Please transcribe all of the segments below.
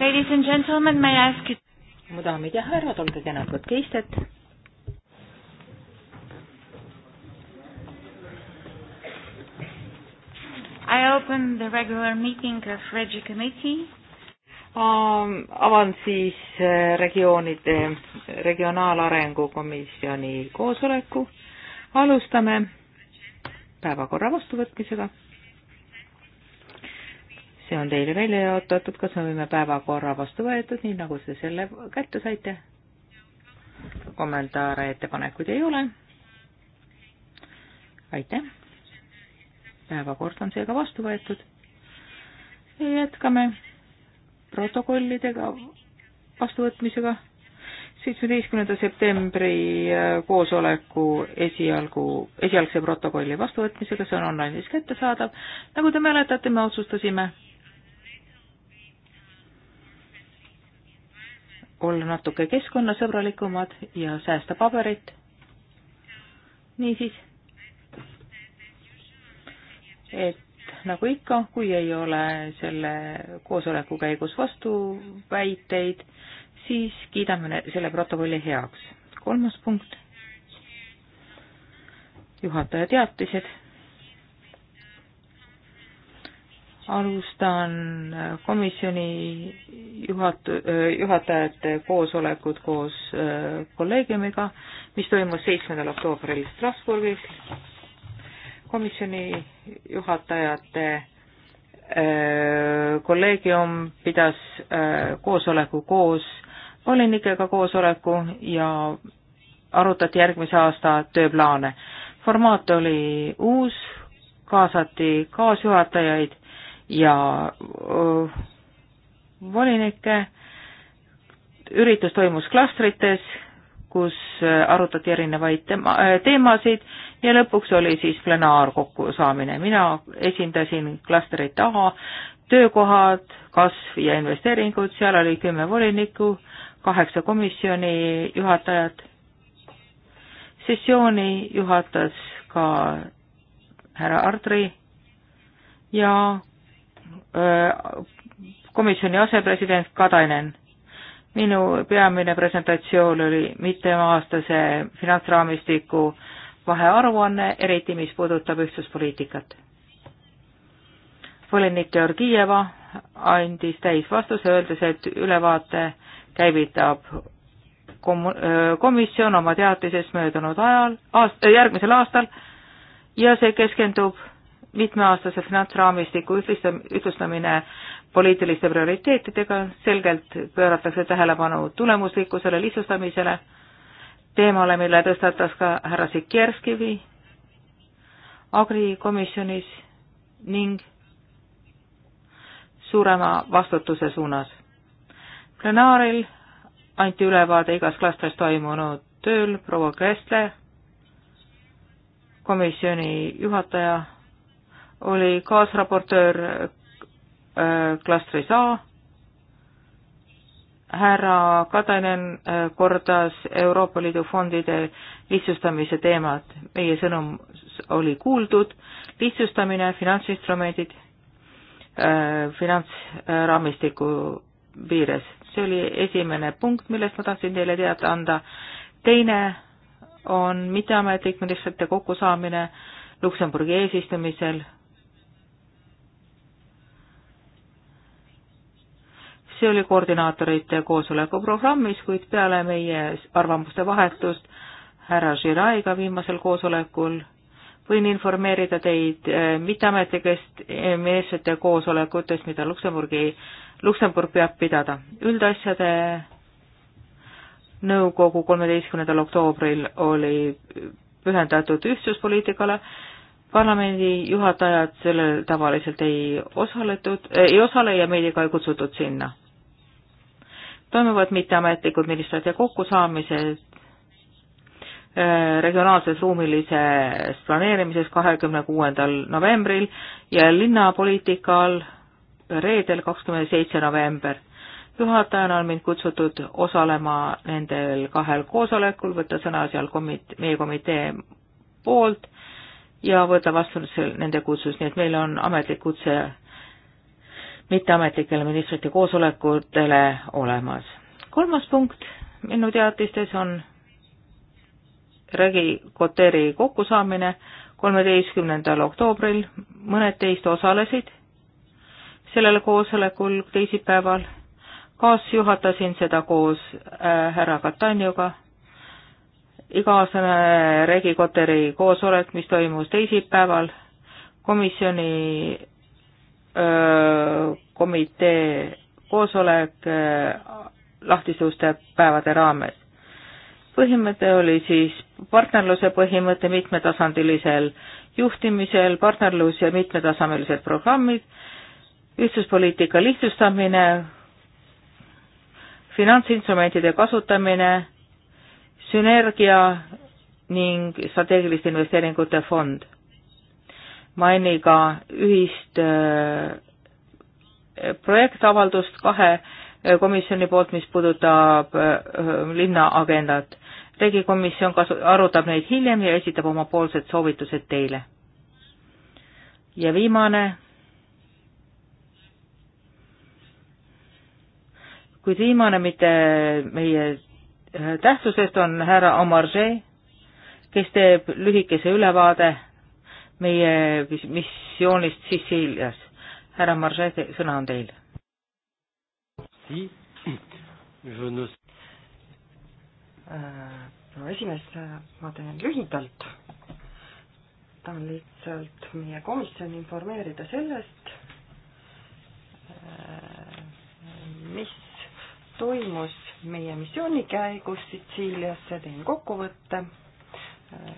Ladies and gentlemen, may I ask you mu daamid ja härrad, olge kenad, võtke istet. I open the regular meeting of Regi committee avan siis äh, regioonide, regionaalarengu komisjoni koosoleku. alustame päevakorra vastuvõtmisega. see on teile välja jaotatud, kas me võime päevakorra vastu võetud, nii nagu te selle kätte saite? kommentaare, ettepanekuid ei ole. aitäh. päevakord on seega vastu võetud. jätkame protokollidega vastuvõtmisega, seitsmeteistkümnenda septembri äh, koosoleku esialgu, esialgse protokolli vastuvõtmisega, see on online'is kättesaadav. nagu te mäletate, me otsustasime olla natuke keskkonnasõbralikumad ja säästa paberit. niisiis, et nagu ikka, kui ei ole selle koosoleku käigus vastuväiteid, siis kiidame selle protokolli heaks. kolmas punkt, juhataja teatised. alustan komisjoni juhat-, juhatajate koosolekut koos äh, kolleegiumiga, mis toimus seitsmendal oktoobril Strasbourgis komisjoni juhatajate äh, kolleegium pidas äh, koosoleku koos volinikega koosoleku ja arutati järgmise aasta tööplaane. formaat oli uus, kaasati kaasjuhatajaid ja äh, volinikke, üritus toimus klastrites kus äh, arutati erinevaid tema, äh, teemasid ja lõpuks oli siis plenaarkokkusaamine. mina esindasin klastreid taha, töökohad, kasv ja investeeringud, seal oli kümme volinikku, kaheksa komisjoni juhatajat. sessiooni juhatas ka härra Ardri ja öö, äh, komisjoni asepresident Kadainen minu peamine presentatsioon oli mitmeaastase finantsraamistiku vahearuanne, eriti mis puudutab ühtsuspoliitikat. volinik Georgieva andis täisvastuse, öeldes, et ülevaate käivitab kom-, komisjon oma teatises möödunud ajal, aast-, järgmisel aastal ja see keskendub mitmeaastase finantsraamistiku ühtlustamine poliitiliste prioriteetidega, selgelt pööratakse tähelepanu tulemuslikkusele, lihtsustamisele, teemale, mille tõstatas ka härra Sikierskivi agrikomisjonis ning suurema vastutuse suunas. plenaaril anti ülevaade igas klastris toimunud tööl proua Kressle, komisjoni juhataja, oli kaasraportöör Äh, klastris A. härra Katainen äh, kordas Euroopa Liidu fondide lihtsustamise teemat, meie sõnum oli kuuldud, lihtsustamine, finantsinstrumendid, äh, finantsraamistiku piires, see oli esimene punkt, millest ma tahtsin teile teada anda. teine on mitteametlik ministrite kokkusaamine Luksemburgi eesistumisel see oli koordinaatorite koosoleku programmis, kuid peale meie arvamuste vahetust härra Žiraiga viimasel koosolekul võin informeerida teid eh, mitteametlikest eh, meelsete koosolekutest, mida Luksemburgi, Luksemburg peab pidada. üldasjade nõukogu kolmeteistkümnendal oktoobril oli pühendatud ühtsuspoliitikale, parlamendi juhatajad sellel tavaliselt ei osaletud, eh, ei osale ja meid ka ei kutsutud sinna toimuvad mitteametlikud ministrite kokkusaamised äh, regionaalses ruumilises planeerimises kahekümne kuuendal novembril ja linnapoliitikal reedel, kakskümmend seitse november. juhatajana on mind kutsutud osalema nendel kahel koosolekul, võtta sõna seal komit-, meie komitee poolt ja võtta vastu nende kutsus, nii et meil on ametlik kutse mitteametlikele ministrite koosolekutele olemas. kolmas punkt minu teatistes on Regi Koteri kokkusaamine kolmeteistkümnendal oktoobril, mõned teist osalesid sellel koosolekul teisipäeval, kaasjuhatasin seda koos äh, härra Katanjuga, iga-aastane Regi Koteri koosolek, mis toimus teisipäeval, komisjoni komitee koosolek lahtiste uste päevade raames. põhimõte oli siis partnerluse põhimõte mitmetasandilisel juhtimisel, partnerlus ja mitmetasemelised programmid, ühtsuspoliitika lihtsustamine, finantsinstrumentide kasutamine, sünergia ning strateegiliste investeeringute fond maini ka ühist äh, projektavaldust kahe äh, komisjoni poolt, mis puudutab äh, linna agendat. regikomisjon kasu-, arutab neid hiljem ja esitab omapoolsed soovitused teile. ja viimane, kuid viimane mitte meie tähtsusest on härra Omarjee, kes teeb lühikese ülevaade meie missioonist Sissiilias. härra Marge, sõna on teil. Äh, proua esimees, ma teen lühidalt. tahan lihtsalt meie komisjoni informeerida sellest, äh, mis toimus meie missiooni käigus Sitsiiliasse, teen kokkuvõtte. Äh,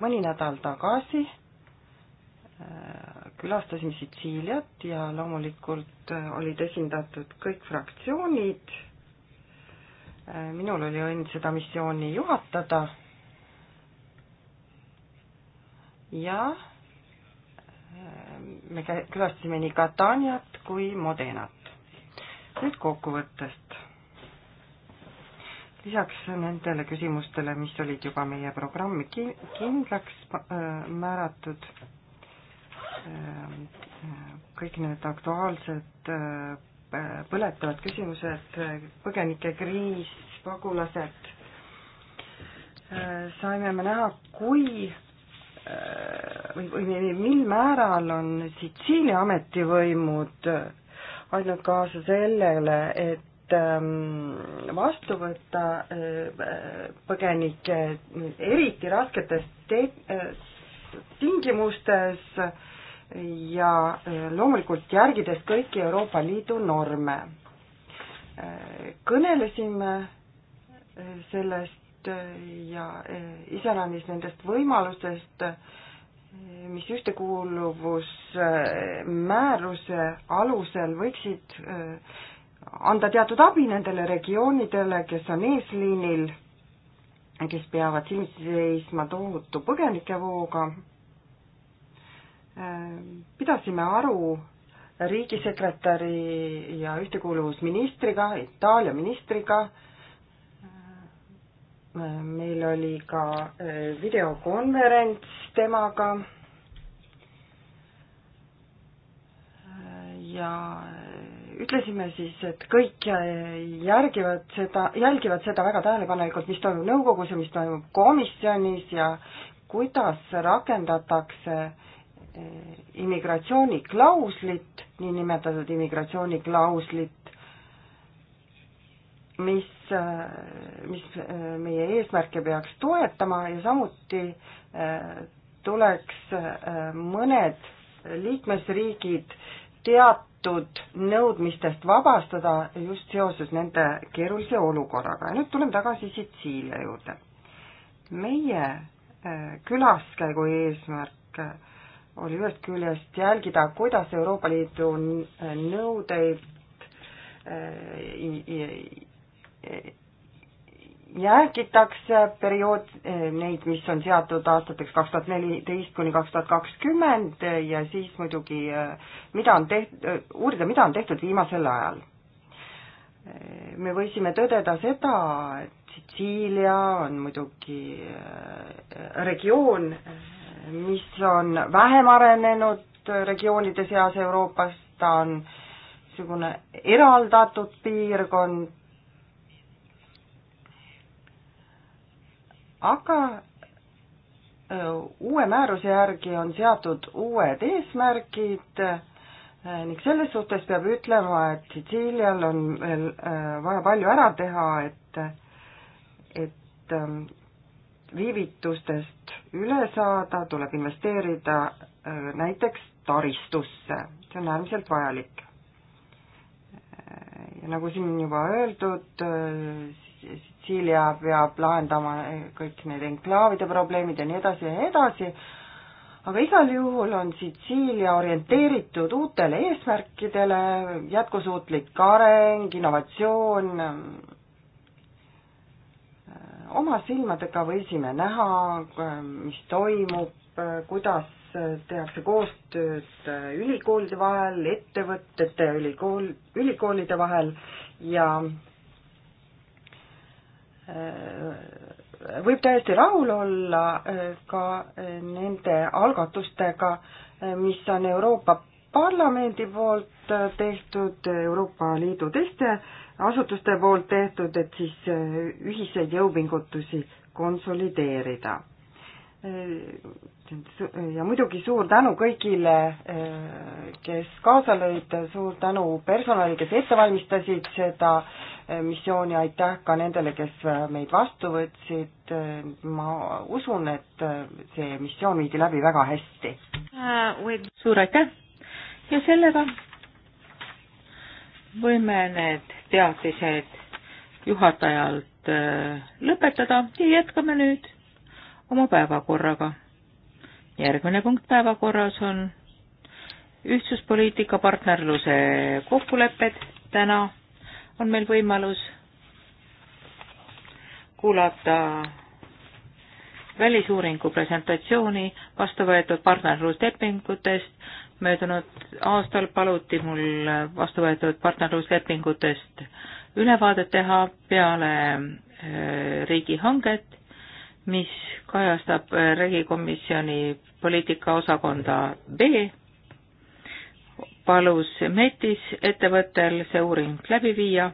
mõni nädal tagasi külastasime Sitsiiliat ja loomulikult äh, olid esindatud kõik fraktsioonid. Äh, minul oli õnn seda missiooni juhatada. ja äh, me külastasime nii Kataniat kui Modenat. nüüd kokkuvõttest. lisaks nendele küsimustele, mis olid juba meie programmi kindlaks määratud Ehm, ehm, kõik need aktuaalsed ehm, põletavad küsimused, põgenikekriis, pagulased, saime me näha, kui või, või mil määral on Sitsiilia ametivõimud andnud kaasa sellele, et vastu võtta põgenikke eriti rasketes te-, tingimustes äh, ja eh, loomulikult järgides kõiki Euroopa Liidu norme. Eh, kõnelesime eh, sellest ja iseäranis nendest võimalustest, mis ühtekuuluvusmääruse alusel võiksid anda teatud abi nendele regioonidele, kes on eesliinil, kes peavad silmitsi seisma tohutu põgenikevooga Ähm, pidasime aru riigisekretäri ja ühtekuuluvusministriga, Itaalia ministriga. Äh, meil oli ka äh, videokonverents temaga. Äh, ja ütlesime siis, et kõik järgivad seda, jälgivad seda väga tähelepanelikult, mis toimub nõukogus ja mis toimub komisjonis ja kuidas rakendatakse äh, Eh, immigratsiooniklauslit, niinimetatud immigratsiooniklauslit, mis, eh, mis eh, meie eesmärke peaks toetama ja samuti tuleks mõned liikmesriigid teatud nõudmistest vabastada just seoses nende keerulise olukorraga ja nüüd tuleme tagasi Sitsiilia juurde. meie külaskäigu eesmärk oli ühest küljest jälgida, kuidas Euroopa Liidu nõudeid äh, järgitakse periood, äh, neid, mis on seatud aastateks kaks tuhat neliteist kuni kaks tuhat kakskümmend äh, ja siis muidugi mida on teht-, uurida, mida on tehtud viimasel ajal. me võisime tõdeda seda, et Sitsiilia on muidugi regioon, mis on vähem arenenud regioonide seas Euroopas, ta on niisugune eraldatud piirkond, aga äh, uue määruse järgi on seatud uued eesmärgid äh, ning selles suhtes peab ütlema, et Sitsiilial on veel äh, vaja palju ära teha, et, et viivitustest üle saada, tuleb investeerida äh, näiteks taristusse, see on äärmiselt vajalik. Äh, ja nagu siin juba öeldud, Sitsiilia äh, peab lahendama kõik need enklaavide probleemid ja nii edasi ja nii edasi, aga igal juhul on Sitsiilia orienteeritud uutele eesmärkidele, jätkusuutlik areng, innovatsioon, oma silmadega võisime näha, ähm, mis toimub, äh, kuidas äh, tehakse koostööd äh, ülikoolide vahel, ettevõtete, ülikool, ülikoolide vahel ja võib täiesti rahul olla ka nende algatustega, mis on Euroopa Parlamendi poolt tehtud, Euroopa Liidu teiste asutuste poolt tehtud, et siis äh, ühiseid jõupingutusi konsolideerida. Äh, ja muidugi suur tänu kõigile, äh, kes kaasa lõid, suur tänu personali, kes ette valmistasid seda missiooni, aitäh ka nendele, kes meid vastu võtsid. ma usun, et see missioon viidi läbi väga hästi. Uh, suur aitäh ja sellega võime need teatised juhatajalt äh, lõpetada ja jätkame nüüd oma päevakorraga. järgmine punkt päevakorras on ühtsuspoliitika partnerluse kokkulepped. täna on meil võimalus kuulata välisuuringu presentatsiooni vastu võetud partnerluslepingutest möödunud aastal paluti mul vastu võetud partnerluslepingutest ülevaadet teha peale äh, riigihanget, mis kajastab äh, regikomisjoni poliitikaosakonda B. palus MET-is ettevõttel see uuring läbi viia.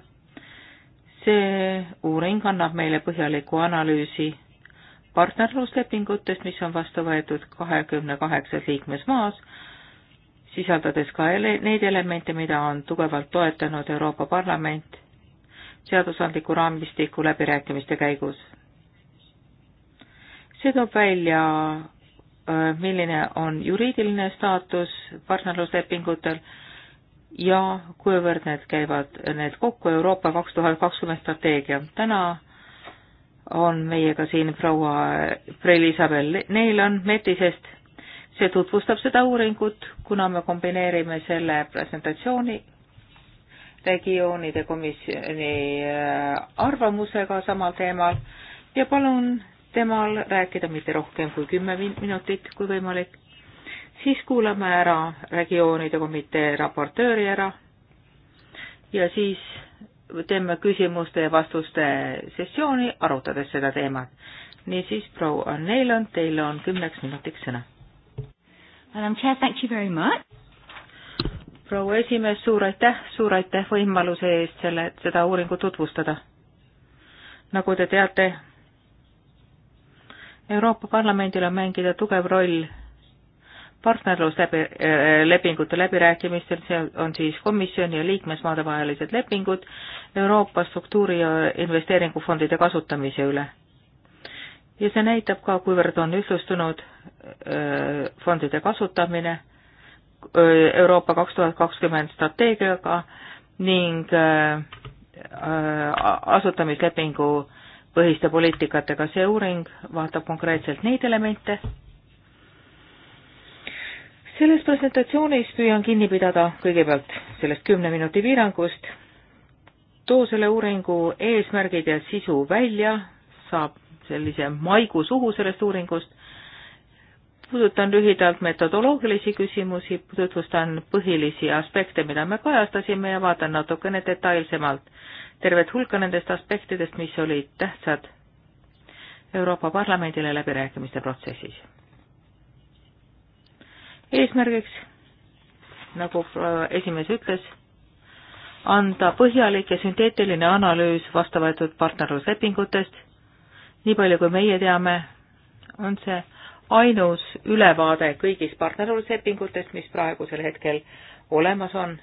see uuring annab meile põhjaliku analüüsi partnerluslepingutest, mis on vastu võetud kahekümne kaheksas liikmesmaas sisaldades ka ele neid elemente, mida on tugevalt toetanud Euroopa Parlament seadusandliku raamistiku läbirääkimiste käigus. see toob välja, äh, milline on juriidiline staatus partnerluslepingutel ja kuivõrd need käivad, need kokku Euroopa kaks tuhat kakskümmend strateegia. täna on meiega siin proua Prel-Isabel Neilan MET-isest see tutvustab seda uuringut, kuna me kombineerime selle presentatsiooni regioonide komisjoni äh, arvamusega samal teemal ja palun temal rääkida mitte rohkem kui kümme minutit, kui võimalik. siis kuulame ära regioonide komitee raportööri ära ja siis teeme küsimuste ja vastuste sessiooni, arutades seda teemat. niisiis, proua Neiland, teil on kümneks minutiks sõna Madam Chair, thank you very much. proua esimees, suur aitäh, suur aitäh võimaluse eest selle, seda uuringut tutvustada. nagu te teate, Euroopa Parlamendil on mängida tugev roll partnerlusläbi äh,, lepingute läbirääkimistel, see on siis komisjoni ja liikmesmaade vahelised lepingud Euroopa struktuuri- ja investeeringufondide kasutamise üle ja see näitab ka, kuivõrd on ühtlustunud fondide kasutamine Euroopa kaks tuhat kakskümmend strateegiaga ning asutamislepingu põhiste poliitikatega. see uuring vaatab konkreetselt neid elemente. selles presentatsioonis püüan kinni pidada kõigepealt sellest kümne minuti piirangust, too selle uuringu eesmärgid ja sisu välja, saab sellise maigu suhu sellest uuringust. puudutan lühidalt metodoloogilisi küsimusi, tutvustan põhilisi aspekte, mida me kajastasime ja vaatan natukene detailsemalt tervet hulka nendest aspektidest, mis olid tähtsad Euroopa Parlamendile läbirääkimiste protsessis. eesmärgiks, nagu esimees ütles, anda põhjalik ja sünteetiline analüüs vastu võetud partnerluslepingutest nii palju kui meie teame, on see ainus ülevaade kõigist partnerluslepingutest, mis praegusel hetkel olemas on.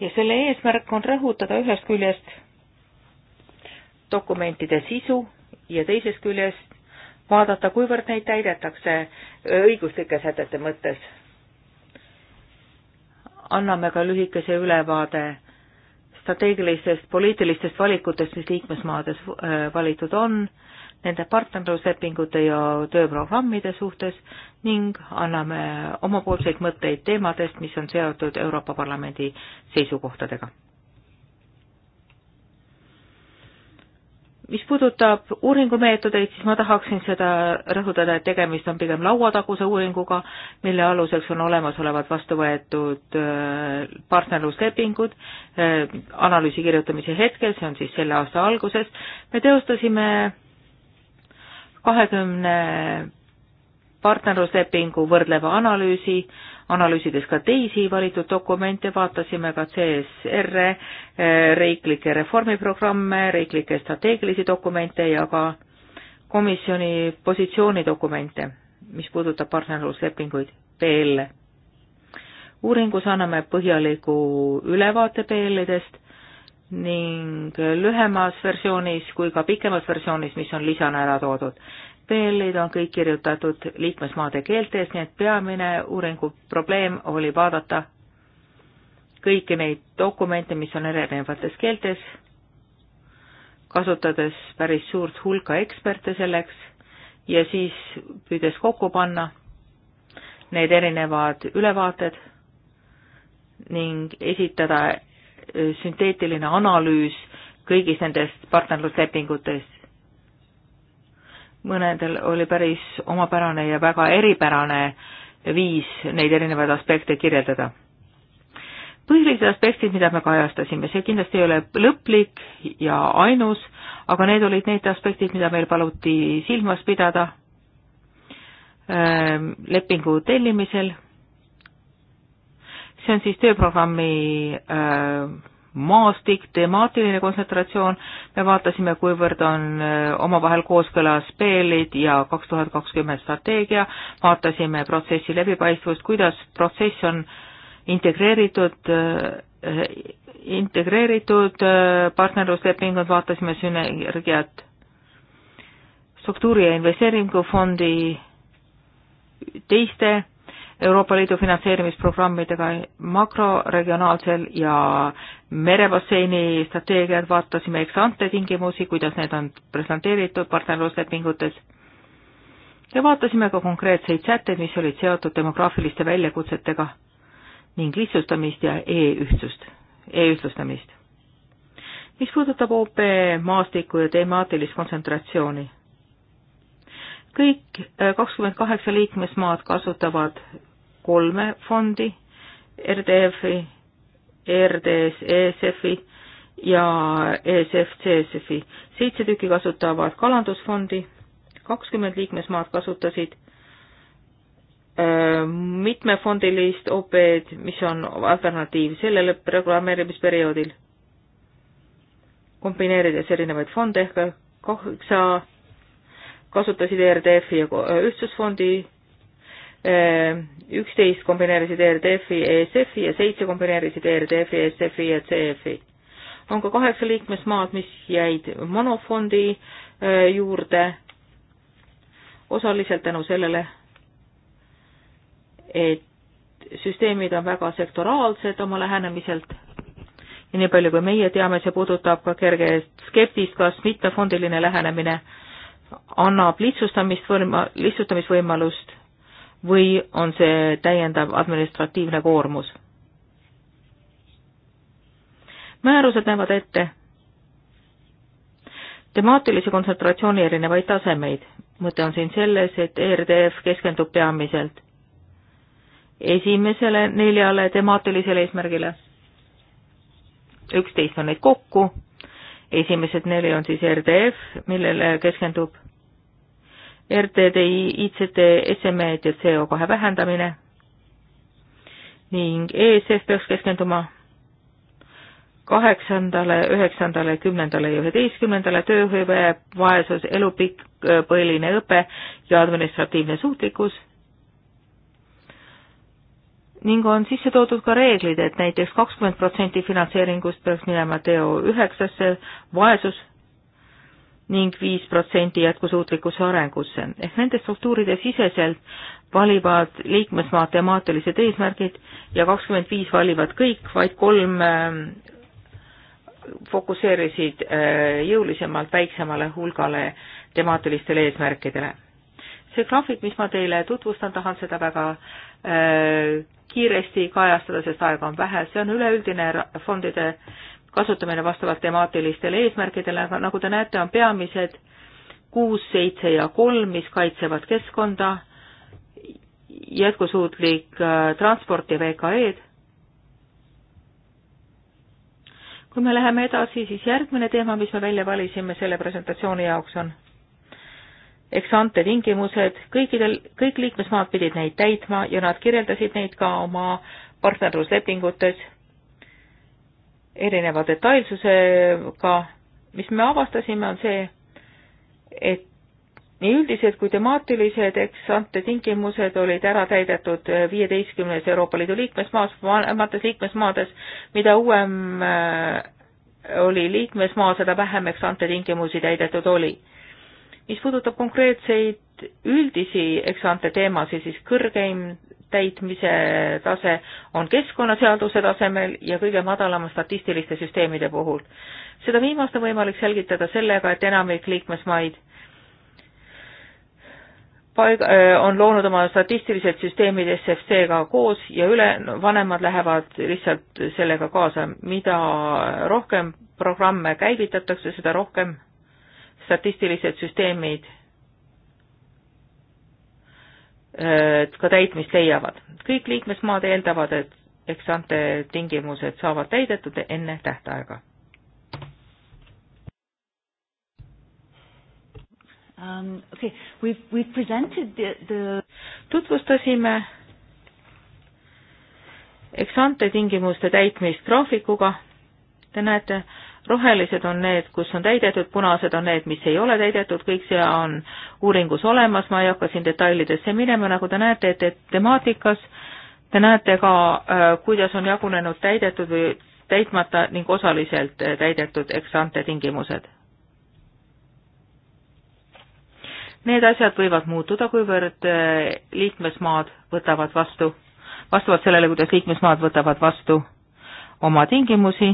ja selle eesmärk on rõhutada ühest küljest dokumentide sisu ja teisest küljest vaadata, kuivõrd neid täidetakse õiguslike sätete mõttes. anname ka lühikese ülevaade strateegilistest poliitilistest valikutest, mis liikmesmaades äh, valitud on, nende partnerluslepingute ja tööprogrammide suhtes ning anname omapoolseid mõtteid teemadest, mis on seotud Euroopa Parlamendi seisukohtadega. mis puudutab uuringumeetodeid, siis ma tahaksin seda rõhutada, et tegemist on pigem lauataguse uuringuga, mille aluseks on olemasolevad vastu võetud äh, partnerluslepingud äh, analüüsi kirjutamise hetkel, see on siis selle aasta alguses. me teostasime kahekümne partnerluslepingu võrdleva analüüsi äh, analüüsides ka teisi valitud dokumente, vaatasime ka CSR-e, eh, riiklikke reformiprogramme, riiklikke strateegilisi dokumente ja ka komisjoni positsioonidokumente, mis puudutab partnerluslepinguid, PL-e. uuringus anname põhjaliku ülevaate PL-idest ning lühemas versioonis kui ka pikemas versioonis, mis on lisana ära toodud paberid on kõik kirjutatud liikmesmaade keeltes, nii et peamine uuringu probleem oli vaadata kõiki neid dokumente, mis on erinevates keeltes, kasutades päris suurt hulka eksperte selleks ja siis püüdes kokku panna need erinevad ülevaated ning esitada sünteetiline analüüs kõigist nendest partnerluslepingutest mõnedel oli päris omapärane ja väga eripärane viis neid erinevaid aspekte kirjeldada. põhilised aspektid, mida me kajastasime, see kindlasti ei ole lõplik ja ainus, aga need olid need aspektid, mida meil paluti silmas pidada ähm, lepingu tellimisel. see on siis tööprogrammi öö, ähm, maastik, temaatiline kontsentratsioon, me vaatasime, kuivõrd on äh, omavahel kooskõlas PL-id ja kaks tuhat kakskümmend strateegia, vaatasime protsessi läbipaistvust, kuidas protsess on integreeritud, äh, integreeritud äh, partnerluslepingud, vaatasime sünergiat struktuuri- ja investeeringufondi teiste Euroopa Liidu finantseerimisprogrammidega makroregionaalsel ja merebasseini strateegiad, vaatasime ex-ante tingimusi, kuidas need on presenteeritud partnerluslepingutes ja vaatasime ka konkreetseid sätteid, mis olid seotud demograafiliste väljakutsetega ning lihtsustamist ja e-ühtsust, e-ühtlustamist. mis puudutab OP maastikku ja temaatilist kontsentratsiooni, kõik äh, kakskümmend kaheksa liikmesmaad kasutavad kolme fondi, RDF-i, ERDS, ESF-i ja ESF, CSF-i. seitse tükki kasutavad kalandusfondi, kakskümmend liikmesmaad kasutasid äh, mitmefondilist OP-d, e mis on alternatiiv sellele programmeerimisperioodil, kombineerides erinevaid fonde ehk kaheksa kasutasid ERDF-i ja Ühtsusfondi üksteist kombineerisid ERDF-i, ESF-i ja seitse kombineerisid ERDF-i, ESF-i ja CF-i. on ka kaheksa liikmesmaad, mis jäid monofondi äh, juurde, osaliselt tänu sellele, et süsteemid on väga sektoraalsed oma lähenemiselt ja nii palju, kui meie teame, see puudutab ka kerge skeptist, kas mittefondiline lähenemine annab lihtsustamist, lihtsustamisvõimalust või on see täiendav administratiivne koormus? määrused näevad ette temaatilise kontsentratsiooni erinevaid tasemeid. mõte on siin selles, et ERDF keskendub peamiselt esimesele neljale temaatilisele eesmärgile, üksteist on neid kokku, esimesed neli on siis ERDF, millele keskendub RTDI, ICT, SME-d ja CO2 vähendamine ning ESF peaks keskenduma kaheksandale, üheksandale, kümnendale ja üheteistkümnendale tööhõive, vaesus, elupikk, põhiline õpe ja administratiivne suutlikkus ning on sisse toodud ka reeglid, et näiteks kakskümmend protsenti finantseeringust peaks minema TO üheksasse, vaesus ning viis protsenti jätkusuutlikkuse arengusse ehk nende struktuuride siseselt valivad liikmesmaad temaatilised eesmärgid ja kakskümmend viis valivad kõik, vaid kolm äh, fokusseerisid äh, jõulisemalt väiksemale hulgale temaatilistele eesmärkidele. see graafik, mis ma teile tutvustan, tahan seda väga äh, kiiresti kajastada, sest aega on vähe, see on üleüldine fondide kasutamine vastavalt temaatilistele eesmärkidele, aga nagu te näete, on peamised kuus, seitse ja kolm, mis kaitsevad keskkonda, jätkusuutlik äh, transport ja VKE-d. kui me läheme edasi, siis järgmine teema, mis me välja valisime selle presentatsiooni jaoks on eksante tingimused, kõikidel, kõik liikmesmaad pidid neid täitma ja nad kirjeldasid neid ka oma partnerluslepingutes erineva detailsusega, mis me avastasime, on see, et nii üldised kui temaatilised eksante tingimused olid ära täidetud viieteistkümnes Euroopa Liidu liikmesmaas, vanemates liikmesmaades, mida uuem äh, oli liikmesmaa, seda vähem eksante tingimusi täidetud oli. mis puudutab konkreetseid üldisi eksante teemasid, siis kõrgeim täitmise tase on keskkonnaseaduse tasemel ja kõige madalama statistiliste süsteemide puhul. seda viimast on võimalik selgitada sellega, et enamik liikmesmaid paig-, on loonud oma statistilised süsteemid SFC-ga koos ja üle, vanemad lähevad lihtsalt sellega kaasa, mida rohkem programme käivitatakse, seda rohkem statistilised süsteemid ka täitmist leiavad. kõik liikmesmaad eeldavad, et eks ante tingimused saavad täidetud enne tähtaega. Um, okay. we've, we've presented the, the... tutvustasime eks ante tingimuste täitmist graafikuga. Te näete, rohelised on need, kus on täidetud, punased on need, mis ei ole täidetud, kõik see on uuringus olemas, ma ei hakka siin detailidesse minema, nagu te näete, et, et temaatikas te näete ka, äh, kuidas on jagunenud täidetud või täitmata ning osaliselt äh, täidetud eksante tingimused. Need asjad võivad muutuda, kuivõrd äh, liikmesmaad võtavad vastu, vastavalt sellele, kuidas liikmesmaad võtavad vastu oma tingimusi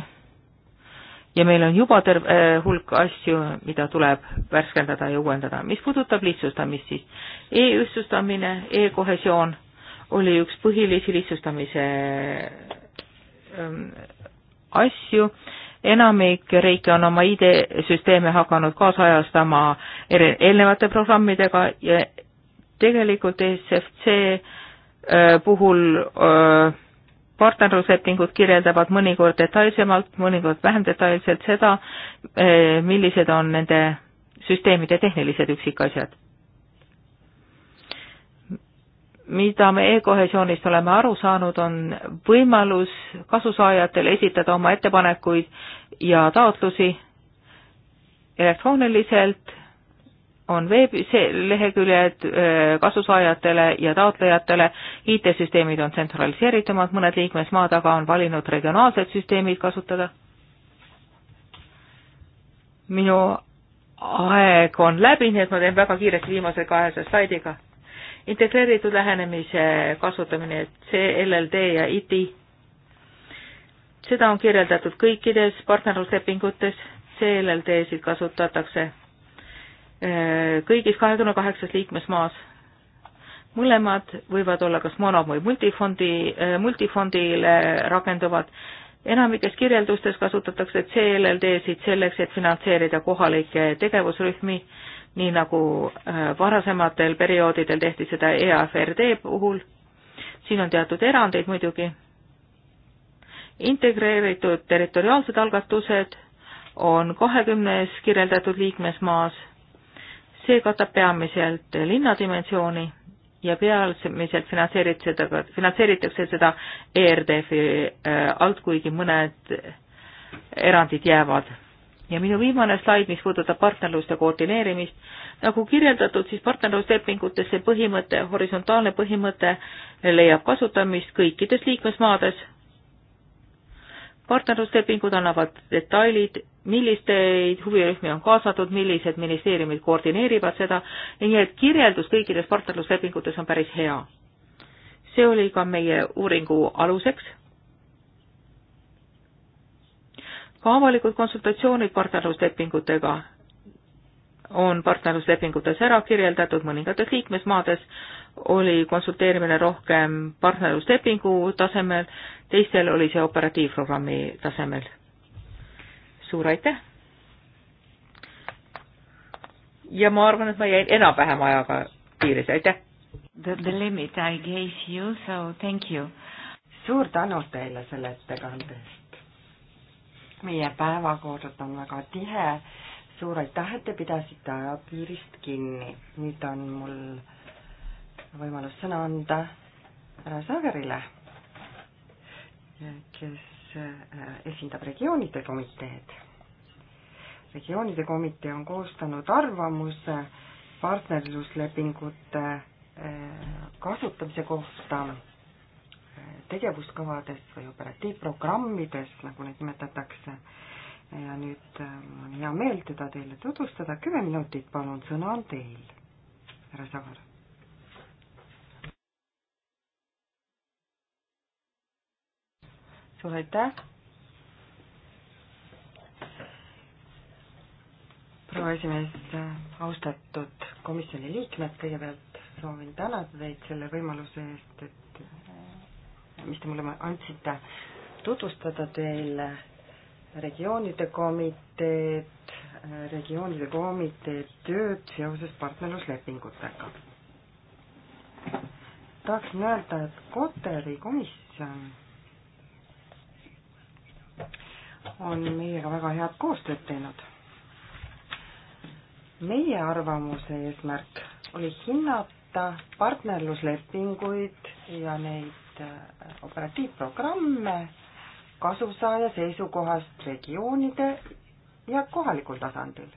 ja meil on juba terve äh, hulk asju, mida tuleb värskendada ja uuendada. mis puudutab lihtsustamist, siis e-ühtsustamine e, e-kohesioon oli üks põhilisi lihtsustamise ähm, asju, enamik riike on oma ID-süsteeme hakanud kaasajastama eelnevate programmidega ja tegelikult ESFC äh, puhul öö, äh, partnerluslepingud kirjeldavad mõnikord detailsemalt, mõnikord vähem detailselt seda, eh, millised on nende süsteemide tehnilised üksikasjad. mida me e-kohesioonist oleme aru saanud, on võimalus kasusaajatele esitada oma ettepanekuid ja taotlusi elektrooniliselt on veebileheküljed äh, kasusaajatele ja taotlejatele, IT-süsteemid on tsentraliseeritumad, mõned liikmesmaad aga on valinud regionaalsed süsteemid kasutada. minu aeg on läbi, nii et ma teen väga kiiresti viimase kahesaja slaidiga. integreeritud lähenemise kasutamine, CLLD ja ITI, seda on kirjeldatud kõikides partnerluslepingutes, CLLD-sid kasutatakse Äh, kõigis kahekümne kaheksas liikmesmaas. mõlemad võivad olla kas mono- või multifondi, äh, multifondile rakenduvad. enamikes kirjeldustes kasutatakse CLLD-sid selleks, et finantseerida kohalikke tegevusrühmi, nii nagu äh, varasematel perioodidel tehti seda EAFRD puhul. siin on teatud erandeid muidugi. integreeritud territoriaalsed algatused on kahekümnes kirjeldatud liikmesmaas see katab peamiselt linnadimensiooni ja peamiselt finantseerib seda ka, finantseeritakse seda ERDF-i äh, alt, kuigi mõned erandid jäävad. ja minu viimane slaid, mis puudutab partnerluste koordineerimist, nagu kirjeldatud, siis partnerluslepingutes see põhimõte, horisontaalne põhimõte leiab kasutamist kõikides liikmesmaades, partnerluslepingud annavad detailid millisteid huvirühmi on kaasatud, millised ministeeriumid koordineerivad seda, nii et kirjeldus kõikides partnerluslepingutes on päris hea. see oli ka meie uuringu aluseks. ka avalikud konsultatsioonid partnerluslepingutega on partnerluslepingutes ära kirjeldatud, mõningates liikmesmaades oli konsulteerimine rohkem partnerluslepingu tasemel, teistel oli see operatiivprogrammi tasemel suur aitäh! ja ma arvan, et ma jäin enam-vähem ajaga piiris, aitäh! The, the limit I gave you, so thank you. suur tänu teile selle ettekande eest. meie päevakord on väga tihe. suur aitäh, et te pidasite ajapiirist kinni. nüüd on mul võimalus sõna anda härra Sagerile, kes Äh, esindab regioonide komiteed. regioonide komitee on koostanud arvamuse partnerluslepingute äh, kasutamise kohta äh, tegevuskavades või operatiivprogrammides, nagu neid nimetatakse. ja nüüd mul on hea meel teda teile tutvustada, kümme minutit palun, sõna on teil, härra Saar suur aitäh. proua esimees, austatud komisjoni liikmed, kõigepealt soovin tänada teid selle võimaluse eest, et mis te mulle andsite, tutvustada teile regioonide komiteed, regioonide komitee tööd seoses partnerluslepingutega. tahaksin öelda, et Kotari komisjon on meiega väga head koostööd teinud. meie arvamuse eesmärk oli hinnata partnerluslepinguid ja neid äh, operatiivprogramme kasusaaja seisukohast regioonide ja kohalikul tasandil.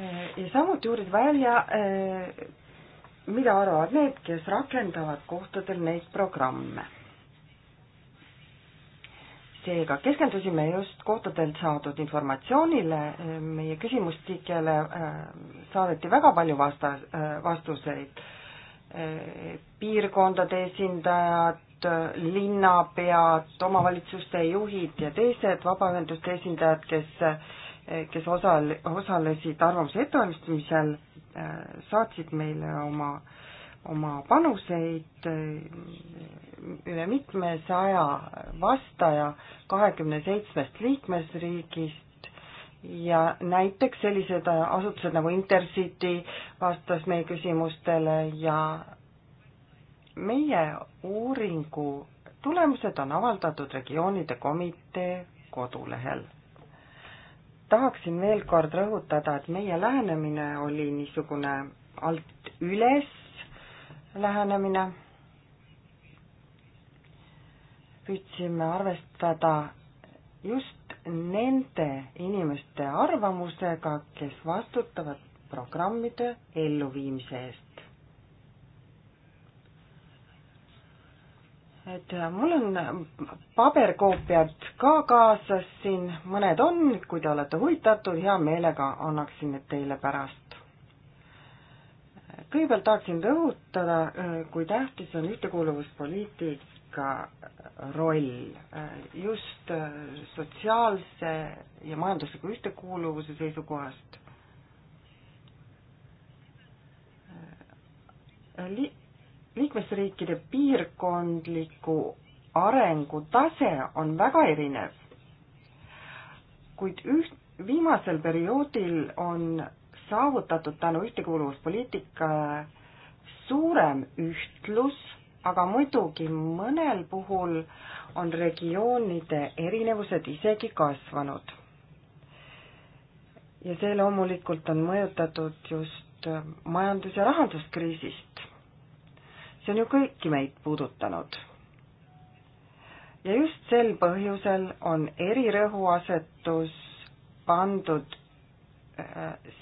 Äh, ja samuti uurid välja, äh, mida arvavad need, kes rakendavad kohtadel neid programme seega keskendusime just kohtadelt saadud informatsioonile, meie küsimustikele äh, saadeti väga palju vasta-, äh, vastuseid. Äh, piirkondade esindajad, linnapead, omavalitsuste juhid ja teised vabaühenduste esindajad, kes kes osal-, osalesid arvamuse ettevalmistamisel, saatsid meile oma äh, oma panuseid äh, üle mitmesaja vastaja kahekümne seitsmest liikmesriigist ja näiteks sellised äh, asutused nagu Intercity vastas meie küsimustele ja meie uuringu tulemused on avaldatud regioonide komitee kodulehel. tahaksin veel kord rõhutada, et meie lähenemine oli niisugune alt üles lähenemine. püüdsime arvestada just nende inimeste arvamusega, kes vastutavad programmide elluviimise eest. et mul on paberkoopiad ka kaasas siin, mõned on, kui te olete huvitatud, hea meelega annaksin need teile pärast kõigepealt tahaksin rõhutada, äh, kui tähtis on ühtekuuluvuspoliitika äh, roll äh, just sotsiaalse ja majandusliku ühtekuuluvuse seisukohast. Li-, liikmesriikide piirkondliku arengutase on väga erinev, kuid üht, viimasel perioodil on saavutatud tänu ühtekuuluvuspoliitikale suurem ühtlus, aga muidugi mõnel puhul on regioonide erinevused isegi kasvanud. ja see loomulikult on mõjutatud just majandus- ja rahanduskriisist. see on ju kõiki meid puudutanud. ja just sel põhjusel on erirõhuasetus pandud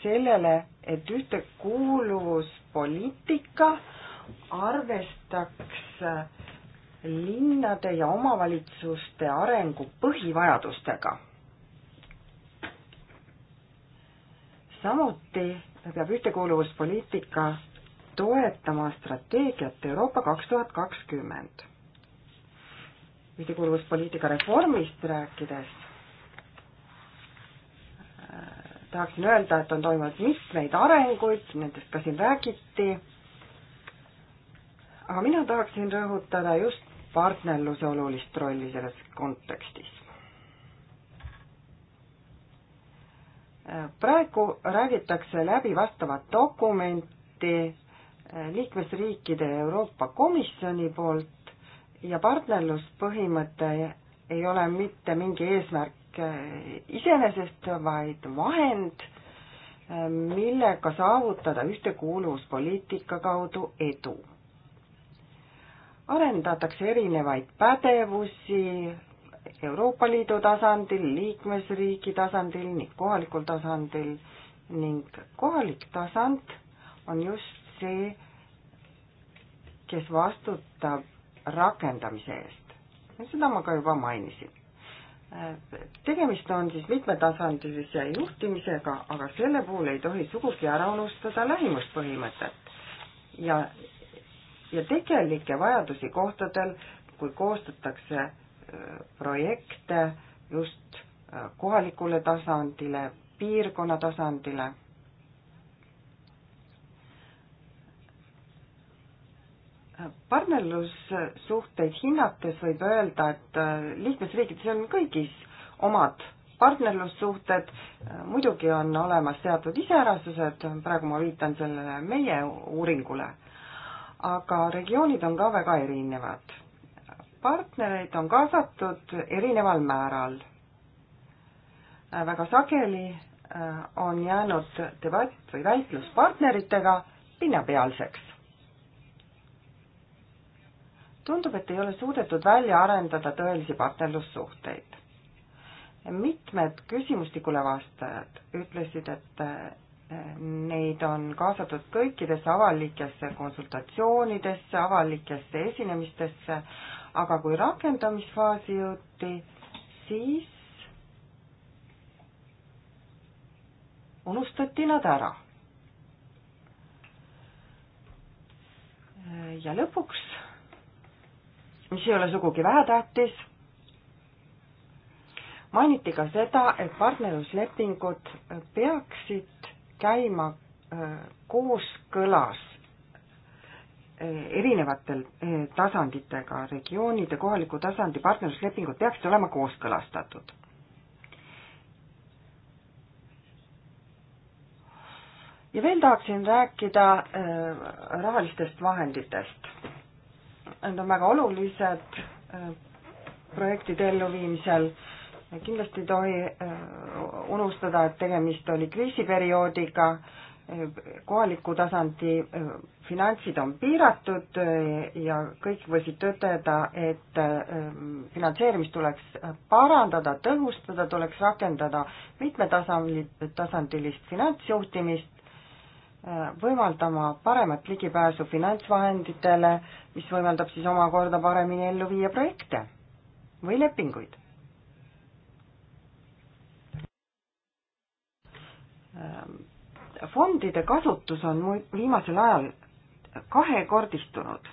sellele, et ühtekuuluvuspoliitika arvestaks linnade ja omavalitsuste arengu põhivajadustega. samuti peab ühtekuuluvuspoliitika toetama strateegiat Euroopa kaks tuhat kakskümmend. ühtekuuluvuspoliitika reformist rääkides tahaksin öelda, et on toimunud mitmeid arenguid, nendest ka siin räägiti, aga mina tahaksin rõhutada just partnerluse olulist rolli selles kontekstis. praegu räägitakse läbi vastavat dokumenti liikmesriikide Euroopa Komisjoni poolt ja partnerluspõhimõte ei ole mitte mingi eesmärk eesmärk eh, iseenesest, vaid vahend, eh, millega saavutada ühtekuuluvuspoliitika kaudu edu. arendatakse erinevaid pädevusi Euroopa Liidu tasandil, liikmesriigi tasandil ning kohalikul tasandil ning kohalik tasand on just see, kes vastutab rakendamise eest. seda ma ka juba mainisin tegemist on siis mitmetasandilise juhtimisega, aga selle puhul ei tohi sugugi ära unustada lähimuspõhimõtet. ja, ja tegelikke vajadusi kohtadel, kui koostatakse äh, projekte just äh, kohalikule tasandile, piirkonna tasandile partnerlussuhteid hinnates võib öelda, et äh, liikmesriikides on kõigis omad partnerlussuhted, muidugi on olemas teatud iseärasused, praegu ma viitan sellele meie uuringule, aga regioonid on ka väga erinevad. partnereid on kaasatud erineval määral. väga sageli äh, on jäänud debatt või väitlus partneritega pinnapealseks tundub, et ei ole suudetud välja arendada tõelisi partnerlussuhteid. mitmed küsimustikule vastajad ütlesid, et eh, neid on kaasatud kõikidesse avalikesse konsultatsioonidesse, avalikesse esinemistesse, aga kui rakendamisfaasi jõuti, siis unustati nad ära. ja lõpuks mis ei ole sugugi vähetähtis. mainiti ka seda, et partnerluslepingud peaksid käima äh, kooskõlas äh, erinevatel äh, tasanditega, regioonide, kohaliku tasandi partnerluslepingud peaksid olema kooskõlastatud. ja veel tahaksin rääkida rahalistest vahenditest need on väga olulised äh, projektide elluviimisel. kindlasti ei tohi äh, unustada, et tegemist oli kriisiperioodiga, äh, kohaliku tasandi finantsid on piiratud ja kõik võisid tõdeda, et finantseerimist tuleks parandada, tõhustada, tuleks rakendada mitmetasandilist finantsjuhtimist võimaldama paremat ligipääsu finantsvahenditele, mis võimaldab siis omakorda paremini ellu viia projekte või lepinguid. fondide kasutus on viimasel ajal kahekordistunud.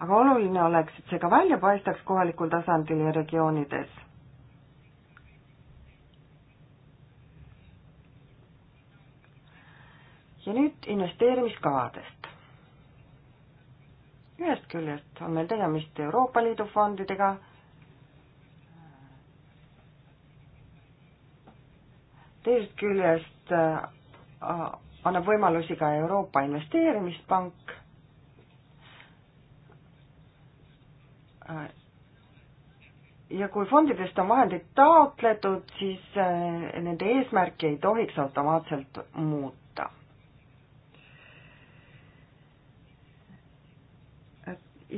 aga oluline oleks, et see ka välja paistaks kohalikul tasandil ja regioonides ja nüüd investeerimiskavadest. ühest küljest on meil tegemist Euroopa Liidu fondidega, teisest küljest äh, annab võimalusi ka Euroopa Investeerimispank äh, ja kui fondidest on vahendid taotletud, siis äh, nende eesmärki ei tohiks automaatselt muuta.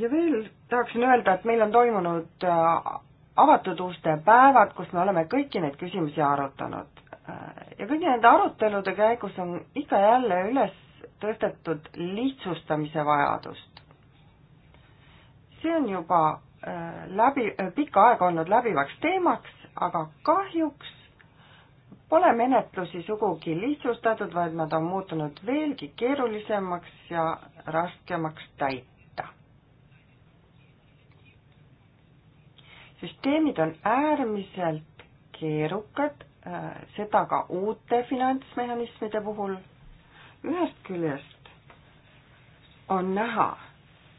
ja veel tahaksin öelda, et meil on toimunud äh, avatud uste päevad, kus me oleme kõiki neid küsimusi arutanud. Äh, ja kõigi nende arutelude käigus on ikka ja jälle üles tõstetud lihtsustamise vajadust. see on juba äh, läbi, pikka aega olnud läbivaks teemaks, aga kahjuks pole menetlusi sugugi lihtsustatud, vaid nad on muutunud veelgi keerulisemaks ja raskemaks täita süsteemid on äärmiselt keerukad, äh, seda ka uute finantsmehhanismide puhul. ühest küljest on näha,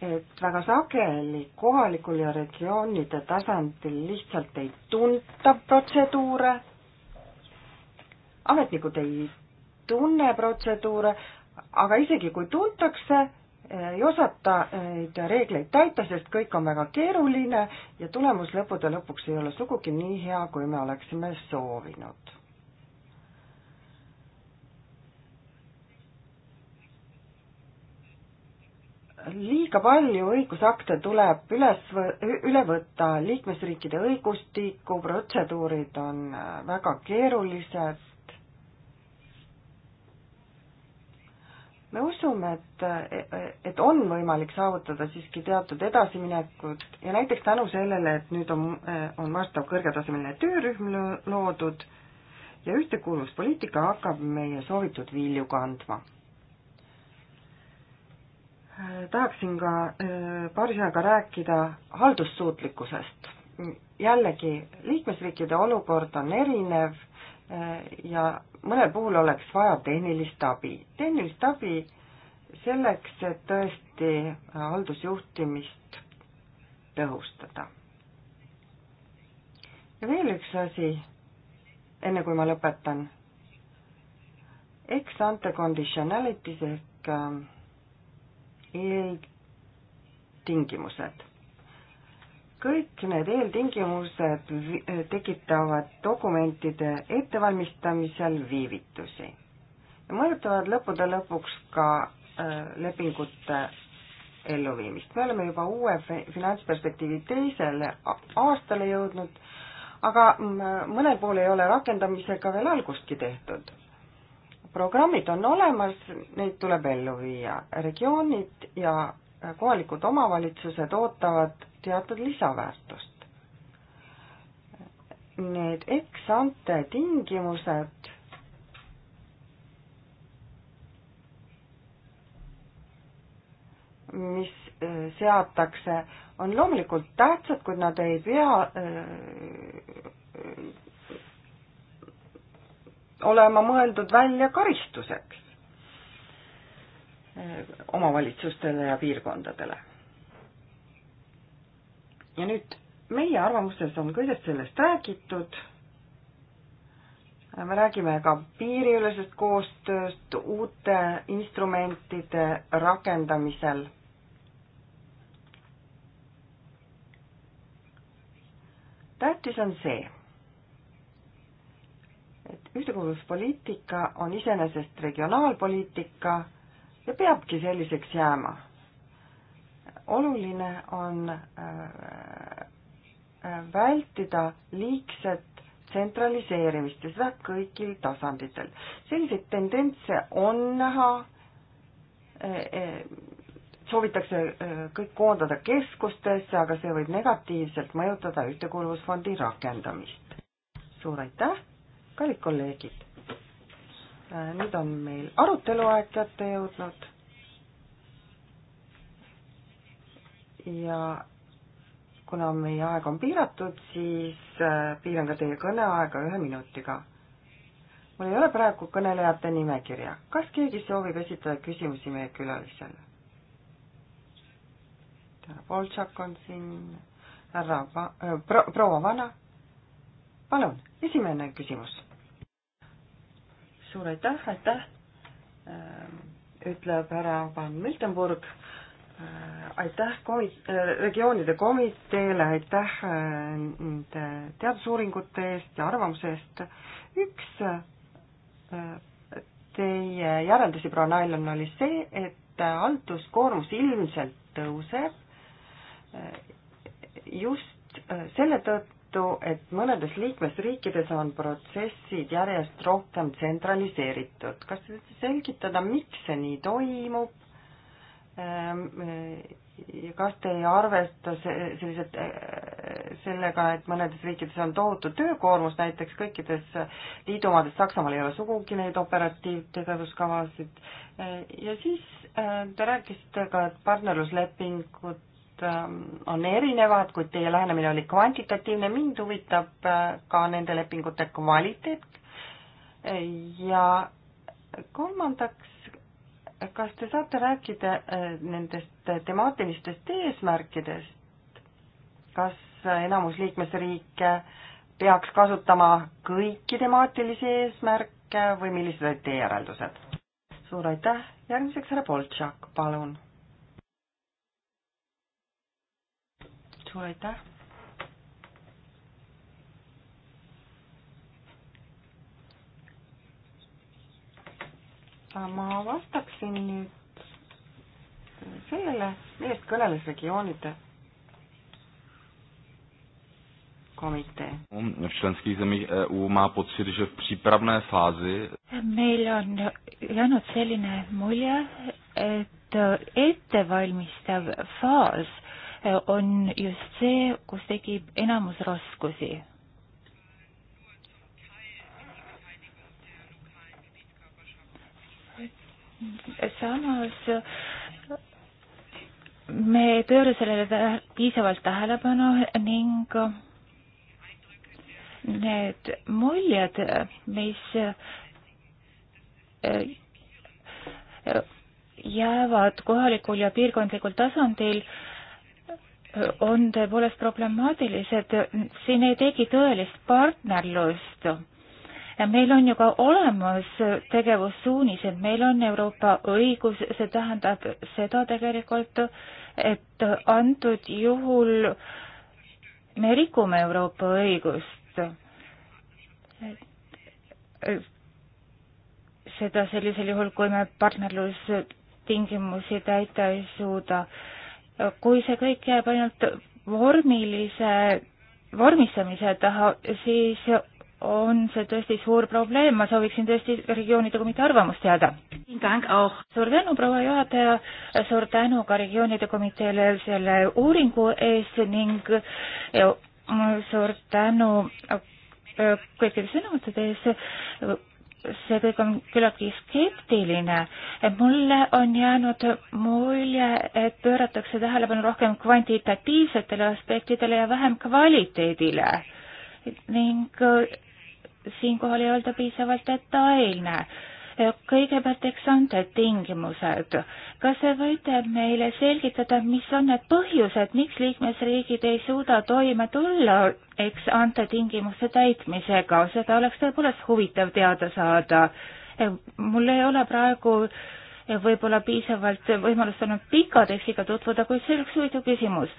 et väga sageli kohalikul ja regioonide tasandil lihtsalt ei tunta protseduure, ametnikud ei tunne protseduure, aga isegi kui tuntakse, ei osata neid reegleid täita, sest kõik on väga keeruline ja tulemus lõppude lõpuks ei ole sugugi nii hea, kui me oleksime soovinud. liiga palju õigusakte tuleb üles, üle võtta, liikmesriikide õigustiku protseduurid on äh, väga keerulised, me usume, et, et on võimalik saavutada siiski teatud edasiminekut ja näiteks tänu sellele, et nüüd on, on vastav kõrgetasemeline töörühm loodud ja ühtekuuluvuspoliitika hakkab meie soovitud vilju kandma. tahaksin ka paari sõnaga rääkida haldussuutlikkusest. jällegi, liikmesriikide olukord on erinev ja mõnel puhul oleks vaja tehnilist abi. tehnilist abi selleks, et tõesti haldusjuhtimist tõhustada. ja veel üks asi, enne kui ma lõpetan. eks ante conditionalities ehk äh, tingimused kõik need eeltingimused eh, tekitavad dokumentide ettevalmistamisel viivitusi ja mõjutavad lõppude lõpuks ka eh, lepingute elluviimist. me oleme juba uue finantsperspektiivi teisele aastale jõudnud, aga mm, mõnel pool ei ole rakendamisega veel algustki tehtud. programmid on olemas, neid tuleb ellu viia. regioonid ja kohalikud omavalitsused ootavad teatud lisaväärtust. Need eksante tingimused mis äh, seatakse, on loomulikult tähtsad, kuid nad ei pea öö, äh, olema mõeldud välja karistuseks äh, omavalitsustele ja piirkondadele ja nüüd meie arvamustes on kõigest sellest räägitud. me räägime ka piiriülesest koostööst uute instrumentide rakendamisel. tähtis on see, et ühtekuuluvuspoliitika on iseenesest regionaalpoliitika ja peabki selliseks jääma oluline on äh, äh, vältida liigset tsentraliseerimist ja seda kõigil tasanditel. selliseid tendentse on näha, äh, soovitakse kõik koondada keskustesse, aga see võib negatiivselt mõjutada Ühtekuuluvusfondi rakendamist. suur aitäh, kallid kolleegid! nüüd on meil arutelu aeg kätte jõudnud ja kuna meie aeg on piiratud, siis äh, piiran ka teie kõneaega ühe minutiga. mul ei ole praegu kõnelejate nimekirja. kas keegi soovib esitada küsimusi meie külalisele? härra Boltšak on siin, härra Va- äh, pro,, proua Vana. palun, esimene küsimus. suur aitäh, aitäh, ähm, ütleb härra Van Miltenburg Äh, aitäh komi-, äh, regioonide komiteele, aitäh äh, nende teadusuuringute eest ja arvamuse eest. üks teie järeldusi, proua Nailon, oli see, et halduskoormus ilmselt tõuseb just selle tõttu, et mõnedes liikmesriikides on protsessid järjest rohkem tsentraliseeritud. kas te võite selgitada, miks see nii toimub? Ehm, eh, ja kas te ei arvesta sellised, eh, sellega, et mõnedes riikides on tohutu töökoormus, näiteks kõikides liidumaades, Saksamaal ei ole sugugi neid operatiivtegevuskavasid eh, ja siis te rääkisite ka, et partnerluslepingud ehm, on erinevad, kuid teie lähenemine oli kvantitatiivne, mind huvitab ka nende lepingute kvaliteet ja kolmandaks kas te saate rääkida äh, nendest äh, temaatilistest eesmärkidest? kas äh, enamus liikmesriike peaks kasutama kõiki temaatilisi eesmärke või millised olid teie järeldused? suur aitäh, järgmiseks härra Boltšak, palun. suur aitäh ma vastaksin nüüd sellele, millest kõneles regioonide komitee. V členských zemích EU má pocit, že v přípravné fázi meil on jäänud selline mulje, et ettevalmistav faas on just see, kus tekib enamus raskusi. samas me ei pööra sellele piisavalt tähelepanu ning need muljed, mis eh, jäävad kohalikul ja piirkondlikul tasandil, on tõepoolest problemaatilised, siin ei teki tõelist partnerlust meil on ju ka olemas tegevussuunised, meil on Euroopa õigus, see tähendab seda tegelikult, et antud juhul me rikume Euroopa õigust. seda sellisel juhul, kui me partnerlustingimusi täita ei suuda. kui see kõik jääb ainult vormilise vormistamise taha, siis on see tõesti suur probleem, ma sooviksin tõesti regioonide komitee arvamust teada. suur tänu, proua juhataja, suur tänu ka regioonide komiteele selle uuringu eest ning mm, suur tänu äh, kõikide sõnavõttude eest see kõik on küllaltki skeptiline. mulle on jäänud mulje, et pööratakse tähelepanu rohkem kvantitatiivsetele aspektidele ja vähem kvaliteedile ning äh, siinkohal ei olda piisavalt detailne. kõigepealt eks anda tingimused. kas te võite meile selgitada, mis on need põhjused, miks liikmesriigid ei suuda toime tulla eks anda tingimuste täitmisega, seda oleks tõepoolest huvitav teada saada. mul ei ole praegu võib-olla piisavalt võimalust olnud pika tekstiga tutvuda, kuid see oleks huvitav küsimus.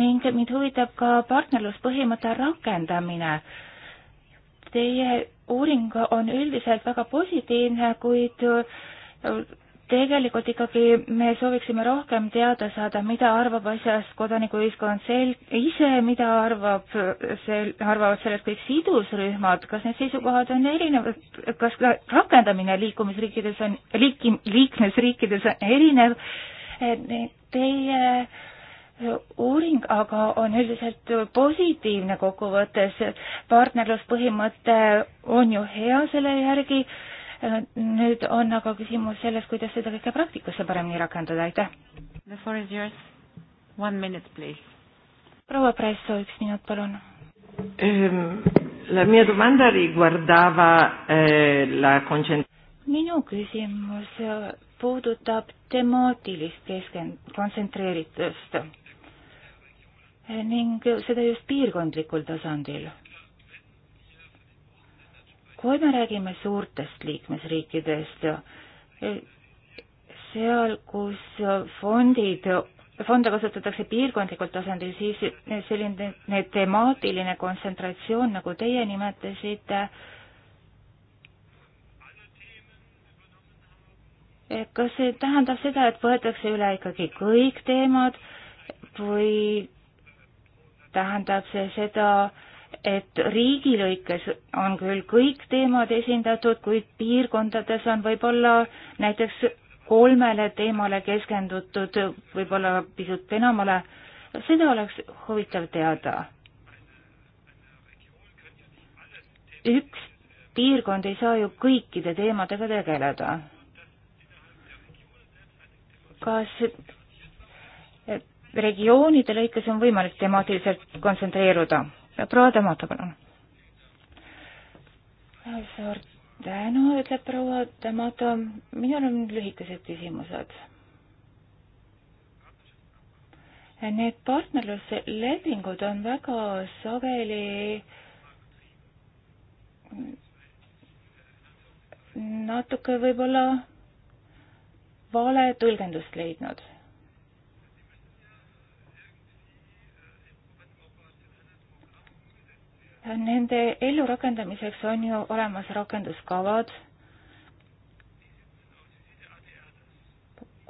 ning mind huvitab ka partnerluspõhimõtte rakendamine. Teie uuring on üldiselt väga positiivne, kuid tegelikult ikkagi me sooviksime rohkem teada saada, mida arvab asjast kodanikuühiskond sel-, ise, mida arvab sel-, arvavad sellest kõik sidusrühmad, kas need seisukohad on erinevad, kas ka rakendamine liikumisriikides on, liik-, liikmesriikides on erinev, teie äh, uuring aga on üldiselt positiivne kokkuvõttes. partnerluspõhimõte on ju hea selle järgi. nüüd on aga küsimus selles, kuidas seda kõike praktikasse paremini rakendada, aitäh. The floor is yours. One minute, please. proua Presso, üks minut, palun. Ehm, la mia domanda riguardava eh, la concent- minu küsimus puudutab temaatilist keskend-, kontsentreeritust ning seda just piirkondlikul tasandil. kui me räägime suurtest liikmesriikidest, seal, kus fondid, fonde kasutatakse piirkondlikul tasandil, siis selline temaatiline kontsentratsioon, nagu teie nimetasite, kas see tähendab seda, et võetakse üle ikkagi kõik teemad või tähendab see seda, et riigi lõikes on küll kõik teemad esindatud, kuid piirkondades on võib-olla näiteks kolmele teemale keskendutud, võib-olla pisut enamale. seda oleks huvitav teada. üks piirkond ei saa ju kõikide teemadega tegeleda. kas regioonide lõikes on võimalik temaatiliselt kontsentreeruda. proua Tamata, palun. suur tänu, ütleb proua Tamata. minul on lühikesed küsimused. Need partnerluslepingud on väga sageli natuke võib-olla vale tõlgendust leidnud Nende ellurakendamiseks on ju olemas rakenduskavad.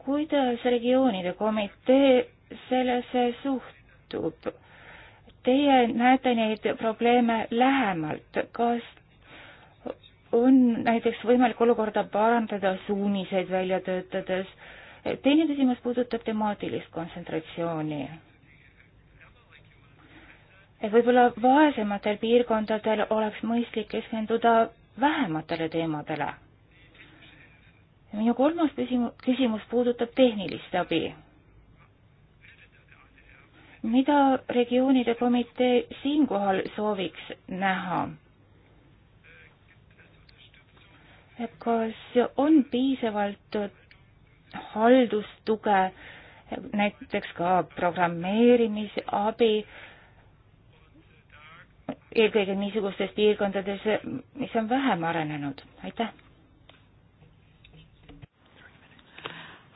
kuidas regioonide komitee sellesse suhtub? Teie näete neid probleeme lähemalt, kas on näiteks võimalik olukorda parandada suuniseid välja töötades? teine küsimus puudutab temaatilist kontsentratsiooni et võib-olla vaesematel piirkondadel oleks mõistlik keskenduda vähematele teemadele. minu kolmas küsimus, küsimus puudutab tehnilist abi. mida regioonide komitee siinkohal sooviks näha? kas on piisavalt haldustuge, näiteks ka programmeerimisabi, eelkõige niisugustes piirkondades, mis on vähem arenenud, aitäh.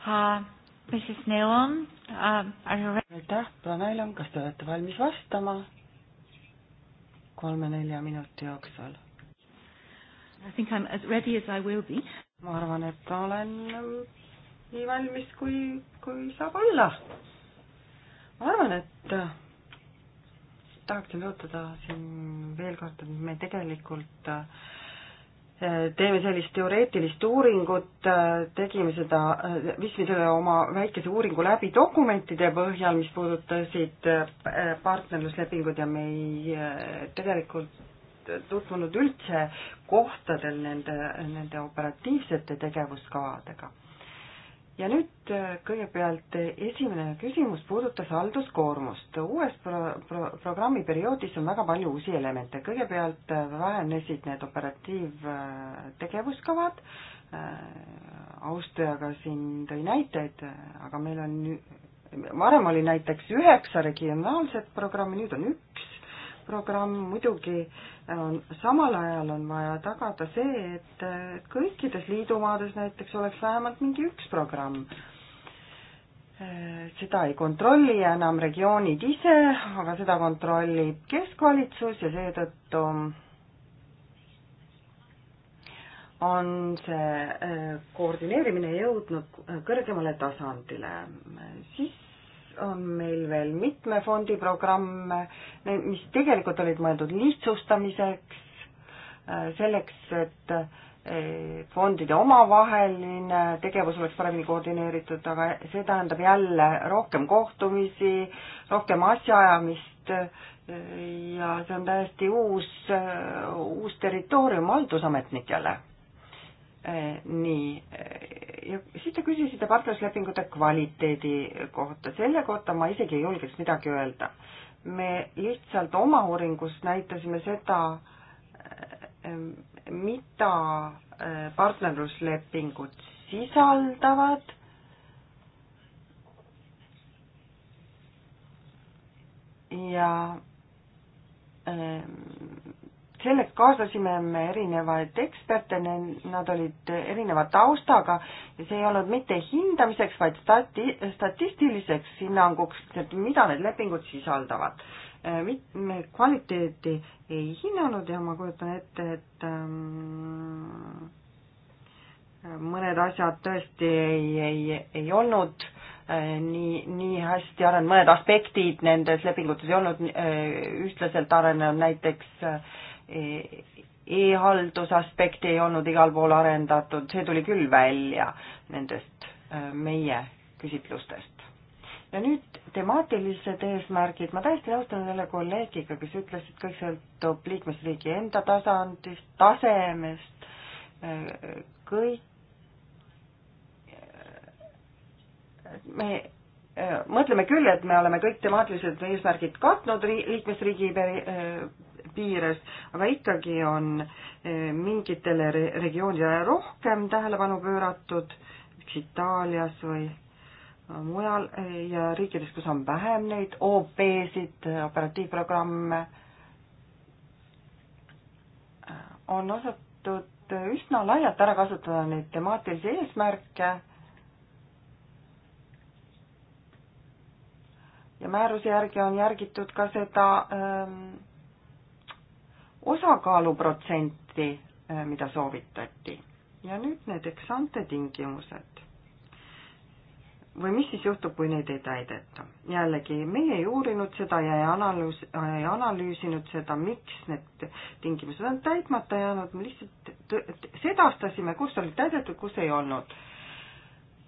Uh, um, aitäh, proua Neilon, kas te olete valmis vastama kolme-nelja minuti jooksul? I think I am as ready as I will be. ma arvan, et olen nii valmis, kui, kui saab olla. ma arvan, et tahaksin rõhutada siin veel kord, et me tegelikult äh, teeme sellist teoreetilist uuringut, äh, tegime seda, äh, viisime selle oma väikese uuringu läbi dokumentide põhjal, mis puudutasid partnerluslepingud ja me ei tegelikult tutvunud üldse kohtadel nende, nende operatiivsete tegevuskavadega ja nüüd äh, kõigepealt äh, esimene küsimus puudutas halduskoormust. uues pro-, pro-, programmiperioodis on väga palju uusi elemente. kõigepealt äh, vähenesid need operatiivtegevuskavad, austajaga siin tõi näiteid, aga meil on, varem oli näiteks üheksa regionaalset programmi, nüüd on üks programm, muidugi äh, on, samal ajal on vaja tagada see, et äh, kõikides liidumaades näiteks oleks vähemalt mingi üks programm. Äh, seda ei kontrolli enam regioonid ise, aga seda kontrollib keskvalitsus ja seetõttu on see koordineerimine jõudnud kõrgemale tasandile. siis on meil veel mitme fondi programme, mis tegelikult olid mõeldud lihtsustamiseks, äh, selleks, et äh, fondide omavaheline tegevus oleks paremini koordineeritud, aga see tähendab jälle rohkem kohtumisi, rohkem asjaajamist äh, ja see on täiesti uus, uus territoorium haldusametnikele. nii, ja siis te küsisite partnerluslepingute kvaliteedi kohta. selle kohta ma isegi ei julgeks midagi öelda. me lihtsalt oma uuringus näitasime seda, eh, mida eh, partnerluslepingud sisaldavad ja ähm, selleks kaasasime me erinevaid eksperte, nad olid erineva taustaga ja see ei olnud mitte hindamiseks, vaid stati-, statistiliseks hinnanguks, et mida need lepingud sisaldavad. Äh, me kvaliteeti ei hinnanud ja ma kujutan ette, et ähm, mõned asjad tõesti ei, ei, ei olnud äh, nii, nii hästi arenenud, mõned aspektid nendes lepingutes ei olnud äh, ühtlaselt arenenud, näiteks äh, E, e-haldusaspekti ei olnud igal pool arendatud, see tuli küll välja nendest äh, meie küsitlustest. ja nüüd temaatilised eesmärgid, ma täiesti nõustun selle kolleegiga, kes ütles, et kõik sõltub liikmesriigi enda tasandist, tasemest, äh, kõik äh, me mõtleme küll, et me oleme kõik temaatilised eesmärgid katnud liikmesriigi piires, aga ikkagi on eh, mingitele regioonidele rohkem tähelepanu pööratud, näiteks Itaalias või mujal eh, ja riikides, kus on vähem neid OP-sid, operatiivprogramme, eh, on osatud üsna laialt ära kasutada neid temaatilisi eesmärke ja määruse järgi on järgitud ka seda ähm, osakaaluprotsenti, äh, mida soovitati. ja nüüd need eksante tingimused. või mis siis juhtub, kui neid ei täideta? jällegi, meie ei uurinud seda ja ei analüüs, ei analüüsinud seda, miks need tingimused on täitmata jäänud, me lihtsalt sedastasime, kus olid täidetud, kus ei olnud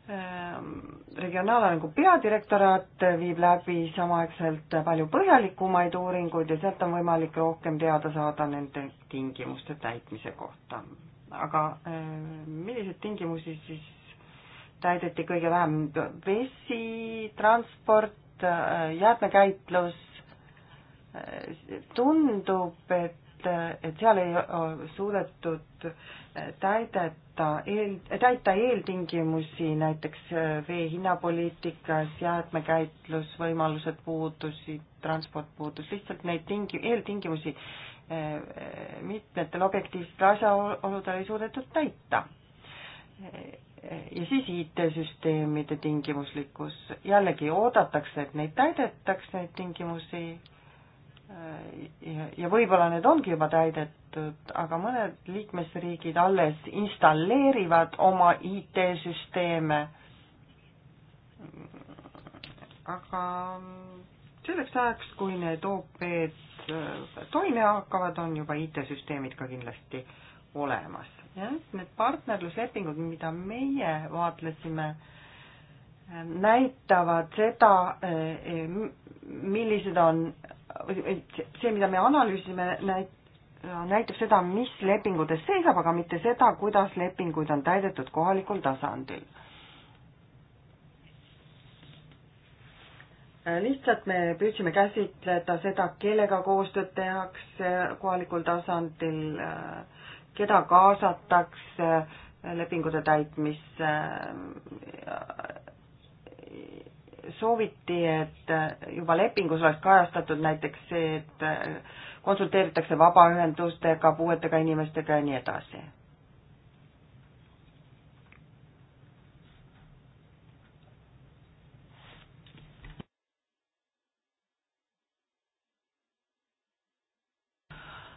Ehm, regionaalarengu peadirektoraat viib läbi samaaegselt palju põhjalikumaid uuringuid ja sealt on võimalik rohkem teada saada nende tingimuste täitmise kohta. aga ehm, milliseid tingimusi siis täideti kõige vähem? vesi, transport, ehm, jäätmekäitlus, tundub, et et, et seal ei äh, suudetud äh, täideta eel, äh, täita eeltingimusi, näiteks vee hinnapoliitikas, jäätmekäitlusvõimalused puudusid, transport puudus, lihtsalt neid tingi-, eeltingimusi mitmetel objektiivsetel asjaoludel ei suudetud täita. ja siis IT-süsteemide tingimuslikkus, jällegi oodatakse, et neid täidetakse, neid tingimusi Äh, ja, ja võib-olla need ongi juba täidetud, aga mõned liikmesriigid alles installeerivad oma IT-süsteeme. aga selleks ajaks, kui need OP-d äh, toimima hakkavad, on juba IT-süsteemid ka kindlasti olemas. jah, need partnerluslepingud, mida meie vaatlesime, äh, näitavad seda, millised on see, mida me analüüsime, näit-, näitab seda, mis lepingutes seisab, aga mitte seda, kuidas lepinguid on täidetud kohalikul tasandil. lihtsalt me püüdsime käsitleda seda, kellega koostööd tehakse kohalikul tasandil, keda kaasatakse lepingute täitmisse sooviti, et juba lepingus oleks kajastatud näiteks see, et konsulteeritakse vabaühendustega, puuetega inimestega ja nii edasi.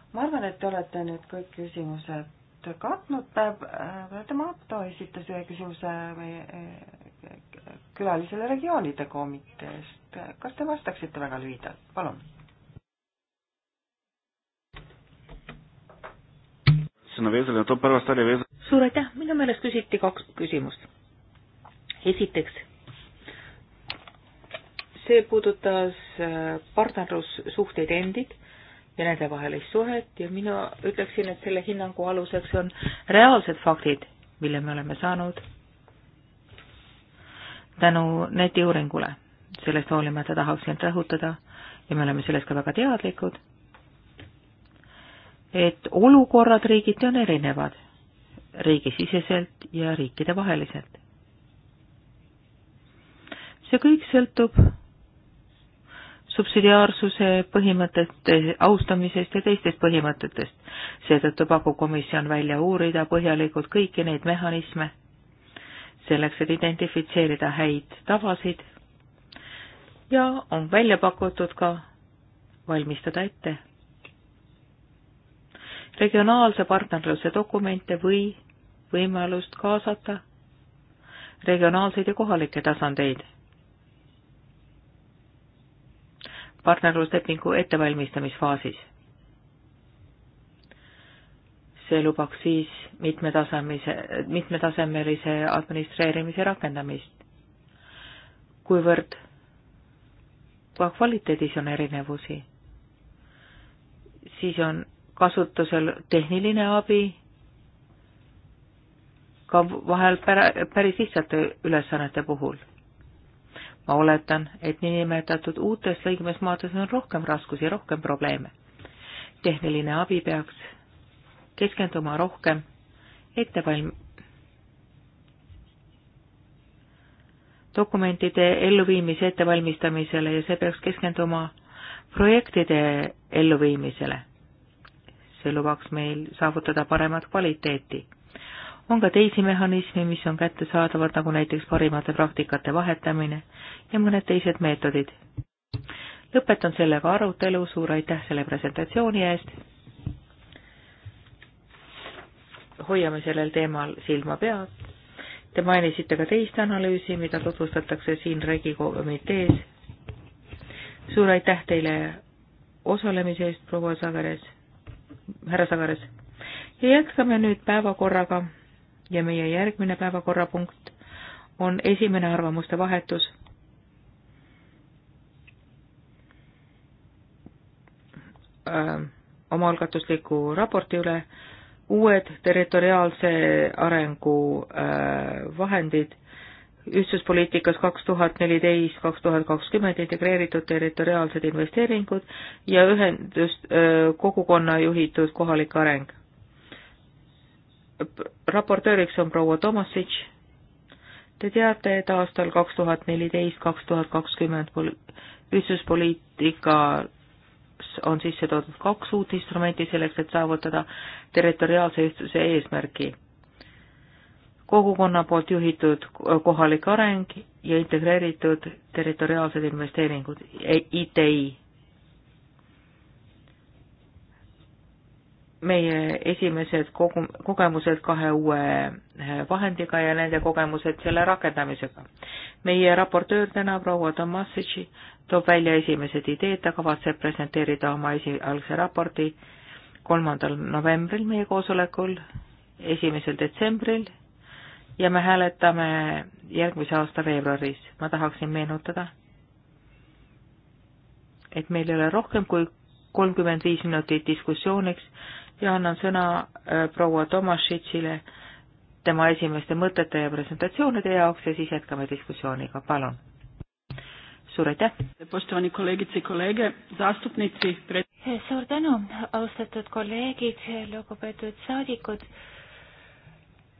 ma arvan, et te olete nüüd kõik küsimused katnud, Pradamoto esitas ühe küsimuse meie külalisele regioonide komiteest. kas te vastaksite väga lühidalt, palun? suur aitäh, minu meelest küsiti kaks küsimust. esiteks, see puudutas äh, partnerlussuhteid endid ja nendevahelist suhet ja mina ütleksin, et selle hinnangu aluseks on reaalsed faktid, mille me oleme saanud tänu netiuuringule. sellest hoolimata tahaksin rõhutada ja me oleme sellest ka väga teadlikud, et olukorrad riigiti on erinevad, riigisiseselt ja riikide vaheliselt. see kõik sõltub subsidiaarsuse põhimõtete austamisest ja teistest põhimõtetest. seetõttu pakub komisjon välja uurida põhjalikult kõiki neid mehhanisme selleks, et identifitseerida häid tavasid ja on välja pakutud ka valmistada ette regionaalse partnerluse dokumente või võimalust kaasata regionaalseid ja kohalikke tasandeid. partnerluslepingu ettevalmistamisfaasis see lubaks siis mitmetasemelise, mitmetasemelise administreerimise rakendamist. kuivõrd ka kvaliteedis on erinevusi, siis on kasutusel tehniline abi, ka vahel pär-, päris lihtsate ülesannete puhul. ma oletan, et niinimetatud uutes liikmesmaades on rohkem raskusi, rohkem probleeme. tehniline abi peaks keskenduma rohkem ettevalm-, dokumentide elluviimise ettevalmistamisele ja see peaks keskenduma projektide elluviimisele. see lubaks meil saavutada paremat kvaliteeti. on ka teisi mehhanisme, mis on kättesaadavad, nagu näiteks parimate praktikate vahetamine ja mõned teised meetodid. lõpetan sellega arutelu, suur aitäh selle presentatsiooni eest hoiame sellel teemal silma peal. Te mainisite ka teist analüüsi, mida tutvustatakse siin Riigikomitees. suur aitäh teile osalemise eest, proua Sagares, härra Sagares. ja jätkame nüüd päevakorraga ja meie järgmine päevakorrapunkt on esimene arvamuste vahetus öö, äh, omaalgatusliku raporti üle uued territoriaalse arengu äh, vahendid ühtsuspoliitikas kaks tuhat neliteist, kaks tuhat kakskümmend integreeritud territoriaalsed investeeringud ja ühendust, äh, kogukonna juhitud kohalik areng. raportööriks on proua Tomasic. Te teate, et aastal kaks tuhat neliteist, kaks tuhat kakskümmend ühtsuspoliitika kaks on sisse toodud kaks uut instrumenti selleks, et saavutada territoriaalse ühtsuse eesmärgi. kogukonna poolt juhitud kohalik areng ja integreeritud territoriaalsed investeeringud, ITI e, meie esimesed kogu, kogemused kahe uue eh, vahendiga ja nende kogemused selle rakendamisega. meie raportöör täna, proua Tomasitši, toob välja esimesed ideed, ta kavatseb presenteerida oma esialgse raporti kolmandal novembril meie koosolekul, esimesel detsembril ja me hääletame järgmise aasta veebruaris. ma tahaksin meenutada, et meil ei ole rohkem kui kolmkümmend viis minutit diskussiooniks ja annan sõna äh, proua Tomašitšile tema esimeste mõtete ja presentatsioonide jaoks ja siis jätkame diskussiooniga, palun. suur aitäh! suur tänu, austatud kolleegid, lugupeetud saadikud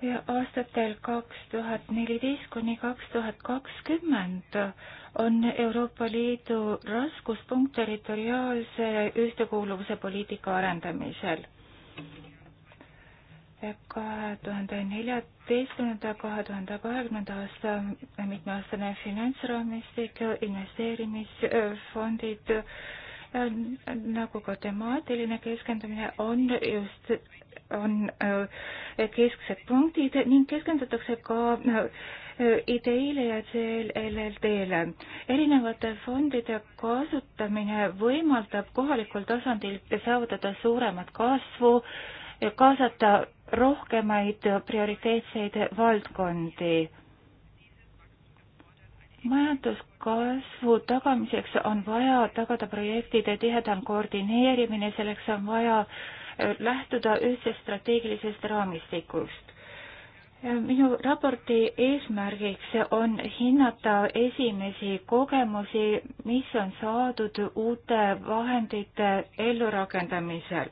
ja aastatel kaks tuhat neliteist kuni kaks tuhat kakskümmend on Euroopa Liidu raskuspunkt territoriaalse ühtekuuluvuse poliitika arendamisel kahe tuhande neljateistkümnenda, kahe tuhande kahekümnenda aasta mitmeaastane finantsraamistik, investeerimisfondid nagu ka temaatiline keskendumine on just, on äh, kesksed punktid ning keskendutakse ka äh, ideele ja CLLD-le. erinevate fondide kasutamine võimaldab kohalikul tasandil saavutada suuremat kasvu, kaasata rohkemaid prioriteetseid valdkondi. majanduskasvu tagamiseks on vaja tagada projektide tihedam koordineerimine, selleks on vaja äh, lähtuda ühtsest strateegilisest raamistikust. minu raporti eesmärgiks on hinnata esimesi kogemusi, mis on saadud uute vahendite ellurakendamisel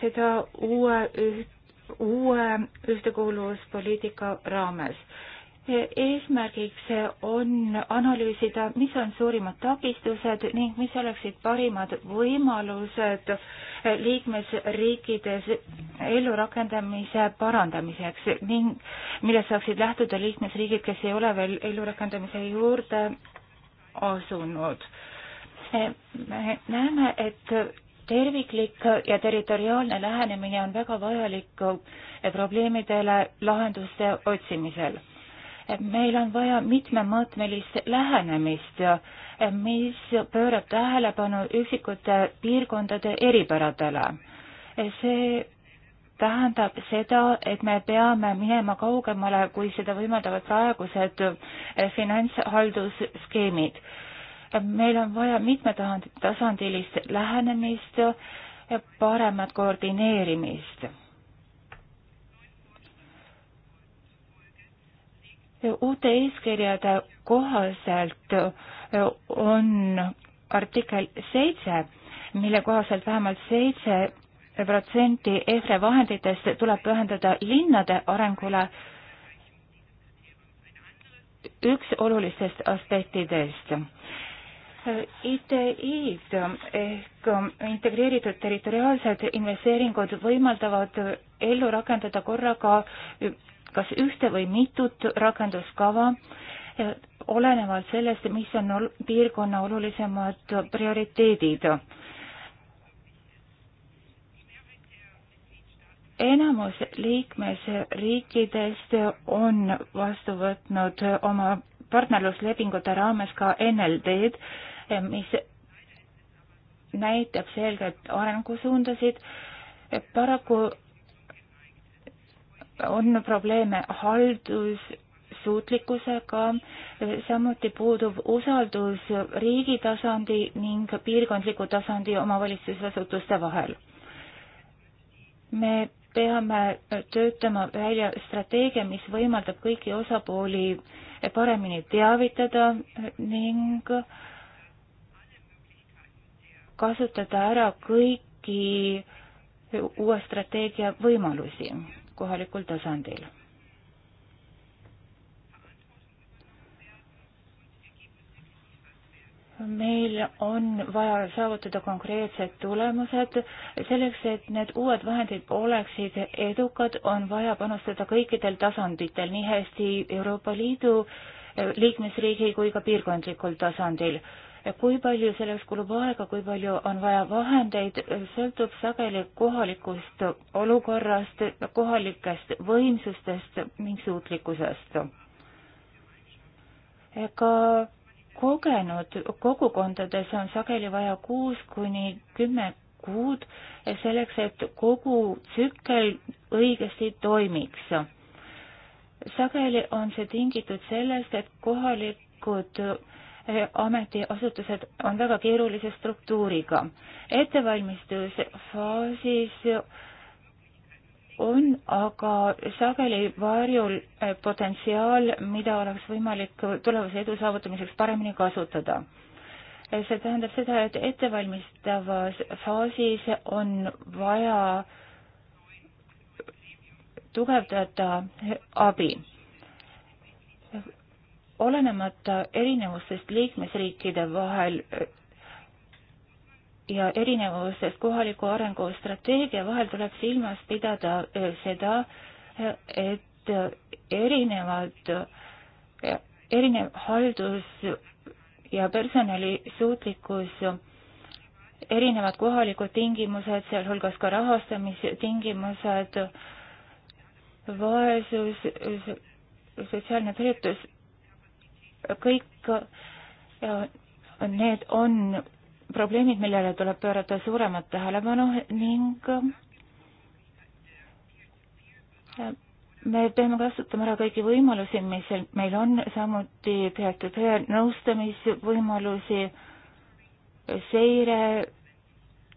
seda uue, uue ühtekuuluvuspoliitika raames. eesmärgiks on analüüsida, mis on suurimad takistused ning mis oleksid parimad võimalused liikmesriikides ellurakendamise parandamiseks ning millest saaksid lähtuda liikmesriigid, kes ei ole veel ellurakendamise juurde asunud me näeme, et terviklik ja territoriaalne lähenemine on väga vajalik eh, probleemidele lahenduste otsimisel. Eh, meil on vaja mitmemõõtmelist lähenemist, eh, mis pöörab tähelepanu üksikute piirkondade eripäradele. see tähendab seda, et me peame minema kaugemale, kui seda võimaldavad praegused finantshaldusskeemid meil on vaja mitmetasandilist lähenemist, paremat koordineerimist. uute eeskirjade kohaselt on artikkel seitse, mille kohaselt vähemalt seitse protsenti EFRE vahenditest tuleb pühendada linnade arengule. üks olulistest aspektidest ITI-d ehk um, integreeritud territoriaalsed investeeringud võimaldavad ellu rakendada korraga kas ühte või mitut rakenduskava, eh, olenevalt sellest, mis on piirkonna olulisemad prioriteedid. enamus liikmesriikidest on vastu võtnud oma partnerluslepingute raames ka NLD-d mis näitab selgelt arengusuundasid. paraku on probleeme haldussuutlikkusega, samuti puudub usaldus riigi tasandi ning piirkondliku tasandi omavalitsusasutuste vahel. me peame töötama välja strateegia, mis võimaldab kõiki osapooli paremini teavitada ning äh, kasutada ära kõiki uue strateegia võimalusi kohalikul tasandil. meil on vaja saavutada konkreetsed tulemused. selleks, et need uued vahendid oleksid edukad, on vaja panustada kõikidel tasanditel, nii hästi Euroopa Liidu liikmesriigi kui ka piirkondlikul tasandil kui palju selleks kulub aega, kui palju on vaja vahendeid, sõltub sageli kohalikust olukorrast, kohalikest võimsustest ning suutlikkusest. ka kogenud kogukondades on sageli vaja kuus kuni kümme kuud selleks, et kogu tsükkel õigesti toimiks. sageli on see tingitud sellest, et kohalikud Eh, ametiasutused on väga keerulise struktuuriga. ettevalmistusfaasis on aga sageli varjul eh, potentsiaal, mida oleks võimalik tulevase edu saavutamiseks paremini kasutada eh, see tähendab seda, et ettevalmistavas faasis on vaja tugevdada abi olenemata erinevustest liikmesriikide vahel ja erinevusest kohaliku arengu strateegia vahel tuleb silmas pidada eh, seda, eh, et eh, erinevad, erinev haldus ja personali suutlikkus, erinevad kohalikud tingimused, sealhulgas ka rahastamistingimused, vaesus, sotsiaalne tõrjutus kõik äh, need on probleemid, millele tuleb pöörata suuremat tähelepanu ning äh, me peame kasutama ära kõiki võimalusi, mis meil on, samuti peatud nõustamisvõimalusi, seire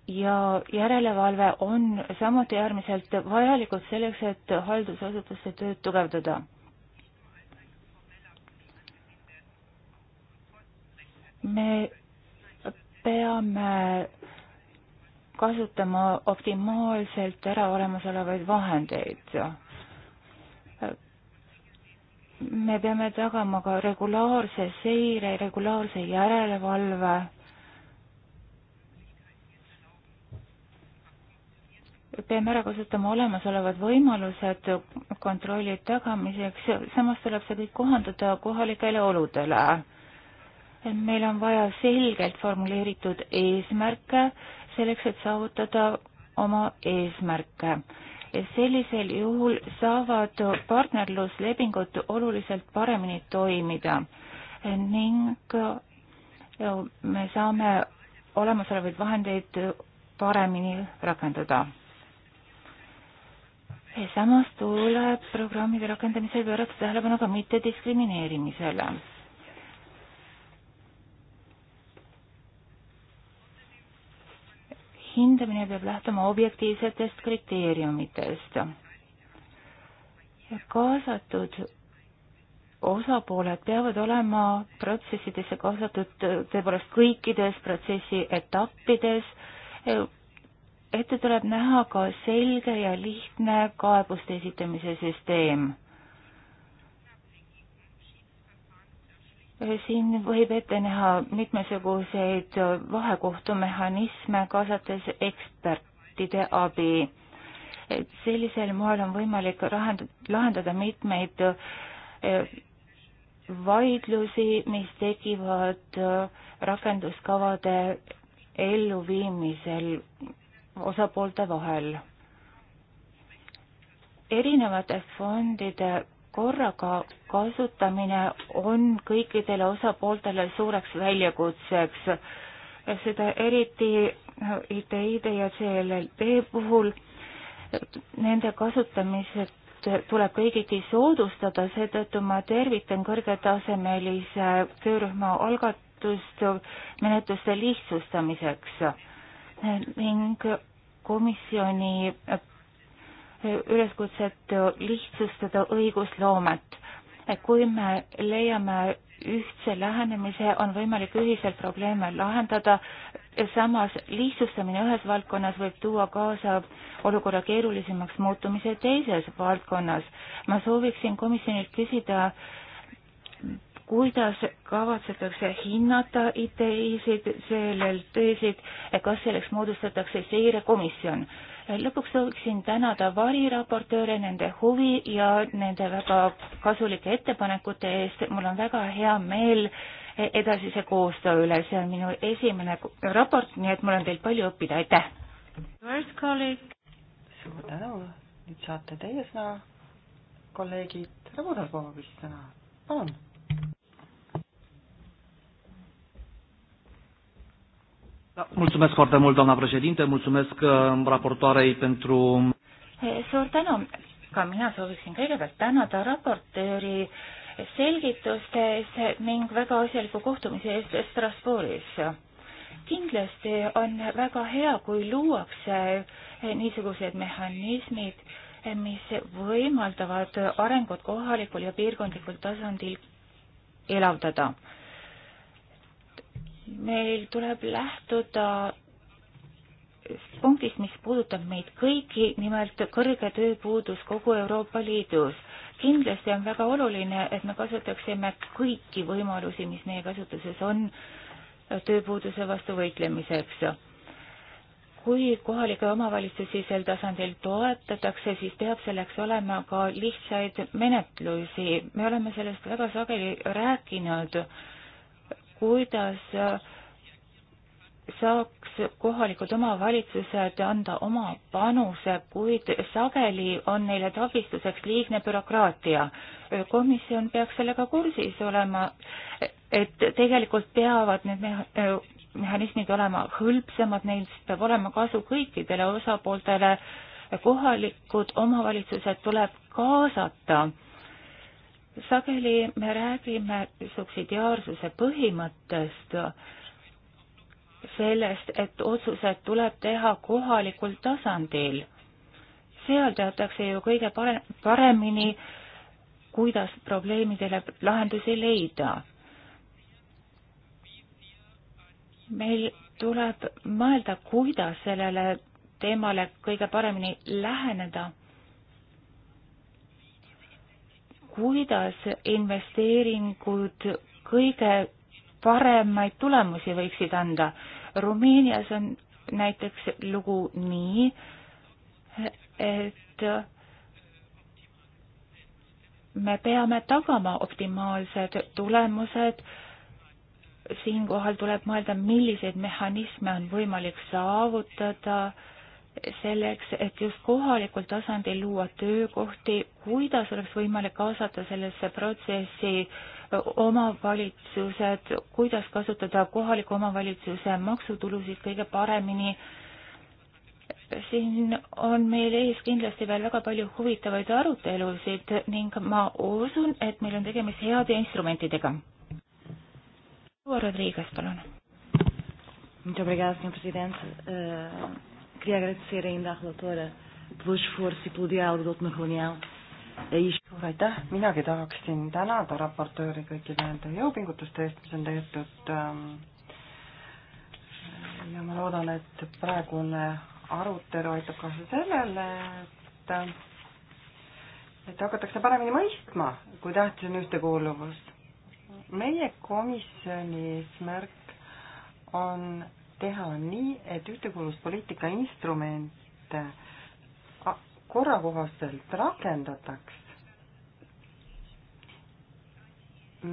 ja järelevalve on samuti äärmiselt vajalikud selleks, et haldusasutuste tööd tugevdada me peame kasutama optimaalselt ära olemasolevaid vahendeid. me peame tagama ka regulaarse seire, regulaarse järelevalve. peame ära kasutama olemasolevad võimalused kontrolli tagamiseks, samas tuleb see kõik kohandada kohalikele oludele meil on vaja selgelt formuleeritud eesmärke selleks, et saavutada oma eesmärke. sellisel juhul saavad partnerluslepingud oluliselt paremini toimida ning me saame olemasolevaid vahendeid paremini rakendada. samas tuleb programmide rakendamisel pöörata tähelepanu ka mittediskrimineerimisele hindamine peab lähtuma objektiivsetest kriteeriumitest. kaasatud osapooled peavad olema protsessidesse kaasatud tõepoolest kõikides protsessi etappides. ette tuleb näha ka selge ja lihtne kaebuste esitamise süsteem siin võib ette näha mitmesuguseid vahekohtumehhanisme, kaasates ekspertide abi. et sellisel moel on võimalik lahendada mitmeid e, vaidlusi, mis tekivad e, rakenduskavade elluviimisel osapoolte vahel. erinevate fondide korraga kasutamine on kõikidele osapooltele suureks väljakutseks. seda eriti ideide ja CLLD puhul, nende kasutamised tuleb kõigiti soodustada, seetõttu ma tervitan kõrgetasemelise töörühma algatust menetluste lihtsustamiseks ning komisjoni üleskutset lihtsustada õigusloomet. kui me leiame ühtse lähenemise, on võimalik ühiselt probleeme lahendada, samas lihtsustamine ühes valdkonnas võib tuua kaasa olukorra keerulisemaks muutumise teises valdkonnas. ma sooviksin komisjonilt küsida, kuidas kavatsetakse hinnata ITI-sid, sellel töösid, kas selleks moodustatakse seirekomisjon lõpuks sooviksin tänada variraportööre nende huvi ja nende väga kasulike ettepanekute eest. mul on väga hea meel edasise koostöö üle, see on minu esimene raport, nii et mul on teilt palju õppida, aitäh! suur tänu, nüüd saate teie sõna, kolleegid, Rõõmuda Poovist sõna, palun! Da, mulțumesc foarte mult, doamna președinte, mulțumesc uh, raportoarei pentru... Eh, suur tänu, ka mina sooviksin kõigepealt tänada raportööri selgituste eest ning väga asjaliku kohtumise eest Strasbourgis. kindlasti on väga hea, kui luuakse eh, niisugused mehhanismid, eh, mis võimaldavad arengut kohalikul ja piirkondlikul tasandil elavdada meil tuleb lähtuda punktist, mis puudutab meid kõiki, nimelt kõrge tööpuudus kogu Euroopa Liidus. kindlasti on väga oluline, et me kasutaksime kõiki võimalusi, mis meie kasutuses on tööpuuduse vastu võitlemiseks. kui kohalikke omavalitsusi sel tasandil toetatakse, siis peab selleks olema ka lihtsaid menetlusi. me oleme sellest väga sageli rääkinud kuidas äh, saaks kohalikud omavalitsused anda oma panuse, kuid sageli on neile takistuseks liigne bürokraatia. komisjon peaks sellega kursis olema, et tegelikult peavad need äh, mehhanismid olema hõlpsamad, neist peab olema kasu kõikidele osapooltele, kohalikud omavalitsused tuleb kaasata sageli me räägime subsidiaarsuse põhimõttest, sellest, et otsused tuleb teha kohalikul tasandil. seal teatakse ju kõige pare-, paremini, kuidas probleemidele lahendusi leida. meil tuleb mõelda, kuidas sellele teemale kõige paremini läheneda kuidas investeeringud kõige paremaid tulemusi võiksid anda. Rumeenias on näiteks lugu nii, et me peame tagama optimaalsed tulemused. siinkohal tuleb mõelda, milliseid mehhanisme on võimalik saavutada äh, selleks, et just kohalikul tasandil luua töökohti, kuidas oleks võimalik kaasata sellesse protsessi omavalitsused, kuidas kasutada kohaliku omavalitsuse maksutulusid kõige paremini. siin on meil ees kindlasti veel väga palju huvitavaid arutelusid ning ma usun, et meil on tegemist heade instrumentidega. proua Rodriguez, palun. Muito obrigada, senhor presidente. Uh... Queria agradecer ainda à relatora pelo esforço e pelo diálogo da última reunião. suur aitäh, minagi tahaksin tänada raportööri kõikide nende jõupingutuste eest, mis on tehtud ähm, ja ma loodan, et praegune arutelu aitab kaasa sellele, et, et hakatakse paremini mõistma, kui tähtis on ühtekuuluvus. meie komisjoni eesmärk on teha nii, et ühtekuuluvuspoliitika instrumente korrakohaselt rakendataks.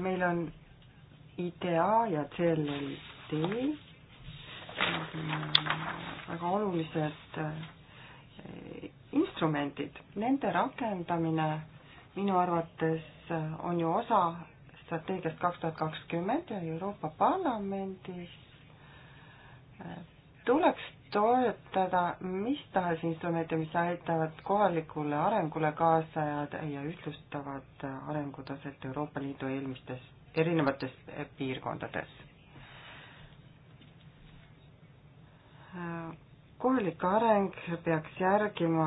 meil on IDEA ja CLLD väga olulised eh, instrumendid, nende rakendamine minu arvates eh, on ju osa strateegiast kaks tuhat kakskümmend ja Euroopa Parlamendis tuleks toetada mis tahes instrumente, mis aitavad kohalikule arengule kaasa ja ühtlustavad arengutaset Euroopa Liidu eelmistes, erinevates piirkondades. kohalik areng peaks järgima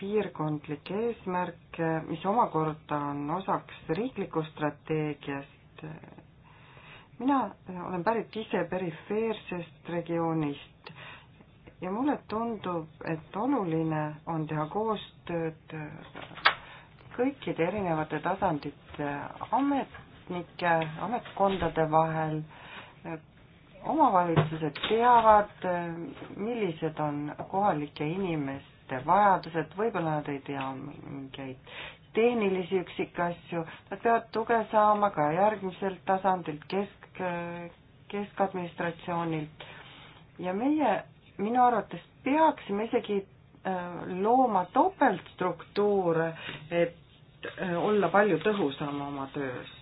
piirkondlikke eesmärke, mis omakorda on osaks riiklikust strateegiast mina äh, olen pärit ise perifeersest regioonist ja mulle tundub, et oluline on teha koostööd äh, kõikide erinevate tasandite ametnike, ametkondade vahel. omavalitsused teavad, äh, millised on kohalike inimeste vajadused, võib-olla nad ei tea mingeid tehnilisi üksikasju, nad peavad tuge saama ka järgmiselt tasandilt, kesk, keskadministratsioonilt ja meie minu arvates peaksime isegi äh, looma topeltstruktuure, et äh, olla palju tõhusam oma töös.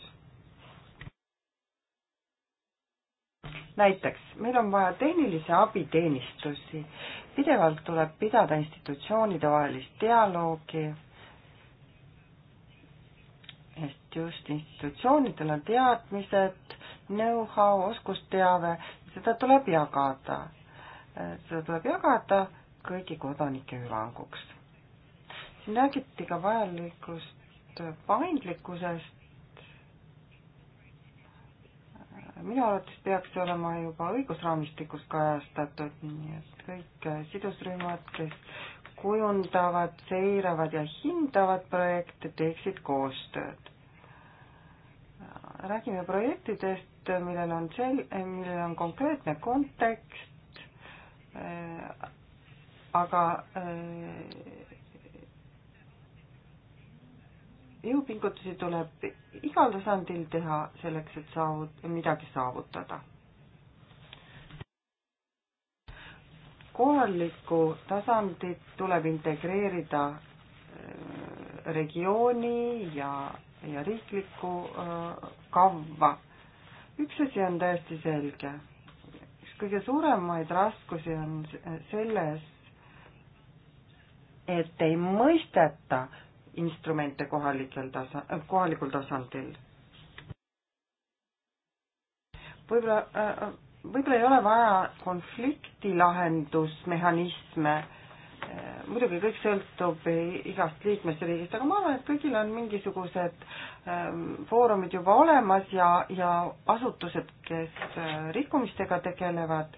näiteks meil on vaja tehnilise abi teenistusi, pidevalt tuleb pidada institutsioonide vahelist dialoogi, sest just institutsioonidel on teadmised, know-how, oskusteave, seda tuleb jagada. seda tuleb jagada kõigi kodanike hüvanguks. siin räägiti ka vajalikust paindlikkusest. minu arvates peaks see olema juba õigusraamistikus kajastatud, nii et kõik sidusrühmad, kes kujundavad, seiravad ja hindavad projekte, teeksid koostööd. räägime projektidest, raport, äh, millel on sel-, äh, millel on konkreetne kontekst, äh, aga jõupingutusi tuleb igal tasandil teha selleks, et saavut-, midagi saavutada. kohalikku tasandit tuleb integreerida regiooni ja, ja riiklikku kavva üks asi on täiesti selge. üks kõige suuremaid raskusi on selles, et ei mõisteta instrumente kohalikel tasa-, kohalikul tasandil. võib-olla, äh, äh, võib-olla ei ole vaja konflikti lahendusmehhanisme Eh, muidugi kõik sõltub igast liikmesriigist, aga ma arvan, et kõigil on mingisugused ehm, foorumid juba olemas ja, ja asutused, kes eh, rikkumistega tegelevad,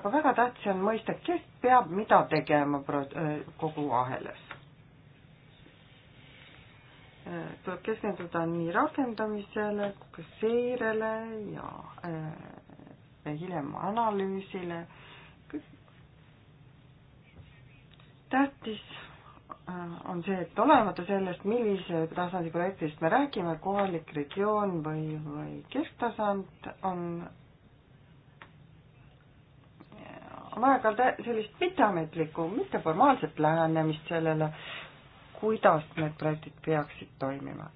aga väga tähtis on mõista, kes peab mida tegema eh, kogu ahelas. tuleb keskenduda nii rakendamisele kui ka seirele ja hiljem analüüsile tähtis äh, on see, et olemata sellest, millise tasandi projektist me räägime, kohalik regioon või, või kesktasand, on on vaja ka sellist mitteametlikku, mitteformaalset lähenemist sellele, kuidas need projektid peaksid toimima.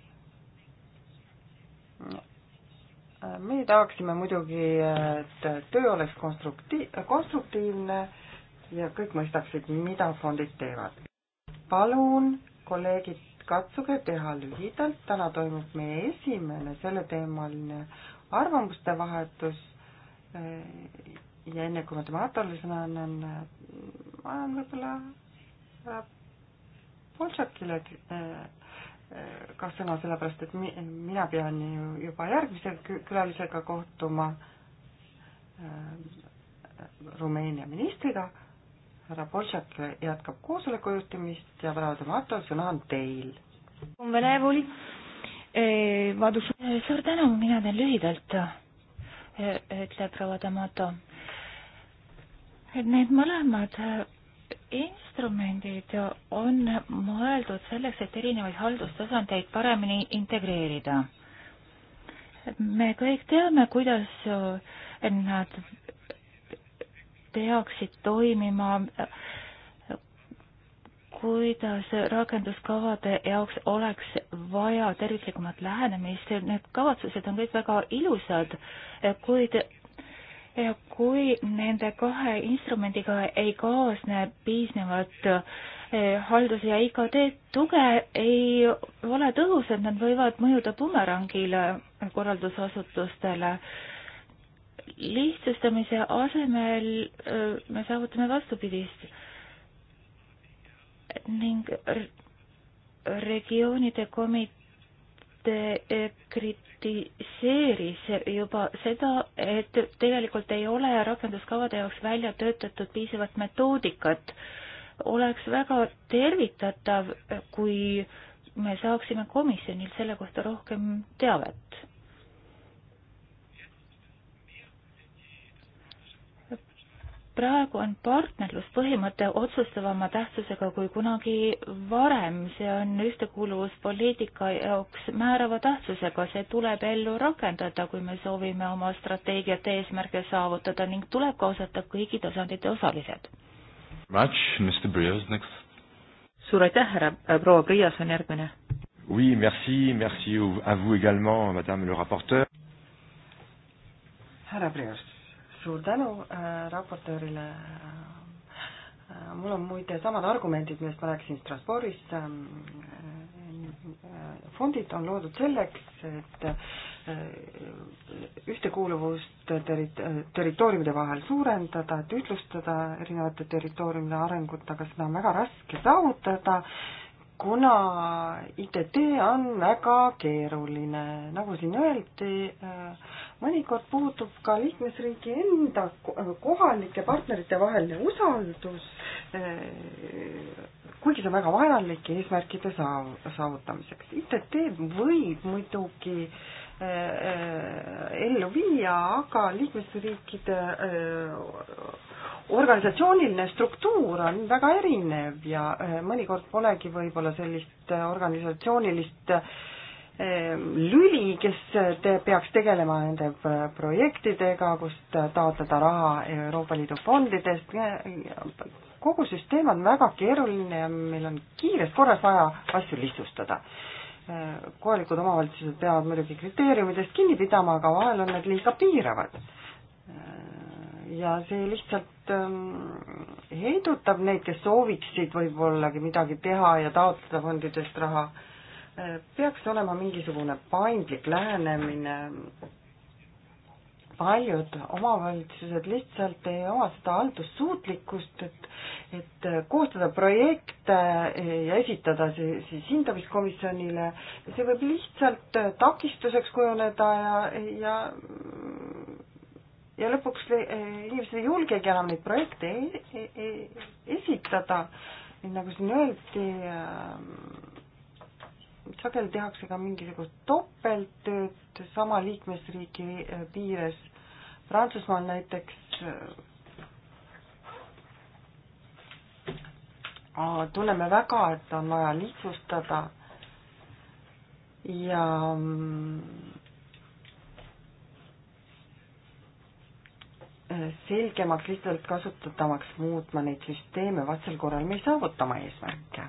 Äh, meie tahaksime muidugi, et töö oleks konstrukti-, konstruktiivne ja kõik mõistaksid, mida fondid teevad. palun, kolleegid, katsuge teha lühidalt, täna toimub meie esimene selleteemaline arvamuste vahetus ja enne kui ma temaatole sõna annan, ma annan võib-olla Polšakile ka sõna, sellepärast et mi, mina pean ju juba järgmise külalisega kohtuma Rumeenia ministriga härra Boltšak jätkab koosoleku juhtimist ja proua Tomato, sõna on teil. Eh, eh, suur tänu, mina teen lühidalt, eh, ütleb proua Tomato. Need mõlemad instrumendid on mõeldud selleks, et erinevaid haldustasandeid paremini integreerida. me kõik teame, kuidas nad peaksid toimima, kuidas rakenduskavade jaoks oleks vaja terviklikumat lähenemist, need kavatsused on kõik väga ilusad, kuid ja kui nende kahe instrumendiga ei kaasne piisnevat eh, haldus- ja IKT tuge, ei ole tõhusad, nad võivad mõjuda bumerangile korraldusasutustele lihtsustamise asemel me saavutame vastupidist ning regioonide komitee e, kritiseeris juba seda, et tegelikult ei ole rakenduskavade jaoks välja töötatud piisavat metoodikat. oleks väga tervitatav, kui me saaksime komisjonilt selle kohta rohkem teavet praegu on partnerluspõhimõte otsustavama tähtsusega kui kunagi varem, see on ühtekuuluvuspoliitika jaoks määrava tähtsusega, see tuleb ellu rakendada, kui me soovime oma strateegiate eesmärke saavutada ning tuleb kaasata kõigi tasandite osalised. suur aitäh, härra äh, proua Priias on järgmine. Oui, merci, merci à vous également, madame le rapporteur. härra Priias suur tänu äh, raportöörile äh,. mul on muide samad argumendid, millest ma rääkisin Strasbourgis ähm, äh,. fondid on loodud selleks, et äh, ühtekuuluvust terri-, territooriumide vahel suurendada, et ühtlustada erinevate territooriumide arengut, aga seda on väga raske saavutada äh, kuna ITT on väga keeruline, nagu siin öeldi, äh, mõnikord puudub ka liikmesriigi enda äh, kohalike partnerite vaheline usaldus, äh, kuigi see on väga vajalik eesmärkide saav-, saavutamiseks. ITT võib muidugi äh, Äh, äh, ellu viia, aga liikmesriikide äh, organisatsiooniline struktuur on väga erinev ja mõnikord polegi võib-olla sellist organisatsioonilist lüli, kes te peaks tegelema nende projektidega, kust taotleda raha Euroopa Liidu fondidest. kogu süsteem on väga keeruline ja meil on kiires korras vaja asju lihtsustada. Äh, kohalikud omavalitsused peavad muidugi kriteeriumidest kinni pidama, aga vahel on need liiga piiravad. Äh, ja see lihtsalt ähm, heidutab neid, kes sooviksid võib-ollagi midagi teha ja taotleda fondidest raha. Äh, peaks olema mingisugune paindlik lähenemine paljud omavalitsused lihtsalt ei oma seda haldussuutlikkust, et, et koostada projekte ja esitada see siis hindamiskomisjonile. see võib lihtsalt takistuseks kujuneda ja, ja ja lõpuks inimesed ei julgegi enam neid projekte e-, e-, esitada, nagu siin öeldi ähm, sageli tehakse ka mingisugust topelttööd sama liikmesriigi äh, piires. Prantsusmaal näiteks äh, tunneme väga, et on vaja lihtsustada ja mm, äh, selgemaks, lihtsalt kasutatavaks muutma neid süsteeme, vastasel korral me ei saavuta oma eesmärke.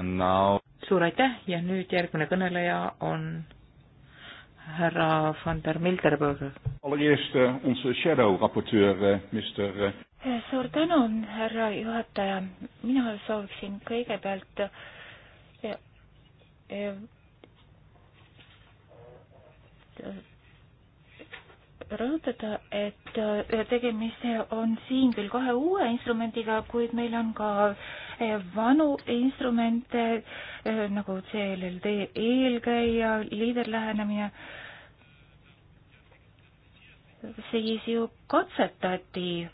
Now suur aitäh ja nüüd järgmine kõneleja on härra van der Milderberg. allereerst eh, onze shadow raportöör, eh, Mr. Eh. suur tänu, härra juhataja. mina sooviksin kõigepealt rõhutada, et äh, tegemist on siin küll kahe uue instrumendiga, kuid meil on ka äh, vanu instrumente äh, nagu CLLD eelkäija, liiderlähenemine. siis ju katsetati,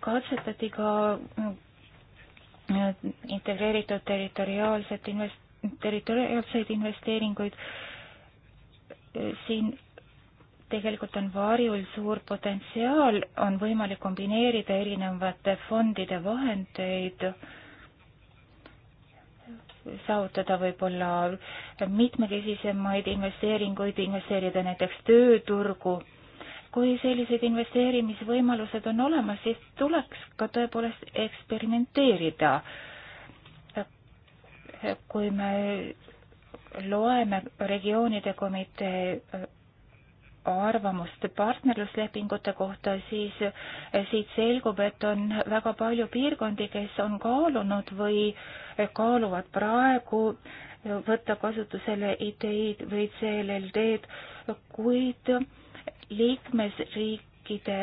katsetati ka integreeritud territoriaalset invest-, territoriaalseid investeeringuid siin tegelikult on varjul suur potentsiaal, on võimalik kombineerida erinevate fondide vahendeid, saavutada võib-olla mitmekesisemaid investeeringuid, investeerida näiteks tööturgu. kui sellised investeerimisvõimalused on olemas, siis tuleks ka tõepoolest eksperimenteerida. kui me loeme regioonide komitee arvamust partnerluslepingute kohta, siis eh, siit selgub, et on väga palju piirkondi, kes on kaalunud või kaaluvad praegu eh, võtta kasutusele ideid või CLLD-d, kuid liikmesriikide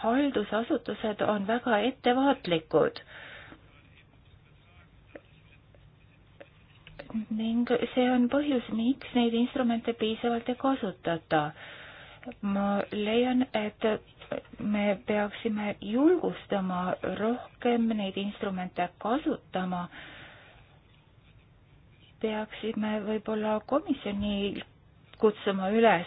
haldusasutused on väga ettevaatlikud ning see on põhjus, miks neid instrumente piisavalt ei kasutata ma leian, et me peaksime julgustama rohkem neid instrumente kasutama. peaksime võib-olla komisjoni kutsuma üles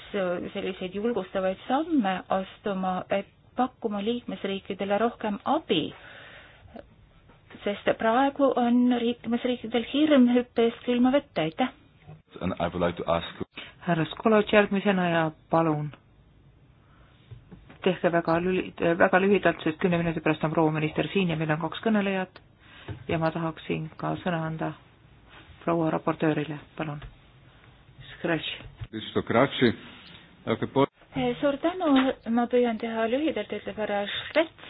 selliseid julgustavaid samme astuma, et pakkuma liikmesriikidele rohkem abi. sest praegu on liikmesriikidel hirm hüppe eest külma vette, aitäh! härra Skolotš järgmisena ja palun tehke väga lüli-, väga lühidalt, sest kümne minuti pärast on proua minister siin ja meil on kaks kõnelejat ja ma tahaksin ka sõna anda proua raportöörile, palun. Eh, suur tänu, ma püüan teha lühidalt, ütleb härra Švets.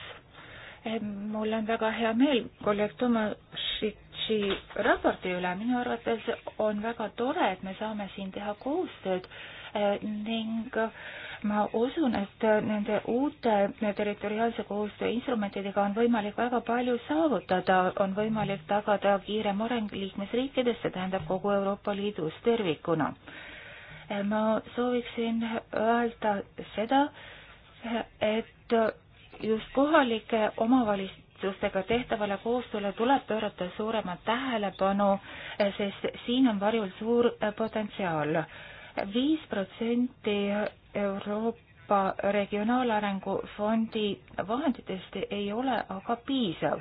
Eh, mul on väga hea meel kolleeg Tomašitši raporti üle, minu arvates on väga tore, et me saame siin teha koostööd eh, ning äh, ma usun, et nende uute territoriaalse koostöö instrumentidega on võimalik väga palju saavutada, on võimalik tagada kiirem areng liikmesriikides, see tähendab kogu Euroopa Liidus tervikuna. ma sooviksin öelda seda, et just kohalike omavalitsustega tehtavale koostööle tuleb pöörata suuremat tähelepanu, sest siin on varjul suur potentsiaal viis protsenti Euroopa Regionaalarengu Fondi vahenditest ei ole aga piisav.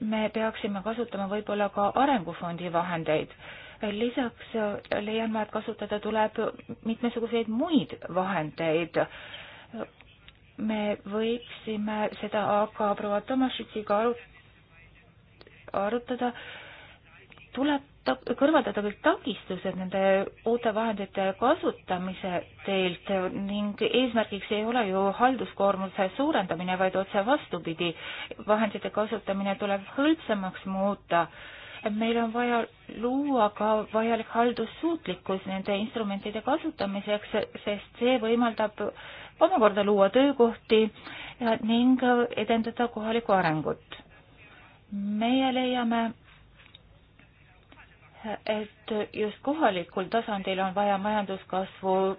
me peaksime kasutama võib-olla ka Arengufondi vahendeid. lisaks leian ma, et kasutada tuleb mitmesuguseid muid vahendeid me võiksime seda aga proua Tomašitsiga arutada, tuleb kõrvaldada kõik takistused nende uute vahendite kasutamise teelt ning eesmärgiks ei ole ju halduskoormuse suurendamine, vaid otse vastupidi, vahendite kasutamine tuleb hõlpsamaks muuta. meil on vaja luua ka vajalik haldussuutlikkus nende instrumentide kasutamiseks, sest see võimaldab omakorda luua töökohti ning edendada kohalikku arengut. meie leiame, et just kohalikul tasandil on vaja majanduskasvu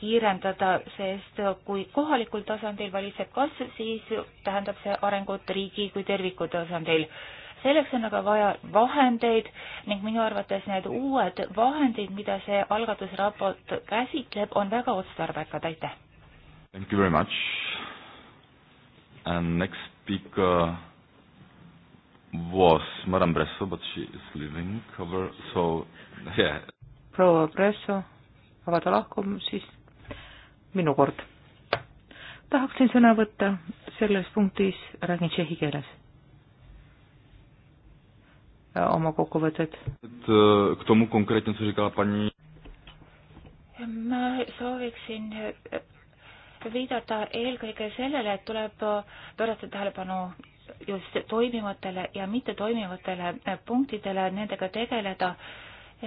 kiirendada, sest kui kohalikul tasandil valitseb kasv, siis tähendab see arengut riigi kui terviku tasandil. selleks on aga vaja vahendeid ning minu arvates need uued vahendid, mida see algatusraport käsitleb, on väga otstarbekad, aitäh! Thank you very much and next speaker was Madame Bresso, but she is leaving cover, so yeah. proua Bresso, aga ta lahkub, siis minu kord. tahaksin sõna võtta selles punktis, räägin tšehhi keeles. oma kokkuvõtted. et äh, k tomu konkreetne sõiga pani? ma sooviksin äh, viidata eelkõige sellele, et tuleb pöörata tähelepanu just toimivatele ja mittetoimivatele eh, punktidele, nendega tegeleda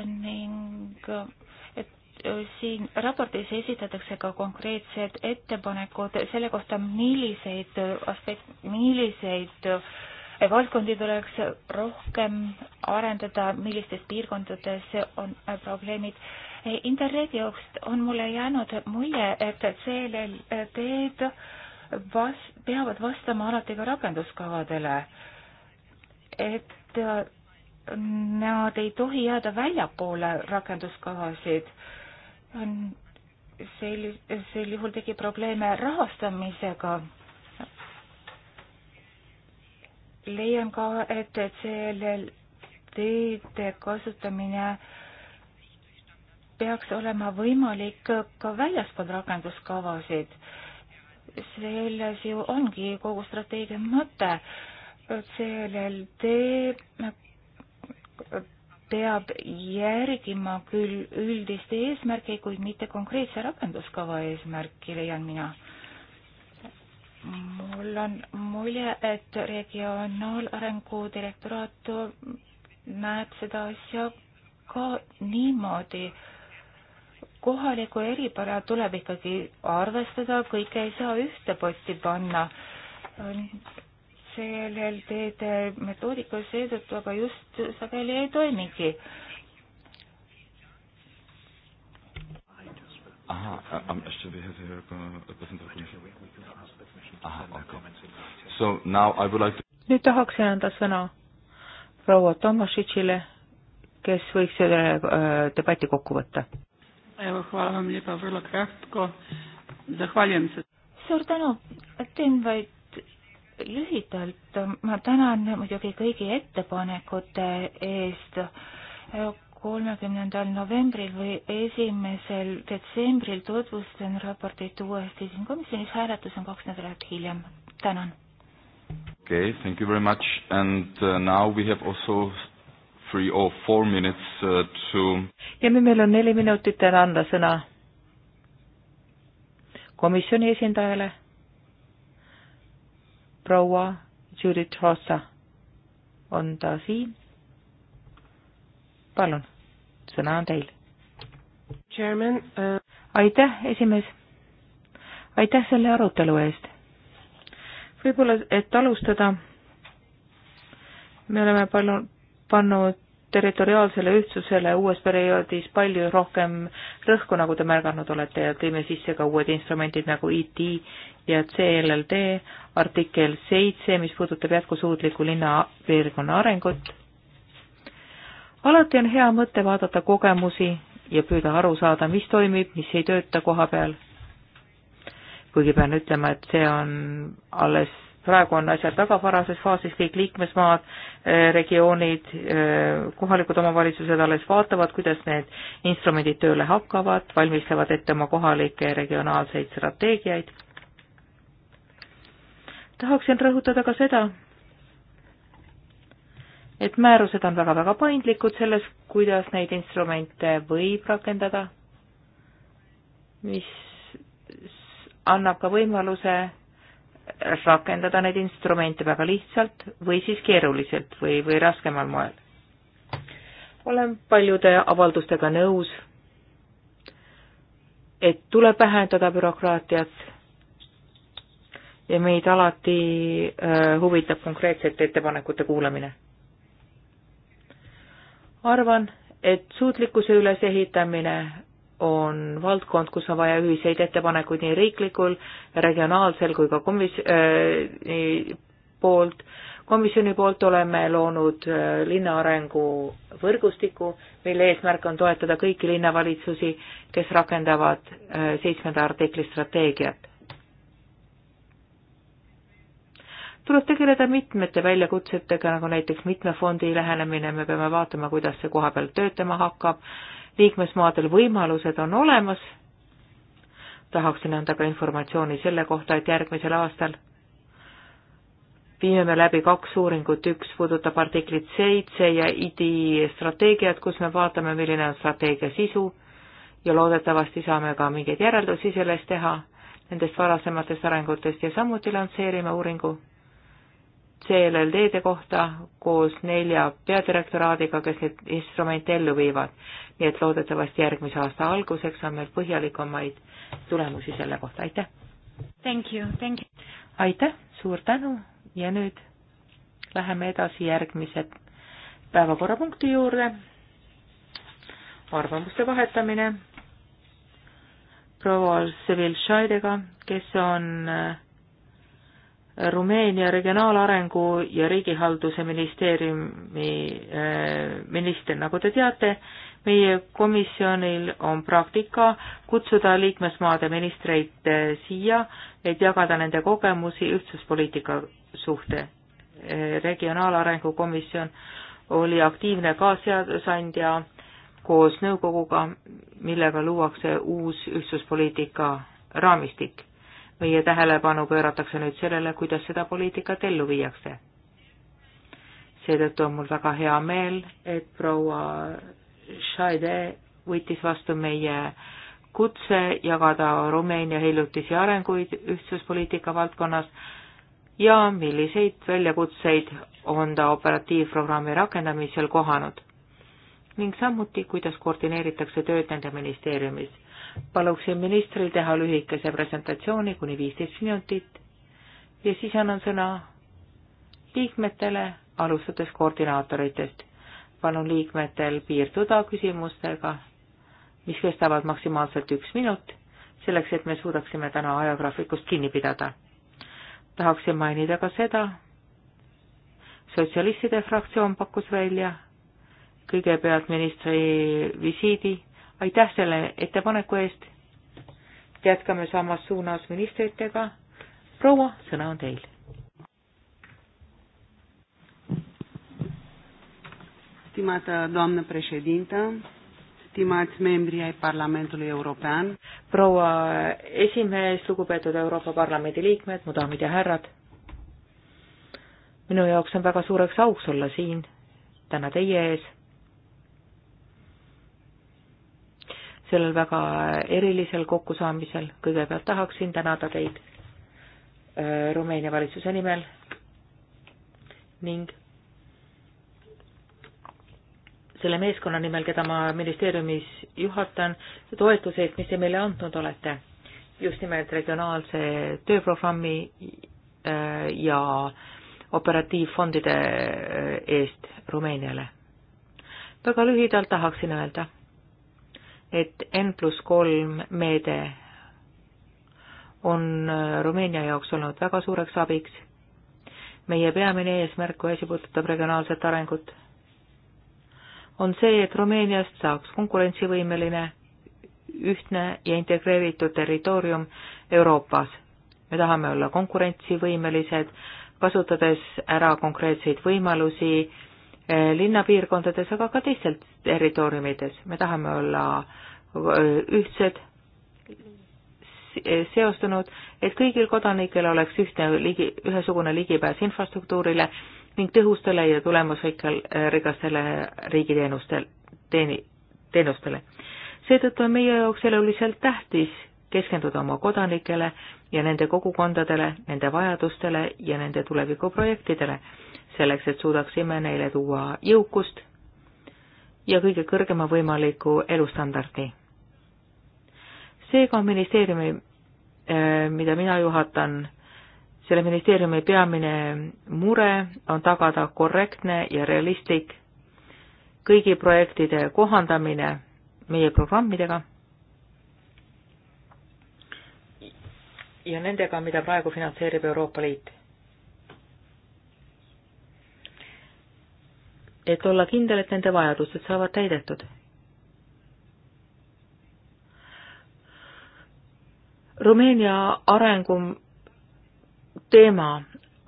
ning et eh, siin raportis esitatakse ka konkreetsed ettepanekud selle kohta, milliseid aspekt-, milliseid eh, valdkondi tuleks rohkem arendada, millistes piirkondades on probleemid. Interregi jaoks on mulle jäänud mulje, et CLL-teed e vas-, peavad vastama alati ka rakenduskavadele, et nad ei tohi jääda väljapoole rakenduskavasid. sel-, sel juhul tekib probleeme rahastamisega. leian ka, et, et CLLD-de kasutamine peaks olema võimalik ka väljaspool rakenduskavasid selles ju ongi kogu strateegia mõte. CLLD peab järgima küll üldist eesmärki, kuid mitte konkreetse rakenduskava eesmärki, leian mina. mul on mulje, et regionaalarengu direktoraat näeb seda asja ka niimoodi äh, kohalikku eripära tuleb ikkagi arvestada, kõike ei saa ühte potti panna. sellel teede metoodika seetõttu aga just sageli ei toimigi. Aha, am Ende wir hier Aha, okay. So now I would like to... nüüd tahaksin anda sõna proua Tomašitšile, kes võiks selle äh, debati kokku võtta Evo, hvala vam lijepa, vrlo kratko. Zahvaljujem se. suur tänu, teen vaid lühidalt, ma tänan muidugi kõigi ettepanekute eest. kolmekümnendal novembril või esimesel detsembril tutvustan raportit uuesti siin komisjonis, hääletus on kaks nädalat hiljem. tänan. Okay, thank you very much and uh, now we have also three or four minutes uh, to ja nüüd meil on neli minutit ära anda sõna komisjoni esindajale, proua Judith Rossa. on ta siin? palun, sõna on teil. Chairman uh... aitäh, esimees. aitäh selle arutelu eest. võib-olla, et alustada, me oleme palju pannud territoriaalsele ühtsusele uues perioodis palju rohkem rõhku, nagu te märganud olete ja tõime sisse ka uued instrumendid nagu IT e ja CLLD, artikkel seitse, mis puudutab jätkusuutliku linnapiirkonna arengut. alati on hea mõte vaadata kogemusi ja püüda aru saada, mis toimib, mis ei tööta koha peal. kuigi pean ütlema, et see on alles praegu on asjad väga varases faasis, kõik liikmesmaad, eh, regioonid, eh, kohalikud omavalitsused alles vaatavad, kuidas need instrumendid tööle hakkavad, valmistavad ette oma kohalikke ja regionaalseid strateegiaid. tahaksin rõhutada ka seda, et määrused on väga-väga paindlikud selles, kuidas neid instrumente võib rakendada, mis annab ka võimaluse rakendada neid instrumente väga lihtsalt või siis keeruliselt või, või raskemal moel. olen paljude avaldustega nõus, et tuleb vähendada bürokraatiat ja meid alati äh, huvitab konkreetsete ettepanekute kuulamine. arvan, et suutlikkuse ülesehitamine on valdkond, kus on vaja ühiseid ettepanekuid nii riiklikul, regionaalsel kui ka komis- äh,, poolt. komisjoni poolt oleme loonud äh, linnaarengu võrgustiku, mille eesmärk on toetada kõiki linnavalitsusi, kes rakendavad äh, seitsmenda äh, artikli strateegiat. tuleb tegeleda mitmete väljakutsetega, nagu näiteks mitme fondi lähenemine, me peame vaatama, kuidas see koha peal töötama hakkab äh,, liikmesmaadel võimalused on olemas, tahaksin anda ka informatsiooni selle kohta, et järgmisel aastal viime me läbi kaks uuringut, üks puudutab artiklit seitse ja IDI strateegiat, kus me vaatame, milline on strateegia sisu ja loodetavasti saame ka mingeid järeldusi sellest teha, nendest varasematest arengutest ja samuti lansseerime uuringu CLLD-de kohta koos nelja peadirektoraadiga, kes neid instrumente ellu viivad. nii et loodetavasti järgmise aasta alguseks on meil põhjalikumaid tulemusi selle kohta, aitäh! Thank you, thank you! aitäh, suur tänu ja nüüd läheme edasi järgmise päevakorrapunkti juurde, arvamuste vahetamine proua Sevil Scheidega, kes on äh, Rumeenia regionaalarengu ja riigihalduse ministeeriumi eh, minister, nagu te teate, meie komisjonil on praktika kutsuda liikmesmaade ministreid eh, siia, et jagada nende kogemusi ühtsuspoliitika suhte. Eh, regionaalarengu komisjon oli aktiivne kaasseadusandja koos nõukoguga, millega luuakse uus ühtsuspoliitika raamistik meie tähelepanu pööratakse nüüd sellele, kuidas seda poliitikat ellu viiakse. seetõttu on mul väga hea meel, et proua Shaide võttis vastu meie kutse jagada Rumeenia hiljutisi arenguid ühtsuspoliitika valdkonnas ja milliseid väljakutseid on ta operatiivprogrammi rakendamisel kohanud ning samuti, kuidas koordineeritakse tööd nende ministeeriumis paluksin ministril teha lühikese presentatsiooni kuni viisteist minutit ja siis annan sõna liikmetele, alustades koordinaatoritest. palun liikmetel piirduda küsimustega, mis kestavad maksimaalselt üks minut, selleks et me suudaksime täna ajagraafikust kinni pidada. tahaksin mainida ka seda, sotsialistide fraktsioon pakkus välja kõigepealt ministri visiidi aitäh selle ettepaneku eest. jätkame samas suunas ministritega. proua, sõna on teil. Stimată doamnă președintă, stimați membri ai Parlamentului European. Proua esimees, lugupeetud Euroopa Parlamendi liikmed, mu daamid ja härrad. Minu jaoks on väga suureks auks olla siin täna teie ees sellel väga erilisel kokkusaamisel. kõigepealt tahaksin tänada teid äh, Rumeenia valitsuse nimel ning selle meeskonna nimel, keda ma ministeeriumis juhatan, toetuse eest, mis te meile andnud olete, just nimelt regionaalse tööprogrammi äh, ja operatiivfondide äh, eest Rumeeniale. väga lühidalt tahaksin öelda et N pluss kolm meede on äh, Rumeenia jaoks olnud väga suureks abiks. meie peamine eesmärk, kui asi puudutab regionaalset arengut, on see, et Rumeeniast saaks konkurentsivõimeline, ühtne ja integreeritud territoorium Euroopas. me tahame olla konkurentsivõimelised, kasutades ära konkreetseid võimalusi Eh, linnapiirkondades, aga ka teistel territooriumides. me tahame olla eh, ühtsed, eh, seostunud, et kõigil kodanikel oleks ühtne ligi, ühesugune ligipääs infrastruktuurile ning tõhustele ja tulemusrikkal rikastele riigiteenustel, teeni, teenustele. seetõttu on meie jaoks eluliselt tähtis keskenduda oma kodanikele ja nende kogukondadele, nende vajadustele ja nende tulevikuprojektidele, selleks et suudaksime neile tuua jõukust ja kõige kõrgema võimaliku elustandardi. seega on ministeeriumi, eh, mida mina juhatan, selle ministeeriumi peamine mure on tagada korrektne ja realistlik kõigi projektide kohandamine meie programmidega ja nendega, mida praegu finantseerib Euroopa Liit. et olla kindel, et nende vajadused saavad täidetud. Rumeenia arengu teema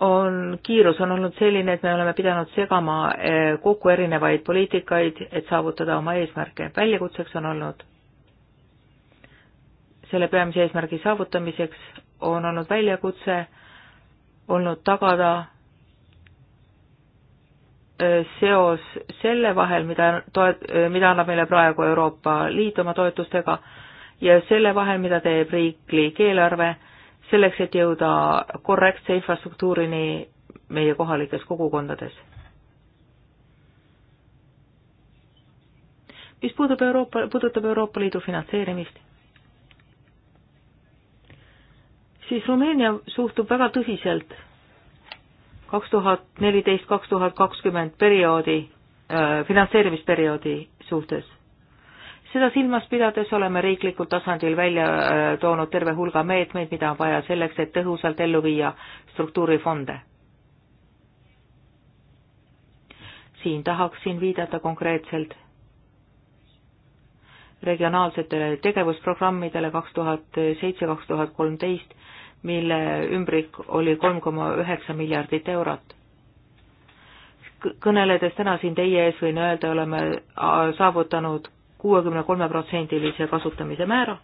on, kiirus on olnud selline, et me oleme pidanud segama eh, kokku erinevaid poliitikaid, et saavutada oma eesmärke. väljakutseks on olnud selle peamise eesmärgi saavutamiseks on olnud väljakutse olnud tagada seos selle vahel, mida toet-, mida annab meile praegu Euroopa Liit oma toetustega ja selle vahel, mida teeb riiklik eelarve, selleks, et jõuda korrektse infrastruktuurini meie kohalikes kogukondades. mis puudub Euroopa, puudutab Euroopa Liidu finantseerimist siis Rumeenia suhtub väga tõsiselt kaks tuhat neliteist, kaks tuhat kakskümmend perioodi, finantseerimisperioodi suhtes. seda silmas pidades oleme riiklikul tasandil välja toonud terve hulga meetmeid, mida on vaja selleks, et tõhusalt ellu viia struktuurifonde. siin tahaksin viidata konkreetselt regionaalsetele tegevusprogrammidele kaks tuhat seitse, kaks tuhat kolmteist mille ümbrik oli kolm koma üheksa miljardit eurot. kõneledes täna siin teie ees võin öelda, oleme saavutanud kuuekümne kolme protsendilise kasutamise määra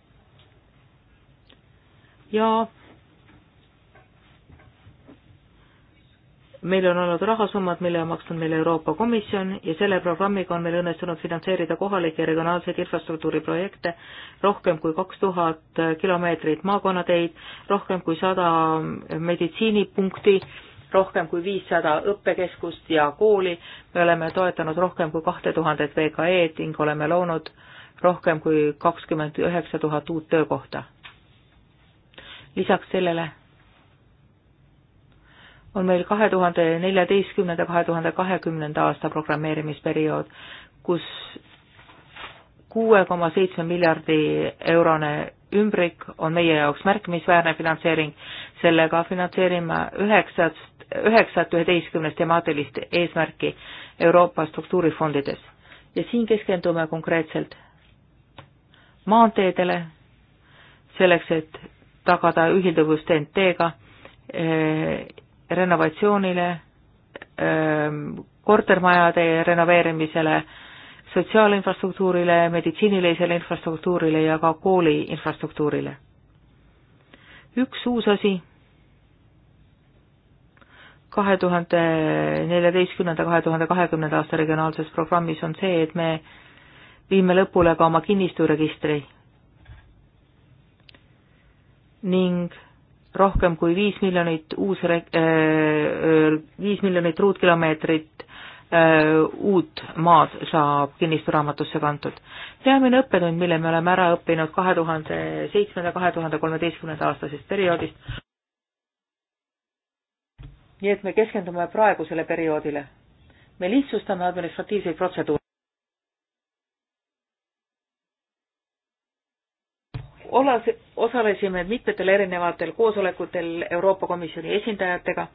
ja meil on olnud rahasummad, mille on maksnud meile Euroopa Komisjon ja selle programmiga on meil õnnestunud finantseerida kohalikke ja regionaalseid infrastruktuuriprojekte, rohkem kui kaks tuhat kilomeetrit maakonnateid, rohkem kui sada meditsiinipunkti, rohkem kui viissada õppekeskust ja kooli, me oleme toetanud rohkem kui kahte tuhandet VKE-d ning oleme loonud rohkem kui kakskümmend üheksa tuhat uut töökohta. lisaks sellele on meil kahe tuhande neljateistkümnenda, kahe tuhande kahekümnenda aasta programmeerimisperiood, kus kuue koma seitsme miljardi eurone ümbrik on meie jaoks märkimisväärne finantseering, sellega finantseerime üheksast, üheksat üheteistkümnest temaatilist eesmärki Euroopa struktuurifondides. ja siin keskendume konkreetselt maanteedele, selleks et tagada ühilduvus TNT-ga eh, renovatsioonile, ähm, kortermajade renoveerimisele, sotsiaalinfrastruktuurile, meditsiinilisele infrastruktuurile ja ka kooli infrastruktuurile. üks uus asi kahe tuhande neljateistkümnenda, kahe tuhande kahekümnenda aasta regionaalses programmis on see, et me viime lõpule ka oma kinnisturegistri ning rohkem kui viis miljonit uus, äh, äh, viis miljonit ruutkilomeetrit äh, uut maad saab kinnistusraamatusse kantud. peamine õppetund, mille me oleme ära õppinud kahe tuhande seitsmenda, kahe tuhande kolmeteistkümnenda aastasest perioodist, nii et me keskendume praegusele perioodile. me lihtsustame administratiivseid protseduure. olas, osalesime mitmetel erinevatel koosolekutel Euroopa Komisjoni esindajatega.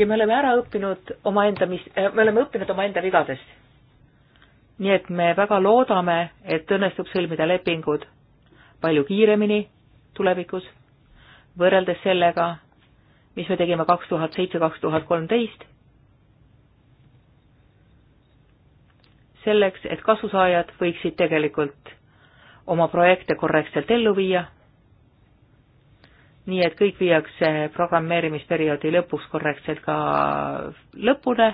ja me oleme ära õppinud omaenda, mis, äh, me oleme õppinud omaenda vigadest. nii et me väga loodame, et õnnestub sõlmida lepingud palju kiiremini tulevikus, võrreldes sellega, mis me tegime kaks tuhat seitse, kaks tuhat kolmteist selleks, et kasusaajad võiksid tegelikult oma projekte korrektselt ellu viia, nii et kõik viiakse programmeerimisperioodi lõpuks korrektselt ka lõpule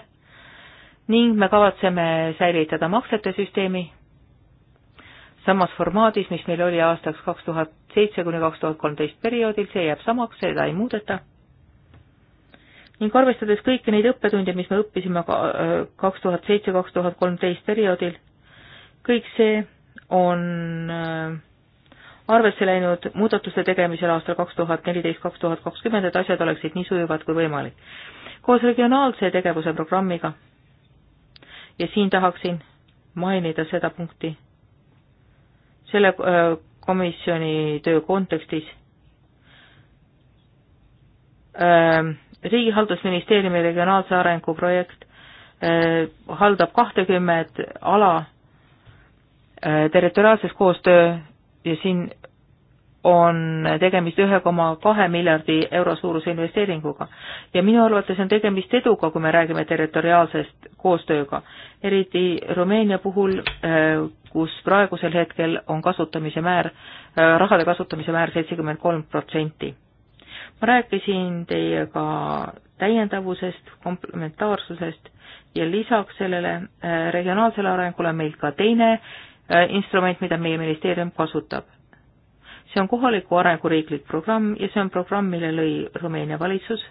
ning me kavatseme säilitada maksete süsteemi samas formaadis, mis meil oli aastaks kaks tuhat seitse kuni kaks tuhat kolmteist perioodil, see jääb samaks, seda ei muudeta ning arvestades kõiki neid õppetunde, mis me õppisime äh, kaks tuhat seitse, kaks tuhat kolmteist perioodil, kõik see on äh, arvesse läinud muudatuste tegemisel aastal kaks tuhat neliteist, kaks tuhat kakskümmend, et asjad oleksid nii sujuvad kui võimalik. koos regionaalse tegevuse programmiga ja siin tahaksin mainida seda punkti selle äh, komisjoni töö kontekstis ähm, riigihaldusministeeriumi regionaalse arengu projekt eh, haldab kahtekümmet ala eh, territoriaalses koostöö ja siin on tegemist ühe koma kahe miljardi euro suuruse investeeringuga. ja minu arvates on tegemist eduga, kui me räägime territoriaalsest koostööga, eriti Rumeenia puhul, eh, kus praegusel hetkel on kasutamise määr, rahade kasutamise määr seitsekümmend kolm protsenti ma rääkisin teiega täiendavusest, komplementaarsusest ja lisaks sellele äh, regionaalsele arengule on meil ka teine äh, instrument, mida meie ministeerium kasutab. see on kohaliku arengu riiklik programm ja see on programm, mille lõi Rumeenia valitsus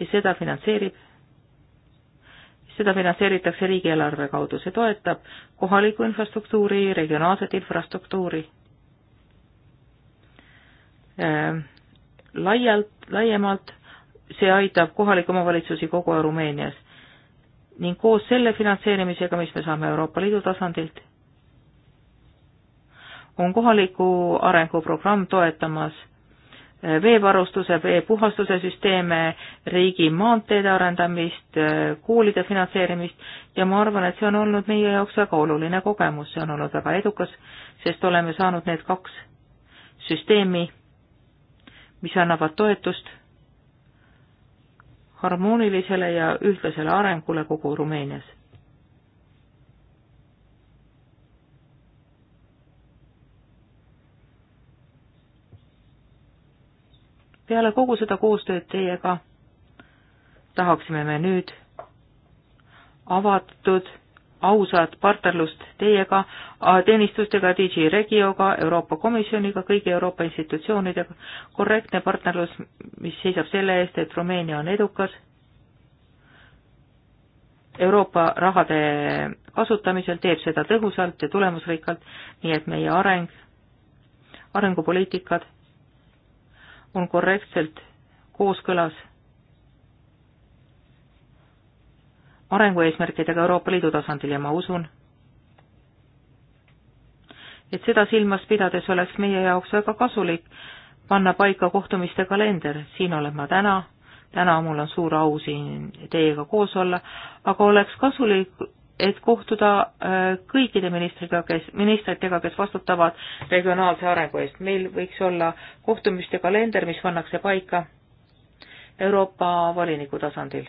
ja seda finantseerib, seda finantseeritakse riigieelarve kaudu, see toetab kohalikku infrastruktuuri, regionaalset infrastruktuuri äh, laialt, laiemalt, see aitab kohalikke omavalitsusi kogu Rumeenias ning koos selle finantseerimisega, mis me saame Euroopa Liidu tasandilt, on kohaliku arenguprogramm toetamas veevarustuse, veepuhastuse süsteeme, riigi maanteede arendamist, koolide finantseerimist ja ma arvan, et see on olnud meie jaoks väga oluline kogemus, see on olnud väga edukas, sest oleme saanud need kaks süsteemi mis annavad toetust harmoonilisele ja ühtlasele arengule kogu Rumeenias. peale kogu seda koostööd teiega tahaksime me nüüd avatud ausat partnerlust teiega, teenistustega, DG Regioga, Euroopa Komisjoniga, kõigi Euroopa institutsioonidega, korrektne partnerlus, mis seisab selle eest, et Rumeenia on edukas Euroopa rahade kasutamisel, teeb seda tõhusalt ja tulemusrikkalt, nii et meie areng, arengupoliitikad on korrektselt kooskõlas arengueesmärkidega Euroopa Liidu tasandil ja ma usun, et seda silmas pidades oleks meie jaoks väga kasulik panna paika kohtumiste kalender, siin olen ma täna, täna mul on suur au siin teiega koos olla, aga oleks kasulik, et kohtuda äh, kõikide ministriga, kes, ministritega, kes vastutavad regionaalse arengu eest. meil võiks olla kohtumiste kalender, mis pannakse paika Euroopa voliniku tasandil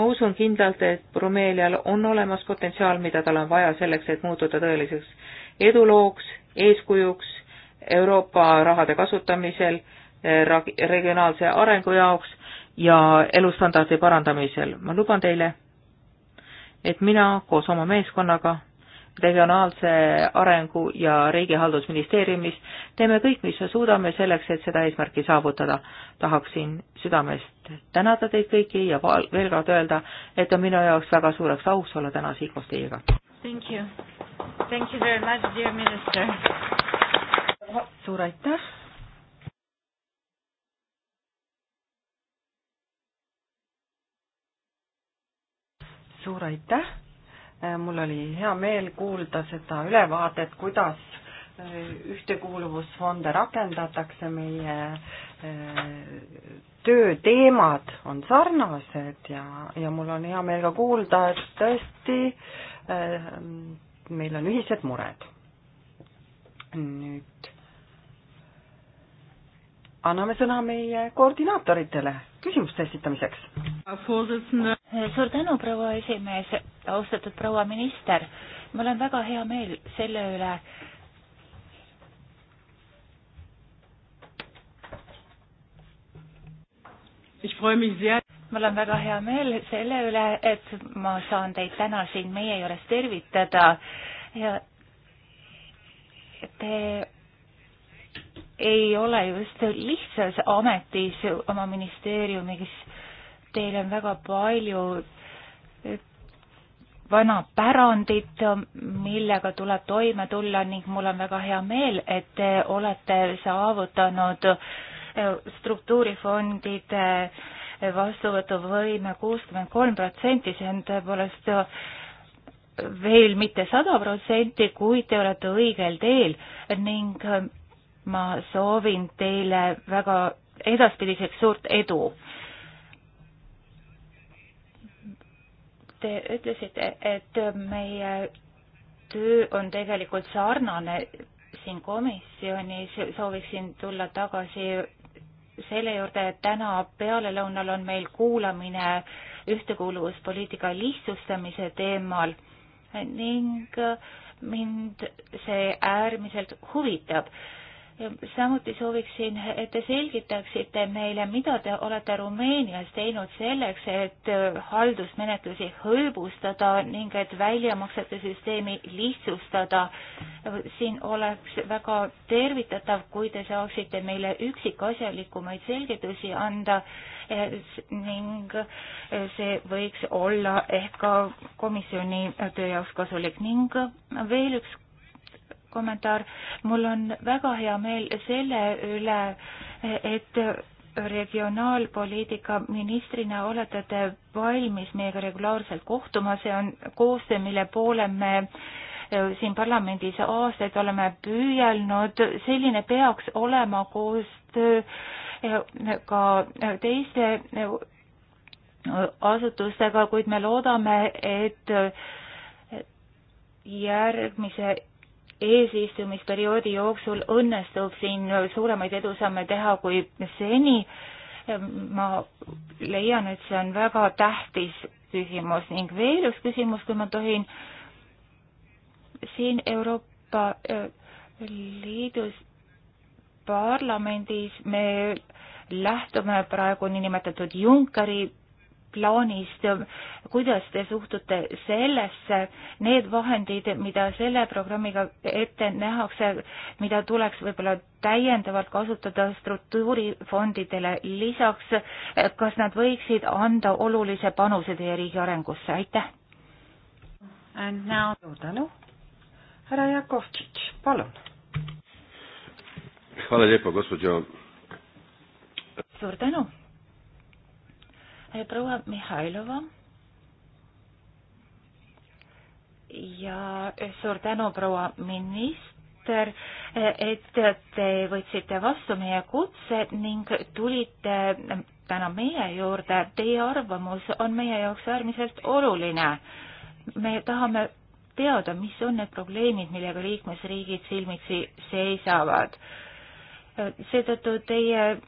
ma usun kindlalt, et Rumeelial on olemas potentsiaal, mida tal on vaja selleks, et muutuda tõeliseks edulooks, eeskujuks Euroopa rahade kasutamisel, eh, regionaalse arengu jaoks ja elustandardi parandamisel. ma luban teile, et mina koos oma meeskonnaga regionaalse arengu ja riigihaldusministeeriumis teeme kõik, mis me suudame selleks, et seda eesmärki saavutada. tahaksin südamest tänada teid kõiki ja veel kord öelda, et on minu jaoks väga suureks auks olla täna siin koos teiega. Thank you. Thank you very much, dear minister. suur aitäh. suur aitäh Äh, mul oli hea meel kuulda seda ülevaadet, kuidas äh, ühtekuuluvusfonde rakendatakse, meie äh, tööteemad on sarnased ja, ja mul on hea meel ka kuulda, et tõesti meil on ühised mured. nüüd anname sõna meie koordinaatoritele küsimuste esitamiseks. suur tänu, proua esimees, austatud proua minister. mul on väga hea meel selle üle, mul on väga hea meel selle üle, et ma saan teid täna siin meie juures tervitada ja te ei ole just lihtsas ametis oma ministeeriumis. Teil on väga palju vana pärandit, millega tuleb toime tulla ning mul on väga hea meel, et te olete saavutanud struktuurifondide vastuvõtuvõime kuuskümmend kolm protsenti, see on tõepoolest veel mitte sada protsenti, kuid te olete õigel teel ning ma soovin teile väga edaspidiseks suurt edu. Te ütlesite, et meie töö on tegelikult sarnane siin komisjonis, sooviksin tulla tagasi selle juurde, et täna pealelõunal on meil kuulamine ühtekuuluvuspoliitika lihtsustamise teemal ning mind see äärmiselt huvitab samuti sooviksin, et te selgitaksite meile, mida te olete Rumeenias teinud selleks, et haldusmenetlusi hõlbustada ning et väljamaksete süsteemi lihtsustada. siin oleks väga tervitatav, kui te saaksite meile üksikasjalikumaid selgitusi anda ning see võiks olla ehk ka komisjoni töö jaoks kasulik ning veel üks kommentaar. mul on väga hea meel selle üle, et regionaalpoliitika ministrina olete te valmis meiega regulaarselt kohtuma, see on koostöö, mille poole me eh, siin parlamendis aastaid oleme püüelnud, selline peaks olema koostöö eh, ka teiste eh, asutustega, kuid me loodame, et järgmise eesistumisperioodi jooksul õnnestub siin suuremaid edusamme teha kui seni. ma leian, et see on väga tähtis küsimus ning veel üks küsimus, kui ma tohin. siin Euroopa äh, Liidus parlamendis me lähtume praegu niinimetatud Junckeri plaanist, kuidas te suhtute sellesse, need vahendid, mida selle programmiga ette nähakse, mida tuleks võib-olla täiendavalt kasutada struktuurifondidele lisaks, kas nad võiksid anda olulise panuse teie riigi arengusse, aitäh! suur tänu, härra Jakovtšitš, palun! suur tänu! Äh, proua Mihhailova. ja äh, suur tänu, proua minister, äh, et te võtsite vastu meie kutse ning tulite täna meie juurde. Teie arvamus on meie jaoks äärmiselt oluline. me tahame teada, mis on need probleemid, millega liikmesriigid silmitsi seisavad. seetõttu teie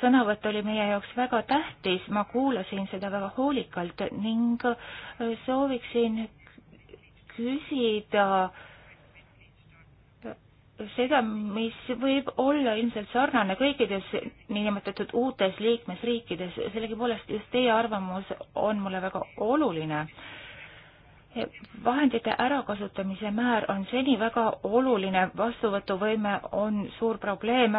sõnavõtt oli meie jaoks väga tähtis, ma kuulasin seda väga hoolikalt ning äh, sooviksin küsida äh, seda, mis võib olla ilmselt sarnane kõikides niinimetatud uutes liikmesriikides, sellegipoolest just teie arvamus on mulle väga oluline vahendite ärakasutamise määr on seni väga oluline, vastuvõtuvõime on suur probleem,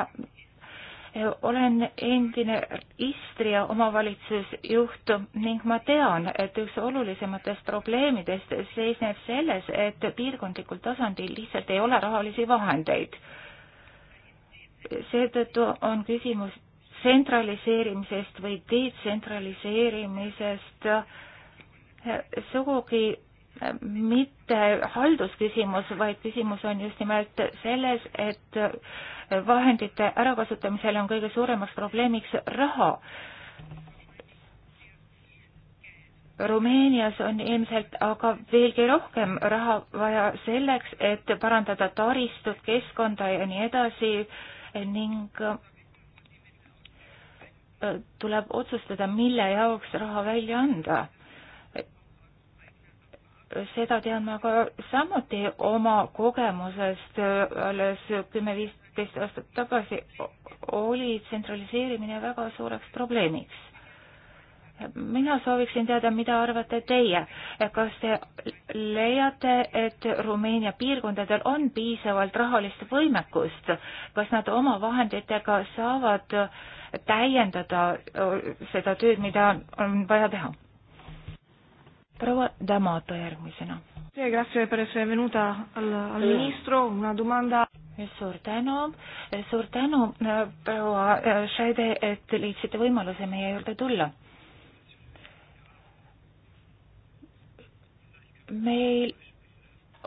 Eh, olen endine Istria omavalitsusjuht ning ma tean, et üks olulisematest probleemidest seisneb selles, et piirkondlikul tasandil lihtsalt ei ole rahalisi vahendeid. seetõttu on küsimus tsentraliseerimisest või detsentraliseerimisest eh, sugugi mitte haldusküsimus, vaid küsimus on just nimelt selles, et vahendite ärakasutamisel on kõige suuremaks probleemiks raha. Rumeenias on ilmselt aga veelgi rohkem raha vaja selleks, et parandada taristut, keskkonda ja nii edasi ning äh, tuleb otsustada, mille jaoks raha välja anda seda tean ma ka samuti oma kogemusest alles kümme, viisteist aastat tagasi oli tsentraliseerimine väga suureks probleemiks. mina sooviksin teada, mida arvate teie, kas te leiate, et Rumeenia piirkondadel on piisavalt rahalist võimekust, kas nad oma vahenditega saavad täiendada seda tööd, mida on vaja teha? proua D'Amato järgmisena. Eh. suur tänu, eh, suur eh, tänu, proua Scheide, et leidsite võimaluse meie juurde tulla. meil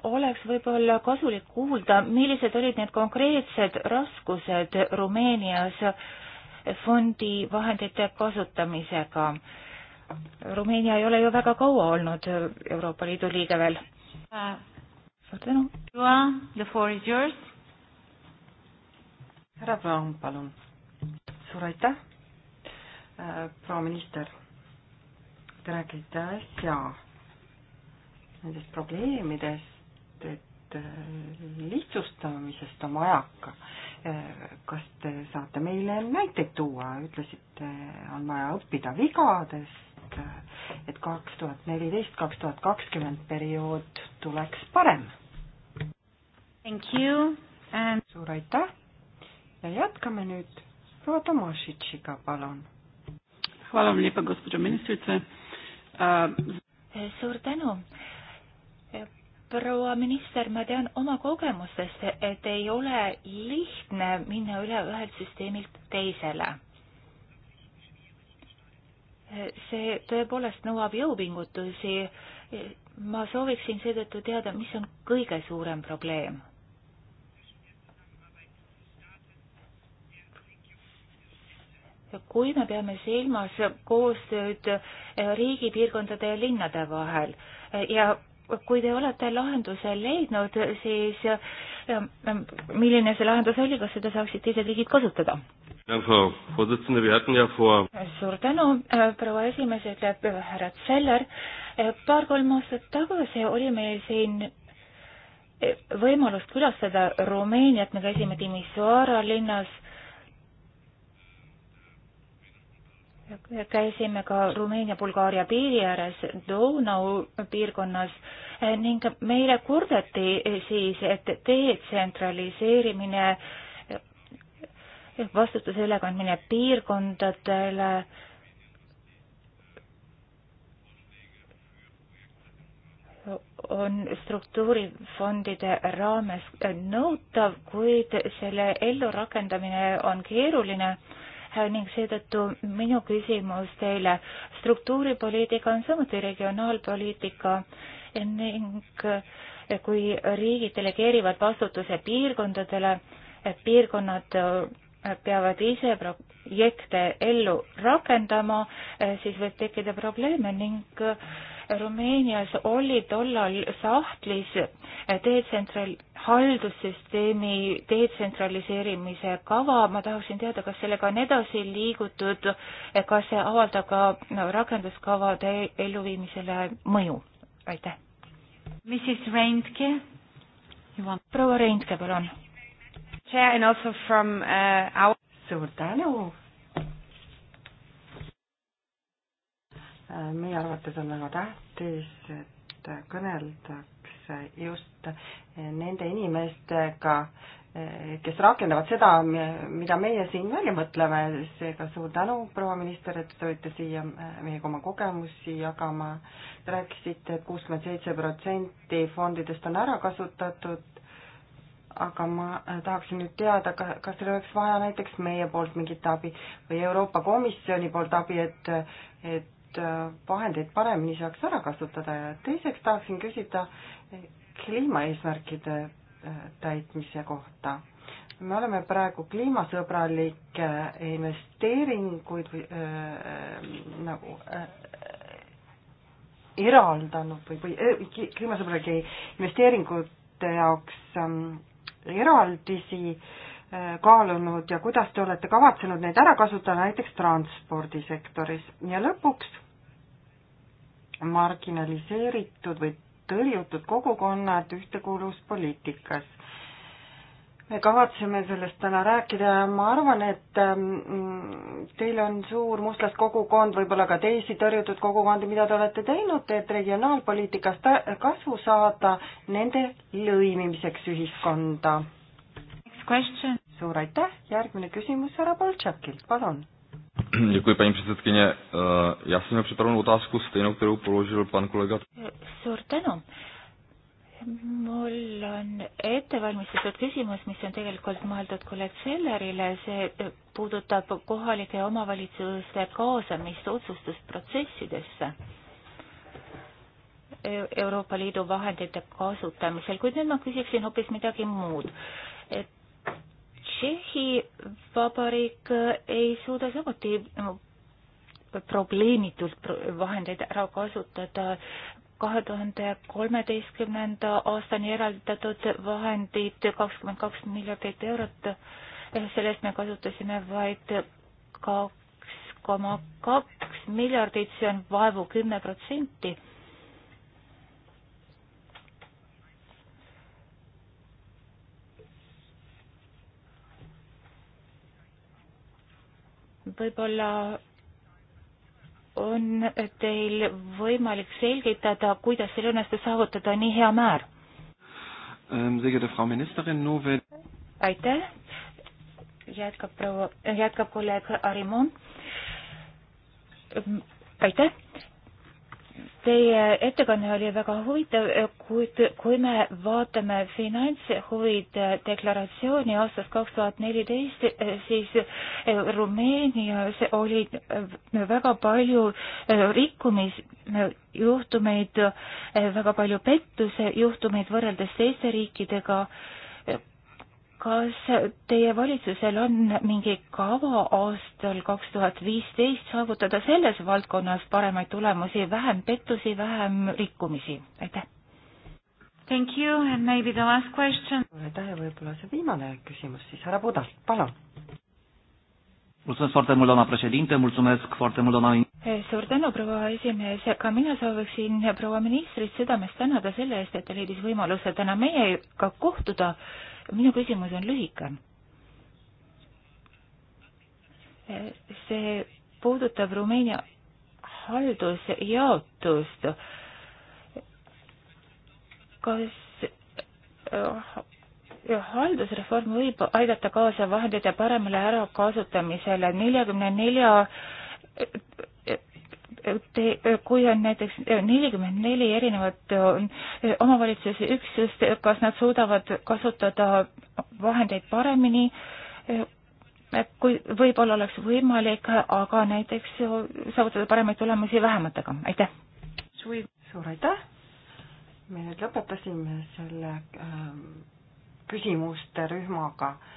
oleks võib-olla kasulik kuulda, millised olid need konkreetsed raskused Rumeenias fondi vahendite kasutamisega Rumeenia ei ole ju väga kaua olnud Euroopa Liidu liige veel. Uh, suur tänu. The floor is yours. härra Brown, palun. suur aitäh, uh, proua minister. Te räägite äsja nendest probleemidest, et uh, lihtsustamisest on vajaka. kas te saate meile näiteid tuua, ütlesite, on vaja õppida vigadest et, et kaks tuhat neliteist, kaks tuhat kakskümmend periood tuleks parem. Thank you and.... suur aitäh ja jätkame nüüd proua Tomašitšiga, palun. suur tänu proua minister, ma tean oma kogemustest, et ei ole lihtne minna üle ühelt süsteemilt teisele see tõepoolest nõuab jõupingutusi. ma sooviksin seetõttu teada, mis on kõige suurem probleem. kui me peame silmas koostööd riigipiirkondade ja linnade vahel ja kui te olete lahenduse leidnud, siis milline see lahendus oli, kas seda saaksid teised riigid kasutada? suur tänu, äh, proua esimees, ütleb härra Zeller. Äh, paar-kolm aastat tagasi oli meil siin äh, võimalust külastada Rumeeniat, me käisime Timisoara linnas. käisime ka Rumeenia-Bulgaaria piiri ääres Donau piirkonnas ning meile kurdeti siis, et detsentraliseerimine äh, vastutuse ülekandmine piirkondadele, on struktuurifondide raames nõutav, kuid selle ellurakendamine on keeruline ning seetõttu minu küsimus teile, struktuuripoliitika on samuti regionaalpoliitika ning kui riigid delegeerivad vastutuse piirkondadele, piirkonnad peavad ise projekte ellu rakendama, eh, siis võib tekkida probleeme ning eh, Rumeenias oli tollal sahtlis eh, detsentral-, haldussüsteemi detsentraliseerimise kava, ma tahaksin teada, kas sellega on edasi liigutud, kas see avaldab ka no, rakenduskavade elluviimisele mõju, aitäh. proua Reintke, palun Chair and also from uh, our suur tänu. Äh, meie arvates on väga tähtis, et kõneldakse just äh, nende inimestega, äh, kes rakendavad seda, mida meie siin välja mõtleme, seega suur tänu, proua minister, et te tulite siia meiega oma kogemusi jagama. Te rääkisite et, et kuuskümmend seitse protsenti fondidest on ära kasutatud aga ma äh, tahaksin nüüd teada, kas teil oleks vaja näiteks meie poolt mingit abi või Euroopa Komisjoni poolt abi, et, et äh, vahendeid paremini saaks ära kasutada ja teiseks tahaksin küsida äh, kliimaeesmärkide täitmise kohta. me oleme praegu kliimasõbralikke investeeringuid või äh, nagu äh, eraldanud või, või äh, kliimasõbralike investeeringute jaoks ähm, eraldisi äh, kaalunud ja kuidas te olete kavatsenud neid ära kasutada näiteks transpordisektoris ja lõpuks marginaliseeritud või tõrjutud kogukonnad ühtekuuluvuspoliitikas me kavatseme sellest täna rääkida ja ma arvan, et ähm, teil on suur mustlaskogukond, võib-olla ka teisi tõrjutud kogukondi, mida te olete teinud, et regionaalpoliitikast kasu saada nende lõimimiseks ühiskonda. suur aitäh, järgmine küsimus härra Boltšakilt, palun. Děkuji, paní předsedkyně. Eh, já jsem měl připravenou otázku stejnou, kterou položil pan kolega. Eh, suur tänu mul on ettevalmistatud küsimus, mis on tegelikult mõeldud kolleeg Sellerile, see puudutab kohalike omavalitsuste kaasamist otsustusprotsessidesse e-, Euroopa Liidu vahendite kasutamisel, kuid nüüd ma küsiksin hoopis midagi muud. E-, Tšehhi Vabariik ei suuda samuti probleemitult vahendeid ära kasutada kahe tuhande kolmeteistkümnenda aastani eraldatud vahendid kakskümmend kaks miljardit eurot. sellest me kasutasime vaid kaks koma kaks miljardit, see on vaevu kümme protsenti. võib-olla on teil võimalik selgitada, kuidas teil õnnestus saavutada nii hea määr? Ähm, aitäh, jätkab proua, jätkab kolleeg Arimon. Ähm, aitäh, Teie ettekanne oli väga huvitav, kuid kui me vaatame finantshuvide deklaratsiooni aastast kaks tuhat neliteist, siis Rumeenias oli väga palju rikkumisjuhtumeid, väga palju pettuse juhtumeid võrreldes teiste riikidega kas teie valitsusel on mingi kava aastal kaks tuhat viisteist saavutada selles valdkonnas paremaid tulemusi, vähem pettusi, vähem rikkumisi? aitäh! Thank you and maybe the last question. aitäh ja võib-olla see viimane küsimus siis, härra Buda, palun. Mulțumesc foarte mult, doamna președinte, mulțumesc foarte mult, doamna... Eh, suur tänu, proua esimees. Ka mina sooviksin proua ministrit südamest tänada selle eest, et ta leidis võimaluse täna meiega kohtuda. Uh, minu küsimus on lühike. see puudutab Rumeenia haldusjaotust. kas äh, haldusreform võib aidata kaasa vahendite paremale ärakasutamisele neljakümne nelja te, kui on näiteks nelikümmend neli erinevat äh, omavalitsuse üksust, kas nad suudavad kasutada vahendeid paremini, äh, kui võib-olla oleks võimalik, aga näiteks äh, saavutada paremaid tulemusi vähematega, aitäh! suur aitäh! me nüüd lõpetasime selle ähm, küsimuste rühmaga äh,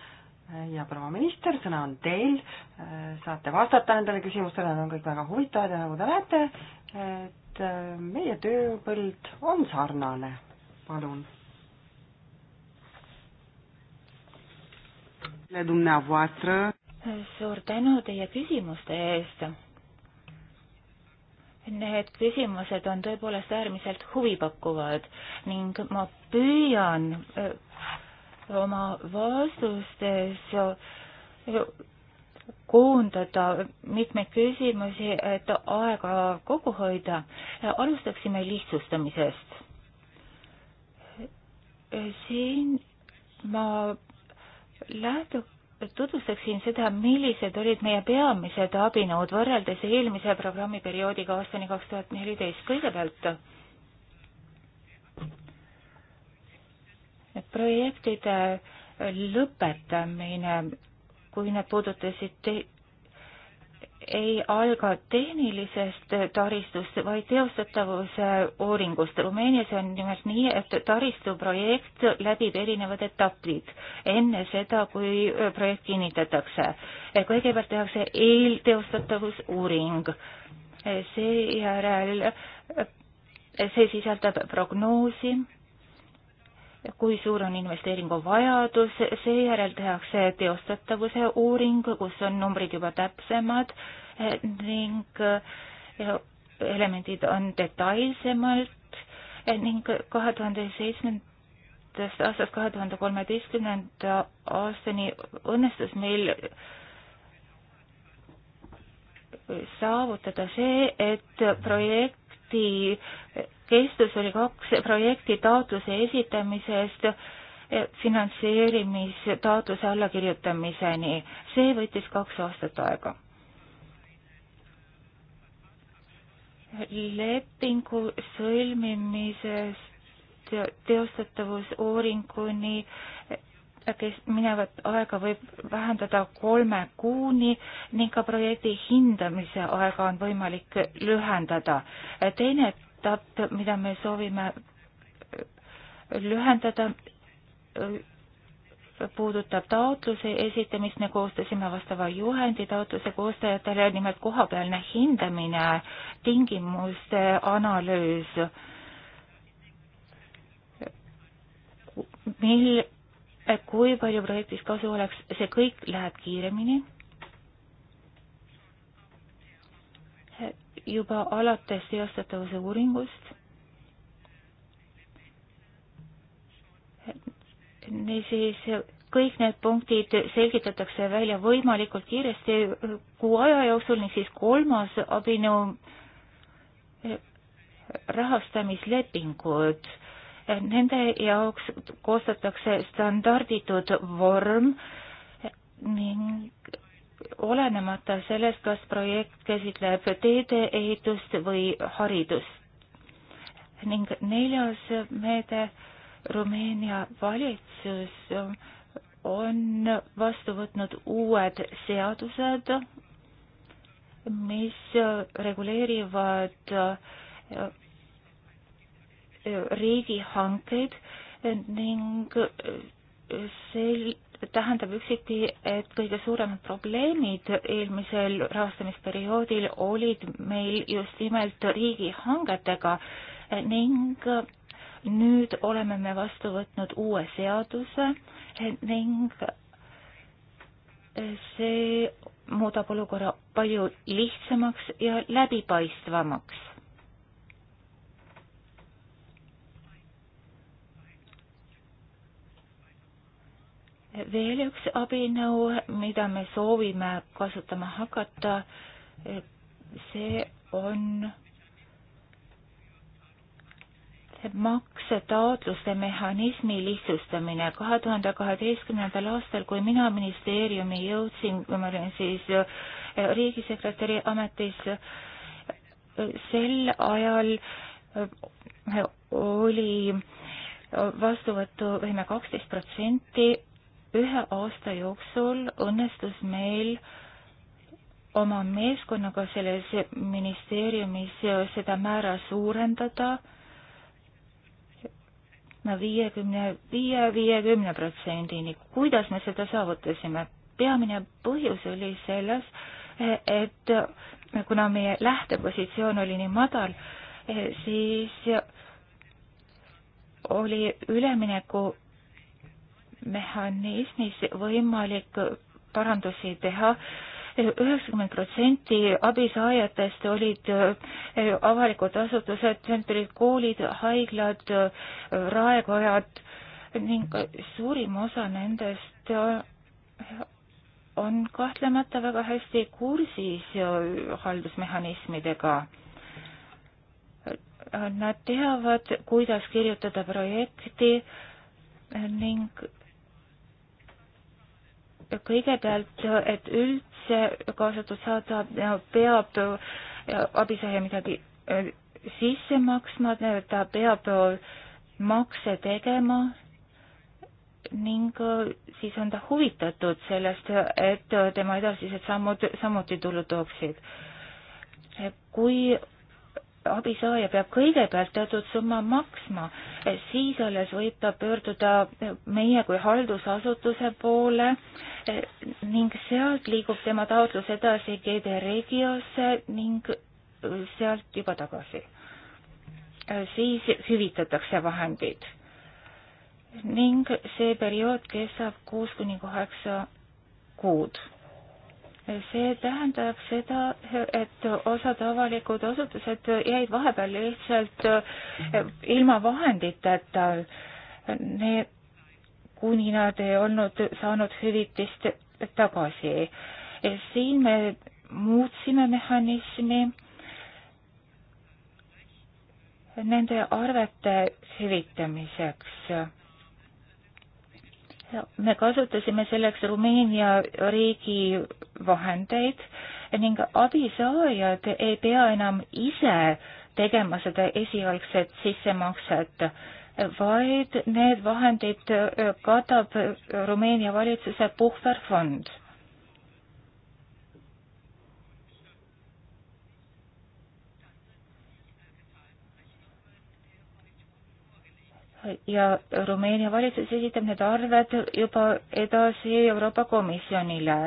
ja proua minister, sõna on teil, äh, saate vastata nendele küsimustele, need on kõik väga huvitavad ja nagu te näete, et äh, meie tööpõld on sarnane, palun. suur tänu teie küsimuste eest. Need küsimused on tõepoolest äärmiselt huvipakkuvad ning ma püüan äh, oma vastustes koondada mitmeid küsimusi, et aega kokku hoida. alustaksime lihtsustamisest. siin ma lähtu-, tutvustaksin seda, millised olid meie peamised abinõud võrreldes eelmise programmiperioodiga aastani kaks tuhat neliteist. kõigepealt et projektide lõpetamine, kui need puudutasid ei alga tehnilisest taristust, vaid teostatavuse uuringust. Rumeenias on nimelt nii, et taristuprojekt läbib erinevad etapid enne seda, kui projekt kinnitatakse. kõigepealt tehakse eelteostatavusuuring, seejärel see sisaldab prognoosi kui suur on investeeringu vajadus, seejärel tehakse teostatavuse uuring, kus on numbrid juba täpsemad ning elemendid on detailsemalt ning kahe tuhande seitsmendast aastast kahe tuhande kolmeteistkümnenda aastani õnnestus meil saavutada see, et projekti kestus oli kaks projekti taotluse esitamisest eh, finantseerimistaotluse allakirjutamiseni. see võttis kaks aastat aega. lepingu sõlmimisest teostatavusuuringuni eh, kes minevat aega võib vähendada kolme kuuni ning ka projekti hindamise aega on võimalik lühendada. teine etapp, mida me soovime lühendada, puudutab taotluse esitamist, me koostasime vastava juhendi taotluse koostajatele, nimelt kohapealne hindamine, tingimuste analüüs, mil, kui palju projektist kasu oleks, see kõik läheb kiiremini juba alates teostatavuse uuringust. niisiis kõik need punktid selgitatakse välja võimalikult kiiresti kuu aja jooksul, niisiis kolmas abinõu, rahastamislepingud. Nende jaoks koostatakse standarditud vorm ning olenemata sellest, kas projekt käsitleb teede ehitust või haridust. ning neljas meede, Rumeenia valitsus on vastu võtnud uued seadused, mis reguleerivad äh, riigihankeid ning sel-, tähendab üksiti, et kõige suuremad probleemid eelmisel rahastamisperioodil olid meil just nimelt riigihangetega ning nüüd oleme me vastu võtnud uue seaduse ning see muudab olukorra palju lihtsamaks ja läbipaistvamaks veel üks abinõu, mida me soovime kasutama hakata, see on maksetaotluste mehhanismi lihtsustamine. kahe tuhande kaheteistkümnendal aastal, kui mina ministeeriumi jõudsin, kui ma olin siis äh, riigisekretäri ametis, sel ajal äh, oli vastuvõtuvõime kaksteist protsenti ühe aasta jooksul õnnestus meil oma meeskonnaga selles ministeeriumis seda määra suurendada viiekümne viie, viiekümne protsendini. kuidas me seda saavutasime? peamine põhjus oli selles, et kuna meie lähtepositsioon oli nii madal, siis oli ülemineku mehhanismis võimalik parandusi teha. üheksakümmend protsenti abisaajatest olid eh, avalikud asutused, need olid koolid, haiglad, eh, raekojad ning suurim osa nendest eh, on kahtlemata väga hästi kursis haldusmehhanismidega nad teavad, kuidas kirjutada projekti ning kõigepealt, et üldse kaasatud saada, peab äh, abisaaja midagi äh, sisse maksma, ta peab äh, makse tegema ning siis on ta huvitatud sellest, et tema edasised sammud samuti tulu tooksid. kui abisaaja peab kõigepealt teatud summa maksma, siis alles võib ta pöörduda meie kui haldusasutuse poole ning sealt liigub tema taotlus edasi GD Regiosse ning sealt juba tagasi. siis hüvitatakse vahendid ning see periood kestab kuus kuni kaheksa kuud see tähendab seda, et osad avalikud asutused jäid vahepeal lihtsalt eh, ilma vahenditeta, kuni nad ei olnud saanud hüvitist tagasi. Eh, siin me muutsime mehhanismi nende arvete hüvitamiseks me kasutasime selleks Rumeenia riigi vahendeid ning abisaajad ei pea enam ise tegema seda esialgset sissemakset, vaid need vahendid katab Rumeenia valitsuse puhverfond ja Rumeenia valitsus esitab need arved juba edasi Euroopa Komisjonile.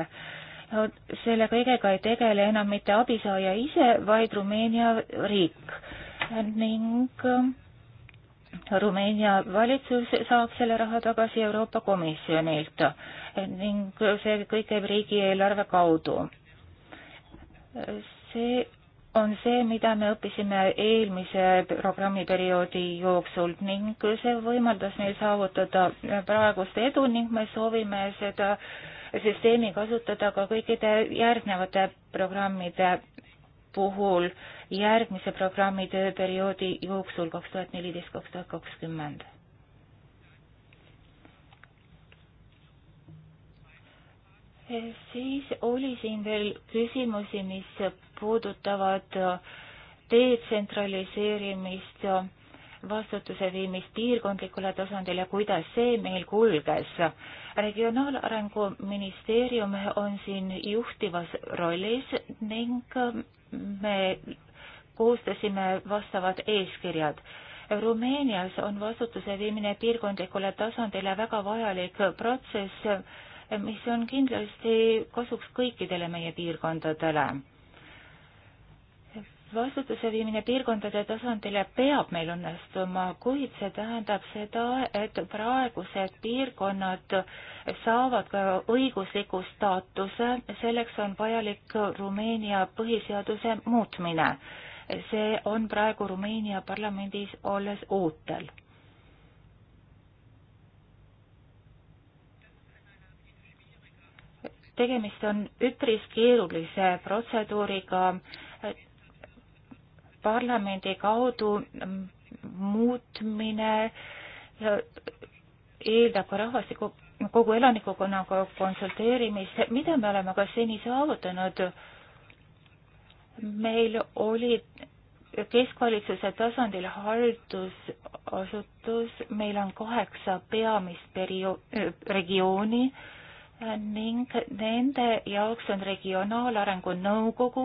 selle kõigega ei tegele enam mitte abisaaja ise, vaid Rumeenia riik ning äh, Rumeenia valitsus saab selle raha tagasi Euroopa Komisjonilt ning see kõik käib riigieelarve kaudu. Äh, see on see, mida me õppisime eelmise programmiperioodi jooksul ning see võimaldas meil saavutada praegust edu ning me soovime seda süsteemi kasutada ka kõikide järgnevate programmide puhul järgmise programmi tööperioodi jooksul kaks tuhat neliteist, kaks tuhat kakskümmend siis oli siin veel küsimusi, mis puudutavad detsentraliseerimist, vastutuse viimist piirkondlikule tasandile, kuidas see meil kulges. regionaalarengu ministeerium on siin juhtivas rollis ning me koostasime vastavad eeskirjad Rumeenias on vastutuse viimine piirkondlikule tasandile väga vajalik protsess, mis on kindlasti kasuks kõikidele meie piirkondadele. vastutuse viimine piirkondade tasandile peab meil õnnestuma, kuid see tähendab seda, et praegused piirkonnad saavad ka õigusliku staatuse, selleks on vajalik Rumeenia põhiseaduse muutmine. see on praegu Rumeenia parlamendis olles ootel tegemist on üpris keerulise protseduuriga. parlamendi kaudu muutmine eeldab ka rahvastiku, kogu elanikkonnaga konsulteerimist, mida me oleme ka seni saavutanud. meil oli keskvalitsuse tasandil haldusasutus, meil on kaheksa peamist perio-, regiooni äh, ning nende jaoks on Regionaalarengu Nõukogu,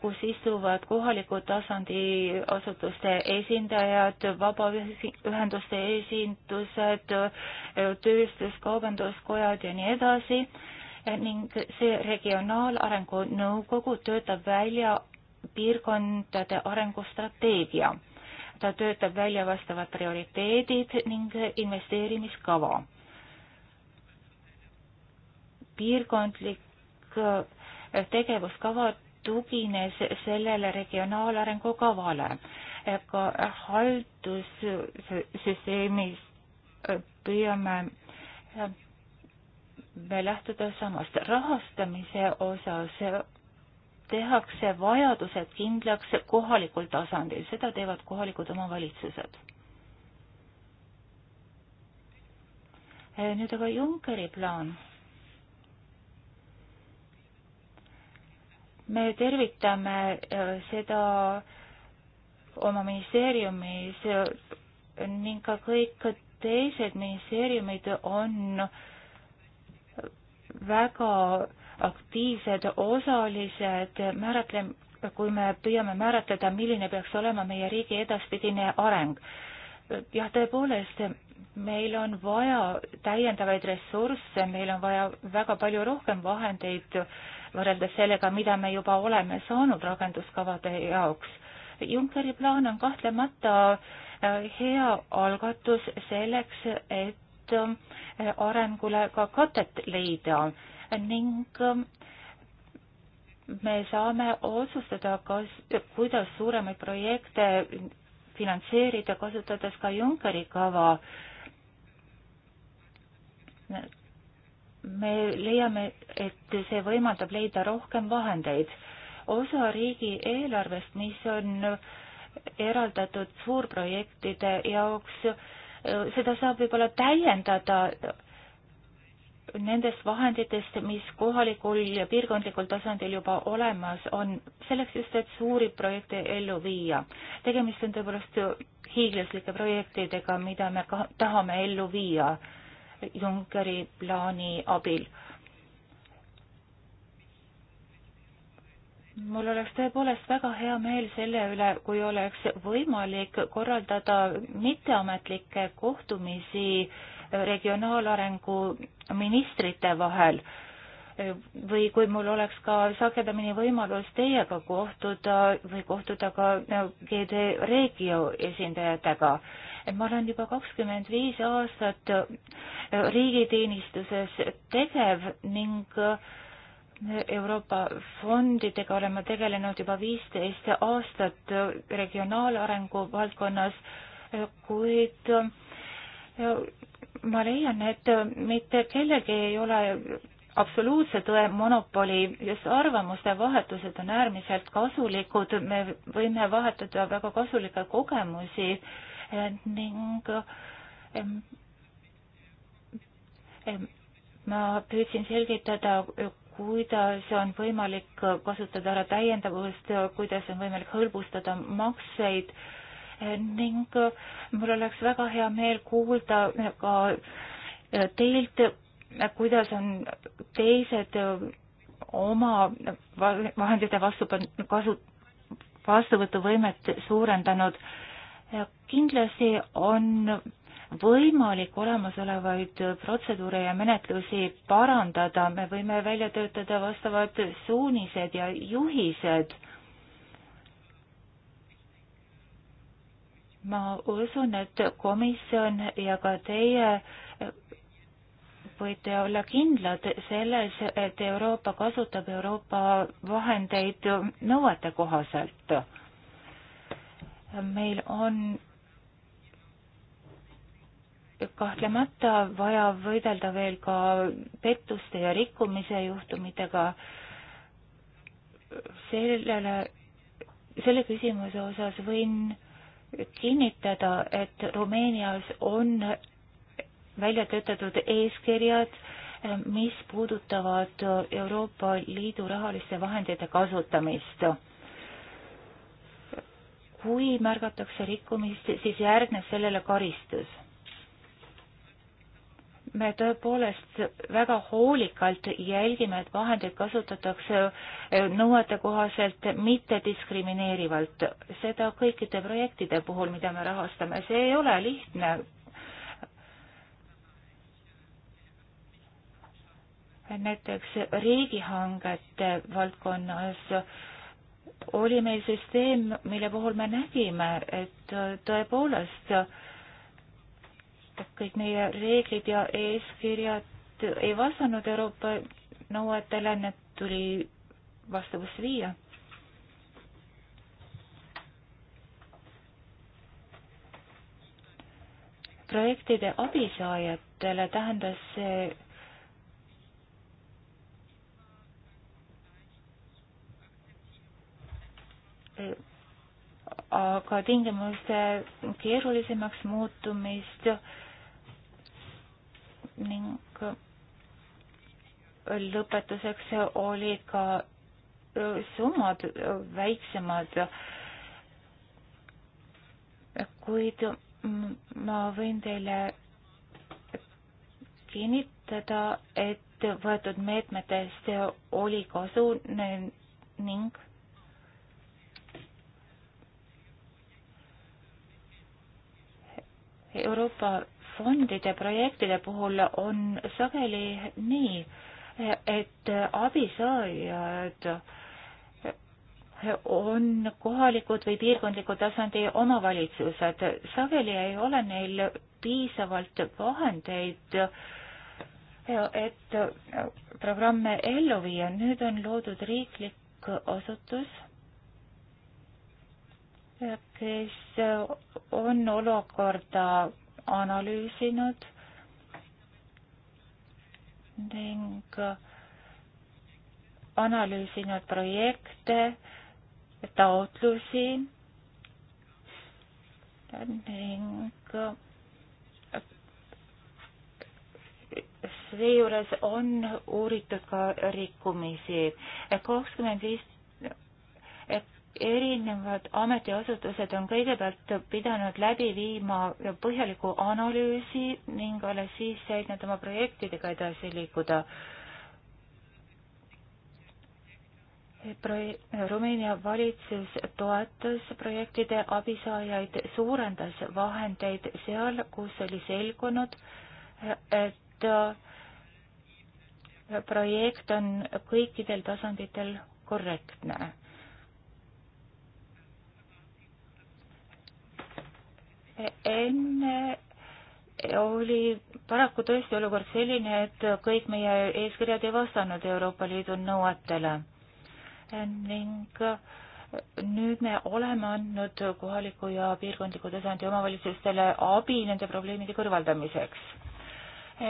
kus istuvad kohaliku tasandi asutuste esindajad, vabaühenduste esindused, tööstus-kaubanduskojad ja nii edasi ning see Regionaalarengu Nõukogu töötab välja piirkondade arengustrateegia. ta töötab välja vastavad prioriteedid ning investeerimiskava piirkondlik äh, tegevuskava tugines sellele regionaalarengu kavale. Äh, ka haldussüsteemis äh, püüame me lähtuda samast rahastamise osas tehakse vajadused kindlaks kohalikul tasandil, seda teevad kohalikud omavalitsused. nüüd aga Junckeri plaan me tervitame äh, seda oma ministeeriumis äh, ning ka kõik teised ministeeriumid on väga aktiivsed osalised määratle-, kui me püüame määratleda, milline peaks olema meie riigi edaspidine areng. jah, tõepoolest, meil on vaja täiendavaid ressursse, meil on vaja väga palju rohkem vahendeid äh, võrreldes sellega, mida me juba oleme saanud rakenduskavade jaoks. Junckeri plaan on kahtlemata äh, hea algatus selleks, et äh, arengule ka katet leida ning äh, me saame otsustada, kas, kuidas suuremaid projekte finantseerida, kasutades ka Junckeri kava me leiame, et see võimaldab leida rohkem vahendeid. osa riigieelarvest, mis on eraldatud suurprojektide jaoks, seda saab võib-olla täiendada nendest vahenditest, mis kohalikul ja piirkondlikul tasandil juba olemas on, selleks just, et suuri projekte ellu viia. tegemist on tõepoolest hiiglaslike projektidega, mida me ka tahame ellu viia Junckeri plaani abil. mul oleks tõepoolest väga hea meel selle üle, kui oleks võimalik korraldada mitteametlikke kohtumisi regionaalarengu ministrite vahel või kui mul oleks ka sagedamini võimalus teiega kohtuda või kohtuda ka GD Regio esindajatega ma olen juba kakskümmend viis aastat äh, riigiteenistuses tegev ning äh, Euroopa fondidega olen ma tegelenud juba viisteist aastat äh, regionaalarengu valdkonnas, kuid ma leian, et mitte kellelgi ei ole absoluutse tõe monopoli, just arvamuste vahetused on äärmiselt kasulikud, me võime vahetada väga kasulikke kogemusi äh, Äh, ning ähm, ähm, ma püüdsin selgitada, äh, kuidas on võimalik kasutada ära täiendavust, äh, kuidas on võimalik hõlbustada makseid ning mul oleks väga hea meel kuulda ka teilt, kuidas on teised oma vahendite vastu, kasu, vastuvõtuvõimet suurendanud kindlasti on võimalik olemasolevaid protseduure ja menetlusi parandada, me võime välja töötada vastavad suunised ja juhised. ma usun, et komisjon ja ka teie võite olla kindlad selles, et Euroopa kasutab Euroopa vahendeid nõuete kohaselt meil on kahtlemata vaja võidelda veel ka pettuste ja rikkumise juhtumitega. sellele, selle küsimuse osas võin kinnitada, et Rumeenias on välja töötatud eeskirjad, mis puudutavad Euroopa Liidu rahaliste vahendite kasutamist kui märgatakse rikkumist, siis järgneb sellele karistus. me tõepoolest väga hoolikalt jälgime, et vahendeid kasutatakse nõuete kohaselt mittediskrimineerivalt, seda kõikide projektide puhul, mida me rahastame, see ei ole lihtne näiteks riigihangete valdkonnas oli meil süsteem, mille puhul me nägime, et äh, tõepoolest kõik meie reeglid ja eeskirjad ei vastanud Euroopa nõuetele, need tuli vastavusse viia. projektide abisaajatele tähendas see aga tingimuste keerulisemaks muutumist ning lõpetuseks olid ka summad väiksemad, kuid ma võin teile kinnitada, et võetud meetmetest oli kasu ning Euroopa fondide projektide puhul on sageli nii, et abisaajad on kohalikud või piirkondliku tasandi omavalitsused. sageli ei ole neil piisavalt vahendeid, et programme ellu viia. nüüd on loodud riiklik asutus kes on olukorda analüüsinud ning analüüsinud projekte, taotlusi ning seejuures on uuritud ka rikkumisi. kakskümmend viis, et erinevad ametiasutused on kõigepealt pidanud läbi viima põhjaliku analüüsi ning alles siis said nad oma projektidega edasi liikuda. Pro-, Rumeenia valitsus toetas projektide abisaajaid, suurendas vahendeid seal, kus oli selgunud, et äh, projekt on kõikidel tasanditel korrektne enne oli paraku tõesti olukord selline, et kõik meie eeskirjad ei vastanud Euroopa Liidu nõuetele ning nüüd me oleme andnud kohaliku ja piirkondliku tasandi omavalitsustele abi nende probleemide kõrvaldamiseks.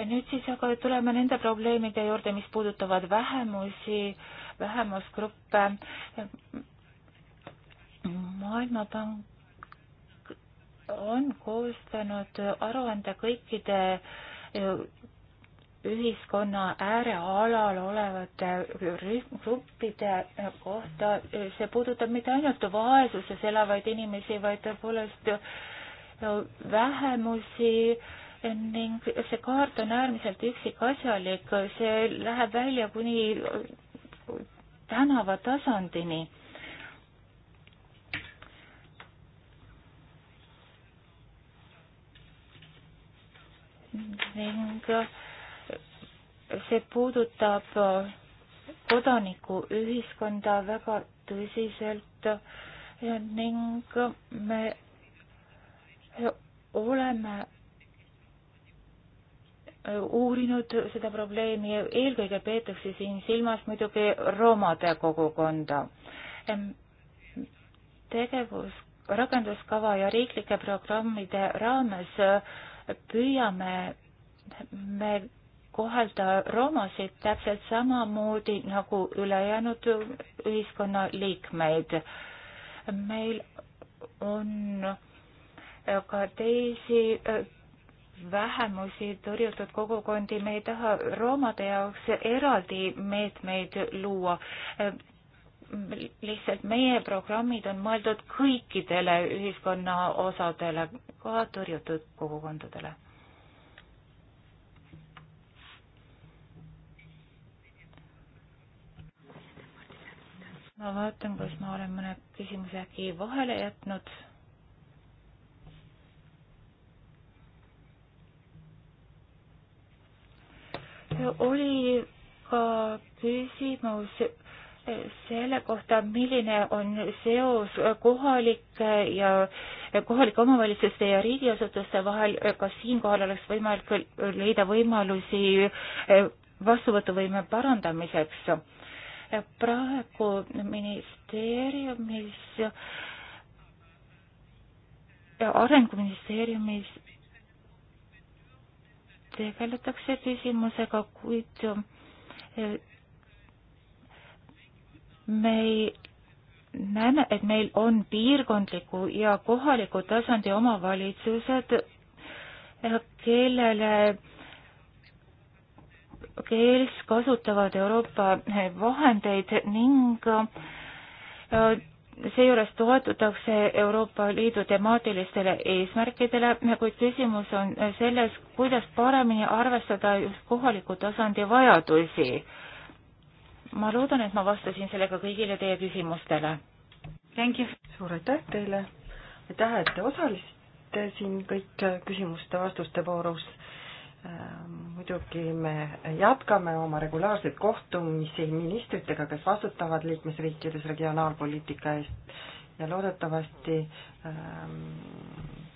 nüüd siis aga tuleme nende probleemide juurde, mis puudutavad vähemusi, vähemusgruppe. maailmapank on koostanud aruande kõikide äh, ühiskonna äärealal olevate gruppide kohta. see puudutab mitte ainult vaesuses elavaid inimesi, vaid tõepoolest äh, vähemusi ning see kaart on äärmiselt üksikasjalik, see läheb välja kuni tänava tasandini ning see puudutab kodanikuühiskonda väga tõsiselt ning me oleme uurinud seda probleemi ja eelkõige peetakse siin silmas muidugi roomade kogukonda. tegevus, rakenduskava ja riiklike programmide raames püüame me kohelda romasid täpselt samamoodi nagu ülejäänud ühiskonna liikmeid. meil on ka teisi äh, vähemusi tõrjutud kogukondi, me ei taha roomade jaoks eraldi meetmeid luua. Äh, lihtsalt meie programmid on mõeldud kõikidele ühiskonna osadele, ka tõrjutud kogukondadele. ma vaatan, kas ma olen mõne küsimuse äkki vahele jätnud oli ka küsimus selle kohta, milline on seos kohalike ja kohalike omavalitsuste ja riigiasutuste vahel, kas siinkohal oleks võimalik leida võimalusi vastuvõtuvõime parandamiseks? praegu ministeeriumis, arenguministeeriumis tegeletakse küsimusega, kuid me näeme, et meil on piirkondliku ja kohaliku tasandi omavalitsused, eh, kellele, kes kasutavad Euroopa eh, vahendeid ning eh, seejuures toetutakse Euroopa Liidu temaatilistele eesmärkidele, kuid küsimus on selles, kuidas paremini arvestada just kohaliku tasandi vajadusi ma loodan, et ma vastasin sellega kõigile teie küsimustele. suur aitäh teile, aitäh, et te osalesite siin kõik küsimuste-vastuste voorus. Äh, muidugi me jätkame oma regulaarseid kohtumisi ministritega, kes vastutavad liikmesriikides regionaalpoliitika eest ja loodetavasti ähm,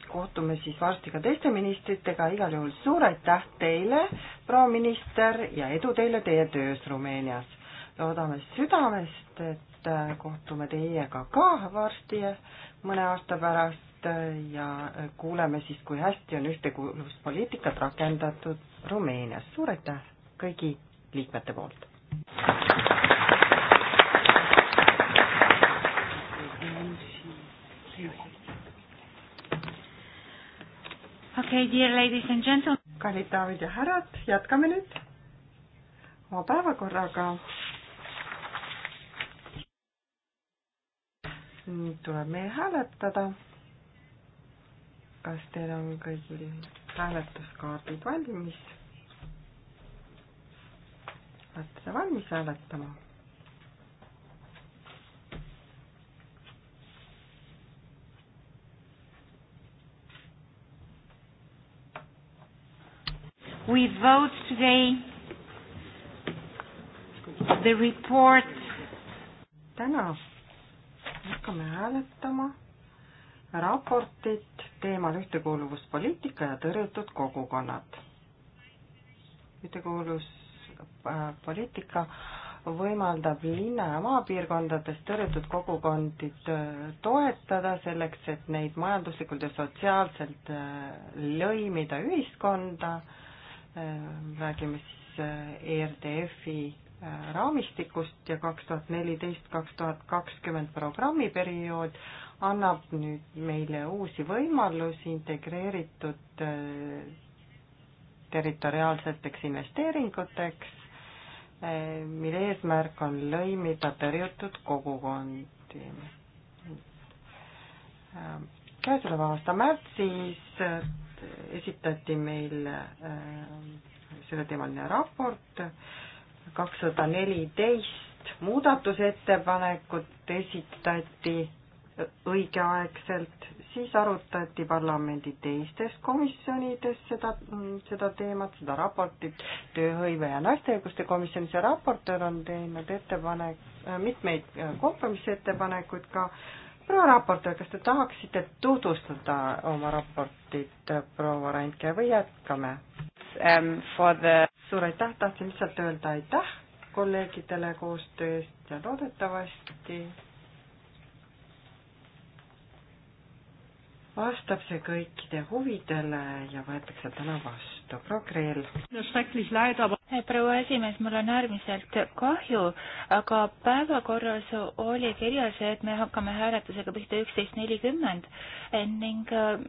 kohtume siis varsti ka teiste ministritega, igal juhul suur aitäh teile, proua minister, ja edu teile teie töös Rumeenias! loodame südamest, et äh, kohtume teiega ka varsti mõne aasta pärast äh, ja äh, kuuleme siis, kui hästi on ühtekuuluvuspoliitikat rakendatud Rumeenias. suur aitäh kõigi liikmete poolt! Okay, dear ladies and gentlemen. kallid daamid ja härrad, jätkame nüüd oma päevakorraga nüüd tuleb meil hääletada. kas teil on kõigil hääletuskaardid valmis? olete te valmis hääletama? We vote today the report. täna hakkame hääletama raportit teemal ühtekuuluvuspoliitika ja tõrjutud kogukonnad. ühtekuuluvuspoliitika võimaldab linna ja maapiirkondades tõrjutud kogukondi äh, toetada selleks, et neid majanduslikult ja sotsiaalselt äh, lõimida ühiskonda. Äh, räägime siis ERDF-i raamistikust ja kaks tuhat neliteist, kaks tuhat kakskümmend programmiperiood annab nüüd meile uusi võimalusi integreeritud äh, territoriaalseteks investeeringuteks, äh, mille eesmärk on lõimida tõrjutud kogukondi. Äh, käesoleva aasta märtsis esitati meil selleteemaline raport, kakssada neliteist muudatusettepanekut esitati õigeaegselt, siis arutati parlamendi teistes komisjonides seda, seda teemat, seda raportit, tööhõive ja naiste õiguste komisjonis ja raportöör on teinud ettepanek, mitmeid kompromissettepanekuid ka äh, proua raportöör, kas te tahaksite tutvustada oma raportit, proua Randke, või jätkame um,? The... suur aitäh, tahtsin lihtsalt öelda aitäh kolleegidele koostöö eest ja loodetavasti vastab see kõikide huvidele ja võetakse täna vastu. proua Kreel. proua esimees, mul on äärmiselt kahju, aga päevakorras oli kirjas, et me hakkame hääletusega pihta üksteist nelikümmend ning äh,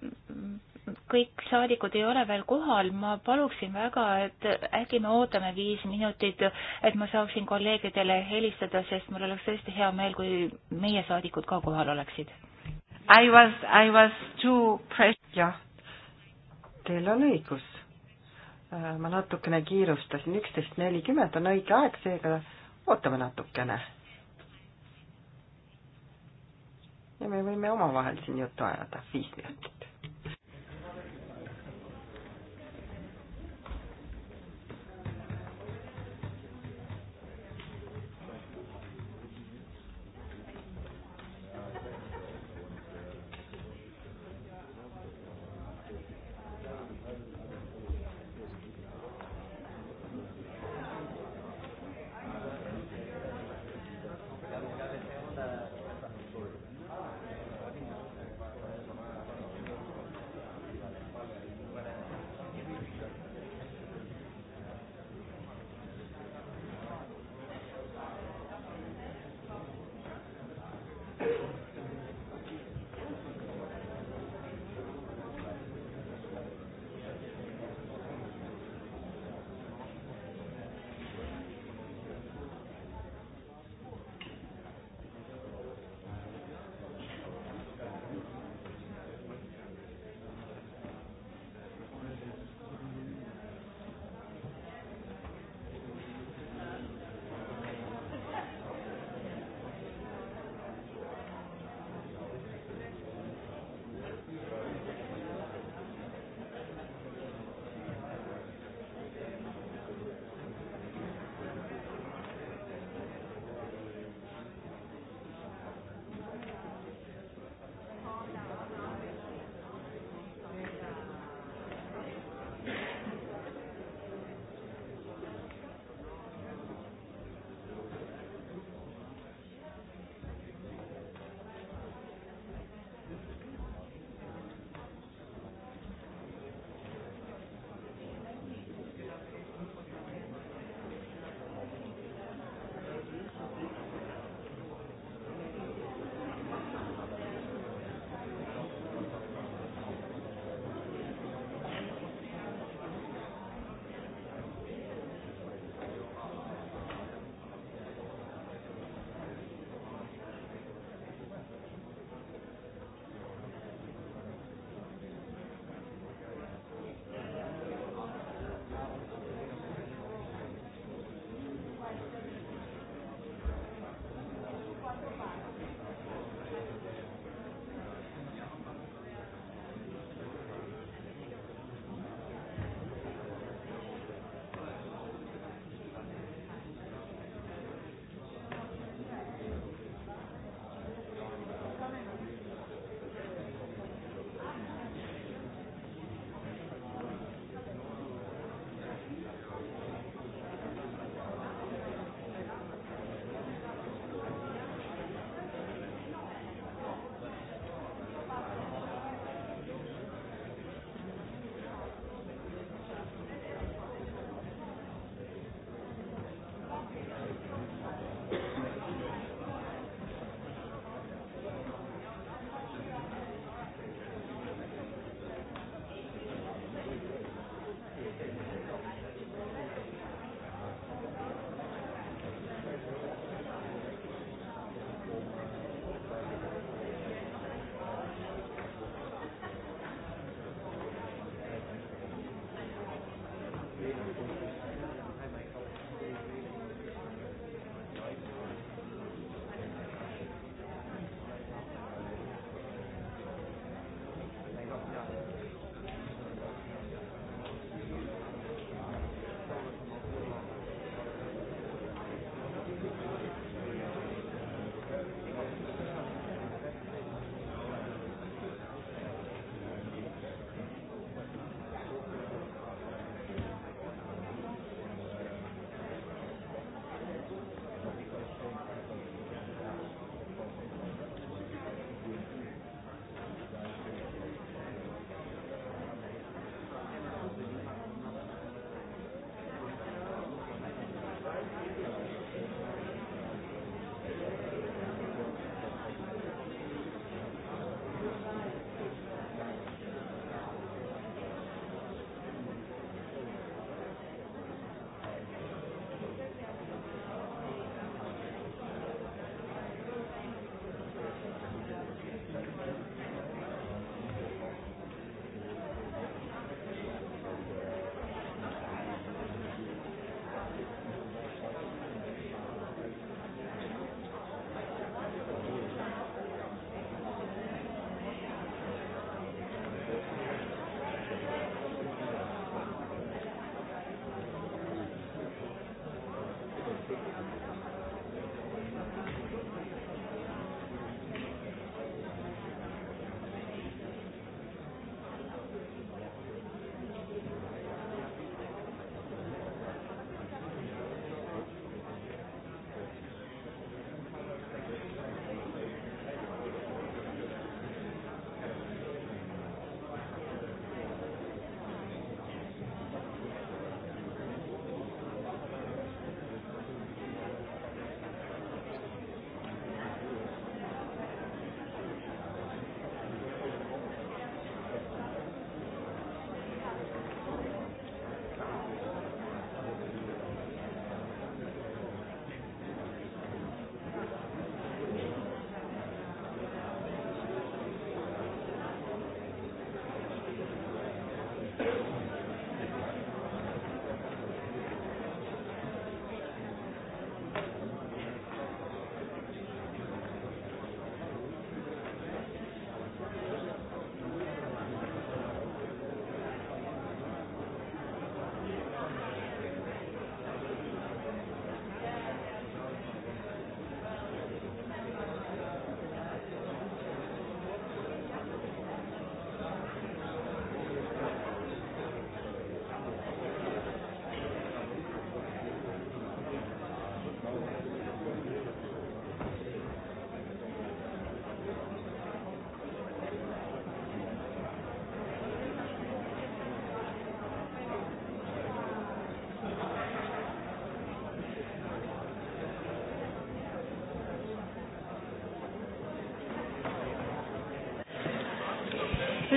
kõik saadikud ei ole veel kohal, ma paluksin väga, et äkki me ootame viis minutit, et ma saaksin kolleegidele helistada, sest mul oleks tõesti hea meel, kui meie saadikud ka kohal oleksid I was, I was too press-. jah, teil on õigus. Äh, ma natukene kiirustasin, üksteist nelikümmend on õige aeg, seega ootame natukene. ja me võime omavahel siin juttu ajada viis minutit.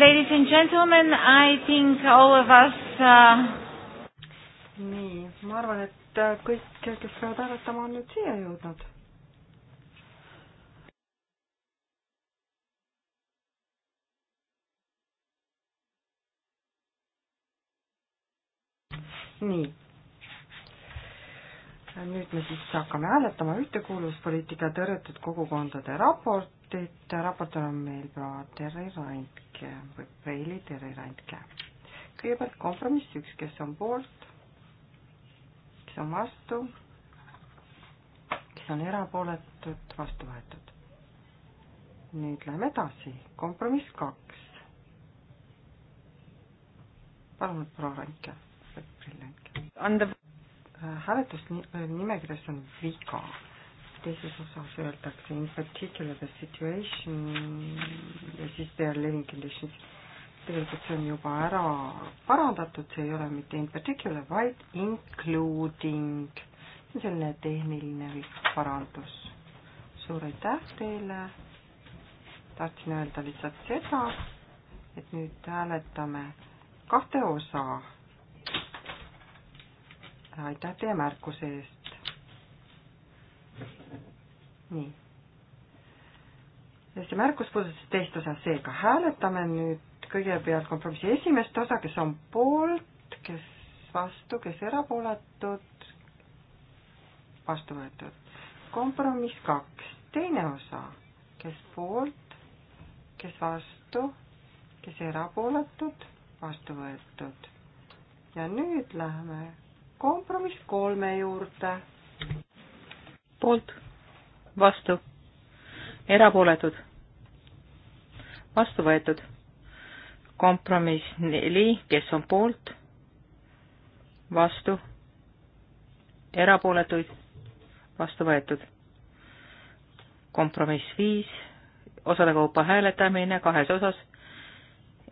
Ladies and gentlemen, I think all of us uh... nii, ma arvan, et äh, kõik, kes peavad hääletama, on nüüd siia jõudnud. nii nüüd me siis hakkame hääletama ühtekuuluvuspoliitika tõrjutud kogukondade raportit, raportöör on meil proua Terri Randke või Reili Terri Randke. kõigepealt kompromiss üks, kes on poolt, kes on vastu, kes on erapooletud, vastu võetud. nüüd läheme edasi, kompromiss kaks. palun, proua Randke, Reili Randke hääletusnimekirjas on viga. teises osas öeldakse in particular the situation ja siis their living conditions. tegelikult see on juba ära parandatud, see ei ole mitte in particular, vaid including. see on selline tehniline parandus. suur aitäh teile. tahtsin öelda lihtsalt seda, et nüüd hääletame kahte osa aitäh teie märkuse eest. nii. ja see märkus puudutas teist osa, seega hääletame nüüd kõigepealt kompromissi esimest osa, kes on poolt, kes vastu, kes erapooletud, vastu võetud. kompromiss kaks, teine osa, kes poolt, kes vastu, kes erapooletud, vastu võetud. ja nüüd läheme kompromiss kolme juurde. poolt, vastu, erapooletud, vastu võetud. kompromiss neli, kes on poolt, vastu, erapooletuid, vastu võetud. kompromiss viis, osade kaupa hääletamine kahes osas.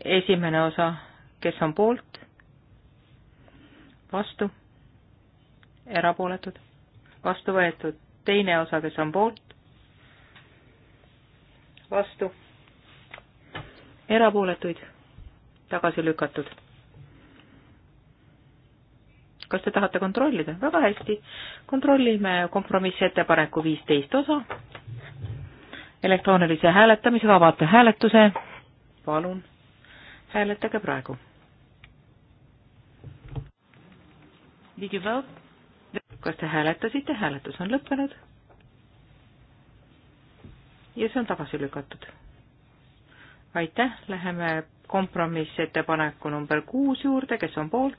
esimene osa, kes on poolt, vastu erapooletud, vastu võetud, teine osa, kes on poolt, vastu, erapooletuid, tagasi lükatud. kas te tahate kontrollida? väga hästi, kontrollime kompromissettepaneku viisteist osa, elektroonilise hääletamisega avate hääletuse, palun, hääletage praegu Did you vote? kas te hääletasite, hääletus on lõppenud. ja see on tagasi lükatud. aitäh, läheme kompromissettepaneku number kuus juurde, kes on poolt,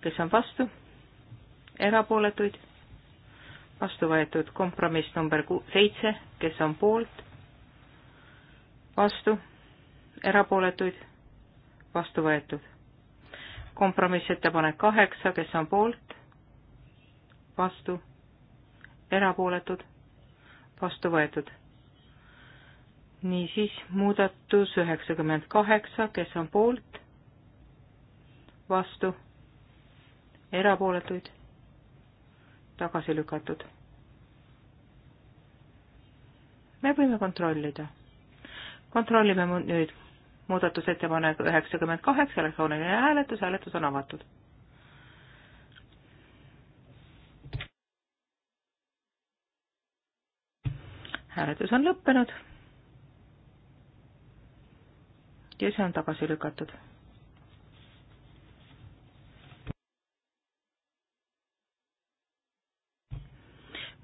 kes on vastu, erapooletuid, vastu võetud kompromiss number ku-, seitse, kes on poolt, vastu, erapooletuid, vastu võetud kompromissettepanek kaheksa, kes on poolt, vastu, erapooletud, vastu võetud. niisiis, muudatus üheksakümmend kaheksa, kes on poolt, vastu, erapooletuid, tagasi lükatud. me võime kontrollida. kontrollime nüüd muudatusettepanek üheksakümmend kaheksa, elektrooniline hääletus, hääletus on avatud hääletus on lõppenud. ja see on tagasi lükatud.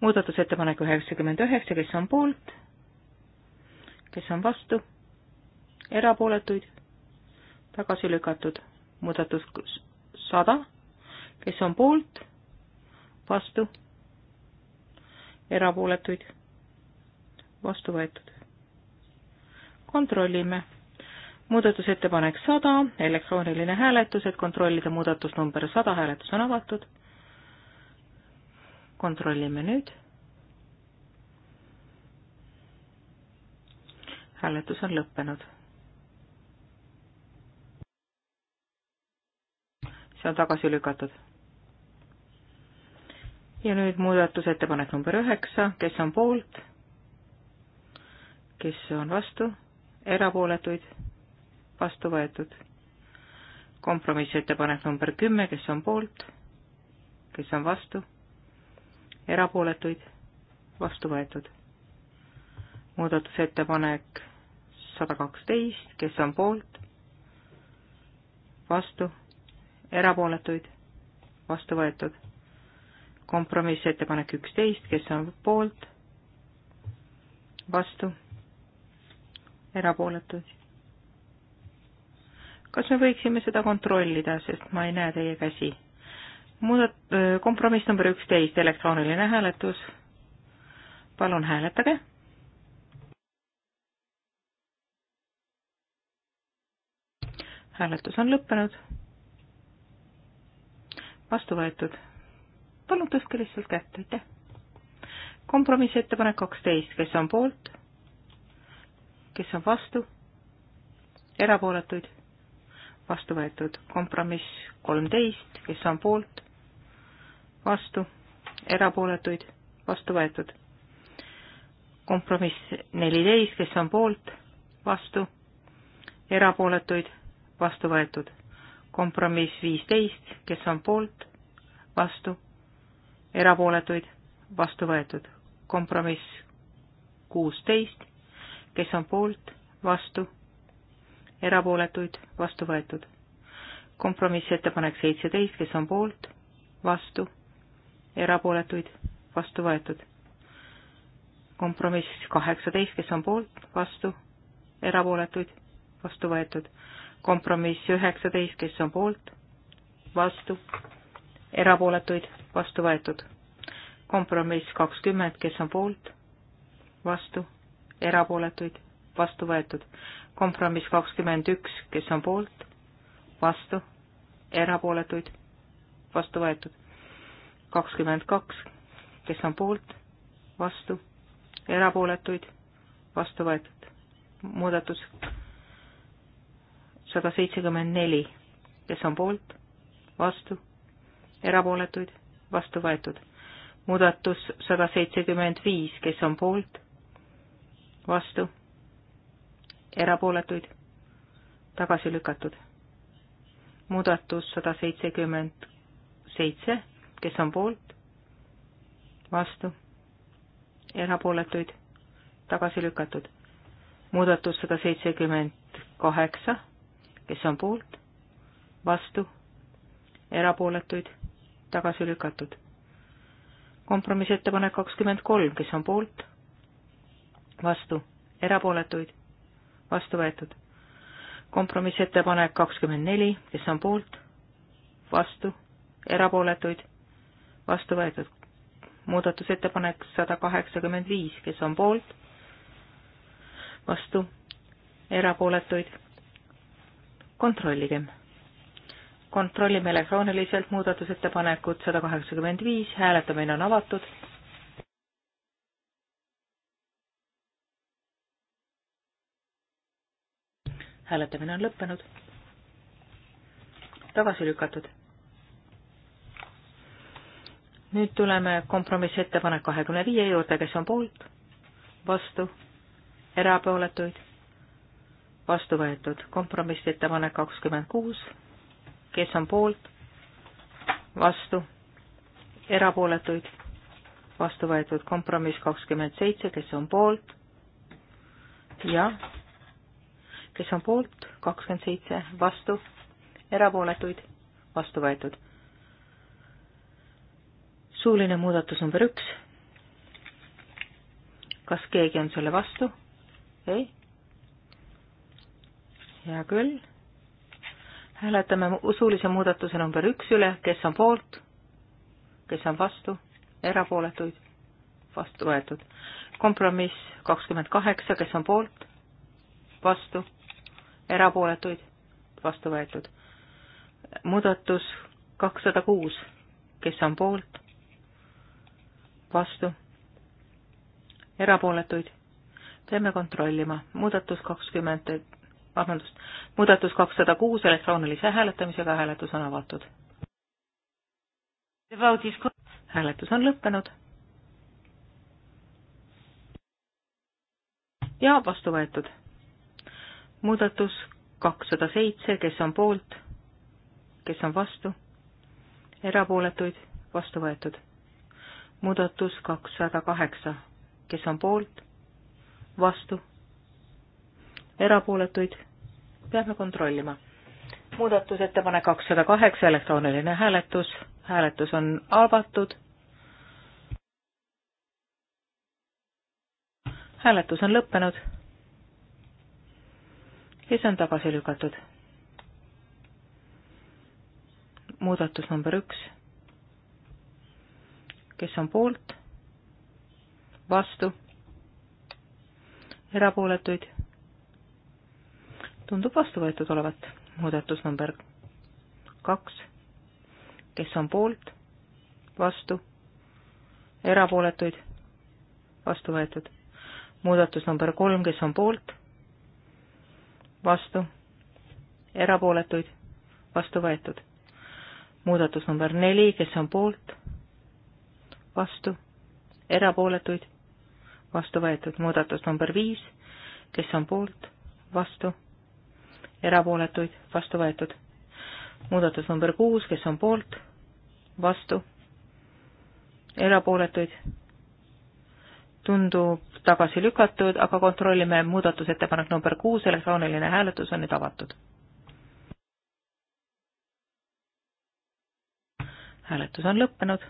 muudatusettepanek üheksakümmend üheksa, kes on poolt, kes on vastu, erapooletuid, tagasi lükatud. muudatus sada, kes on poolt, vastu, erapooletuid vastu võetud. kontrollime. muudatusettepanek sada, elektrooniline hääletus, et kontrollida muudatusnumber sada, hääletus on avatud. kontrollime nüüd. hääletus on lõppenud. see on tagasi lükatud ja nüüd muudatusettepanek number üheksa, kes on poolt, kes on vastu, erapooletuid, vastu võetud. kompromissettepanek number kümme, kes on poolt, kes on vastu, erapooletuid, vastu võetud. muudatusettepanek sada kaksteist, kes on poolt, vastu, erapooletuid, vastu võetud. kompromissettepanek üksteist, kes on poolt, vastu erapooletuid. kas me võiksime seda kontrollida, sest ma ei näe teie käsi? muudat-, kompromiss number üksteist, elektrooniline hääletus. palun hääletage. hääletus on lõppenud. vastu võetud. palun tõstke lihtsalt kätt, aitäh. kompromissettepanek kaksteist, kes on poolt? kes on vastu, erapooletuid, vastu võetud. kompromiss kolmteist, kes on poolt, vastu, erapooletuid, vastu võetud. kompromiss neliteist, kes on poolt, vastu, erapooletuid, vastu võetud. kompromiss viisteist, kes on poolt, vastu, erapooletuid, vastu võetud. kompromiss kuusteist kes on poolt, vastu, erapooletuid, vastu võetud. kompromissettepanek seitseteist, kes on poolt, vastu, erapooletuid, vastu võetud. kompromiss kaheksateist, kes on poolt, vastu, erapooletuid, vastu võetud. kompromiss üheksateist, kes on poolt, vastu, erapooletuid, vastu võetud. kompromiss kakskümmend, kes on poolt, vastu erapooletuid, vastu võetud. kompromiss kakskümmend üks, kes on poolt, vastu, erapooletuid, vastu võetud. kakskümmend kaks, kes on poolt, vastu, erapooletuid, vastu võetud. muudatus sada seitsekümmend neli, kes on poolt, vastu, erapooletuid, vastu võetud. muudatus sada seitsekümmend viis, kes on poolt vastu, erapooletuid, tagasi lükatud. muudatus sada seitsekümmend seitse, kes on poolt, vastu, erapooletuid, tagasi lükatud. muudatus sada seitsekümmend kaheksa, kes on poolt, vastu, erapooletuid, tagasi lükatud. kompromissettepanek kakskümmend kolm, kes on poolt vastu, erapooletuid, vastu võetud. kompromissettepanek kakskümmend neli, kes on poolt, vastu, erapooletuid, vastu võetud. muudatusettepanek sada kaheksakümmend viis, kes on poolt, vastu, erapooletuid, kontrollige. kontrollime elektrooniliselt muudatusettepanekut sada kaheksakümmend viis, hääletamine on avatud hääletamine on lõppenud. tagasi lükatud. nüüd tuleme kompromissettepanek kahekümne viie juurde, kes on poolt, vastu, erapooletuid, vastu võetud. kompromissettepanek kakskümmend kuus, kes on poolt, vastu, erapooletuid, vastu võetud. kompromiss kakskümmend seitse, kes on poolt ja kes on poolt, kakskümmend seitse, vastu, erapooletuid, vastu võetud. suuline muudatus number üks. kas keegi on selle vastu? ei? hea küll. hääletame suulise muudatuse number üks üle, kes on poolt, kes on vastu, erapooletuid, vastu võetud. kompromiss kakskümmend kaheksa, kes on poolt, vastu erapooletuid, vastu võetud. muudatus kakssada kuus, kes on poolt, vastu, erapooletuid, peame kontrollima, muudatus kakskümmend, eh, vabandust, muudatus kakssada kuus elektroonilise hääletamisega, hääletus on avatud. hääletus on lõppenud. ja vastu võetud muudatus kakssada seitse, kes on poolt, kes on vastu, erapooletuid, vastu võetud. muudatus kakssada kaheksa, kes on poolt, vastu, erapooletuid, peame kontrollima. muudatusettepanek kakssada kaheksa, elektrooniline hääletus, hääletus on avatud. hääletus on lõppenud ja see on tagasi lükatud. muudatus number üks. kes on poolt? vastu? erapooletuid? tundub vastu võetud olevat. muudatus number kaks. kes on poolt? vastu? erapooletuid? vastu võetud. muudatus number kolm, kes on poolt? vastu, erapooletuid, vastu võetud. muudatus number neli, kes on poolt, vastu, erapooletuid, vastu võetud. muudatus number viis, kes on poolt, vastu, erapooletuid, vastu võetud. muudatus number kuus, kes on poolt, vastu, erapooletuid tundub tagasi lükatud, aga kontrollime muudatusettepanek number kuus, elektrooniline hääletus on nüüd avatud. hääletus on lõppenud.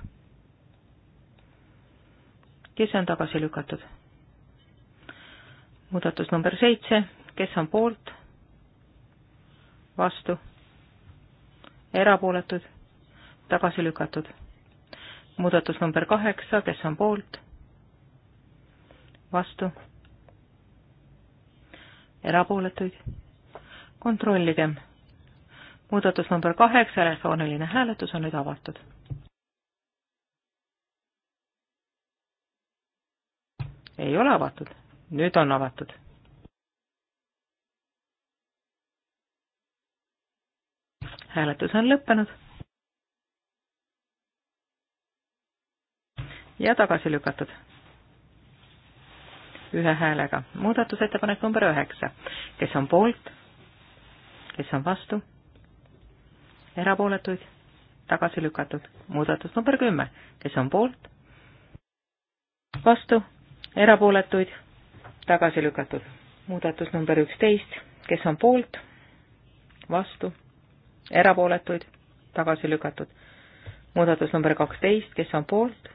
kes on tagasi lükatud? muudatus number seitse, kes on poolt? vastu? erapooletud? tagasi lükatud? muudatus number kaheksa, kes on poolt? vastu, erapooletuid, kontrolligem. muudatus number kaheksa, elektrooniline hääletus on nüüd avatud. ei ole avatud, nüüd on avatud hääletus on lõppenud. ja tagasi lükatud ühe häälega. muudatusettepanek number üheksa, kes on poolt, kes on vastu, erapooletuid, tagasi lükatud. muudatus number kümme, kes on poolt, vastu, erapooletuid, tagasi lükatud. muudatus number üksteist, kes on poolt, vastu, erapooletuid, tagasi lükatud. muudatus number kaksteist, kes on poolt,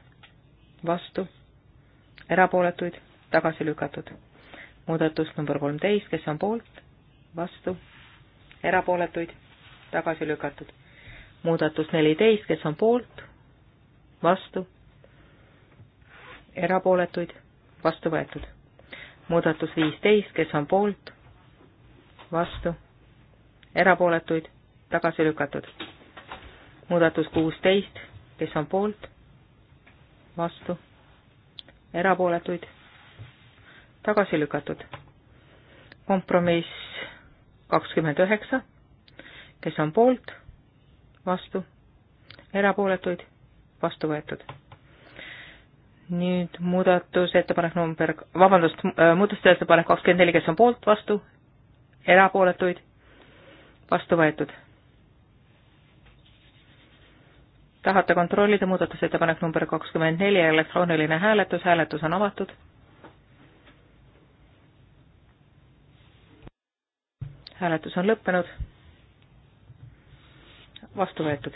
vastu, erapooletuid tagasi lükatud. muudatus number kolmteist, kes on poolt, vastu, erapooletuid, tagasi lükatud. muudatus neliteist, kes on poolt, vastu, erapooletuid, vastu võetud. muudatus viisteist, kes on poolt, vastu, erapooletuid, tagasi lükatud. muudatus kuusteist, kes on poolt, vastu, erapooletuid tagasi lükatud. kompromiss kakskümmend üheksa, kes on poolt, vastu, erapooletuid, vastu võetud. nüüd muudatusettepanek number, vabandust, muudatusettepanek kakskümmend neli, kes on poolt, vastu, erapooletuid, vastu võetud. tahate kontrollida muudatusettepanek number kakskümmend neli, elektrooniline hääletus, hääletus on avatud hääletus on lõppenud. vastu võetud.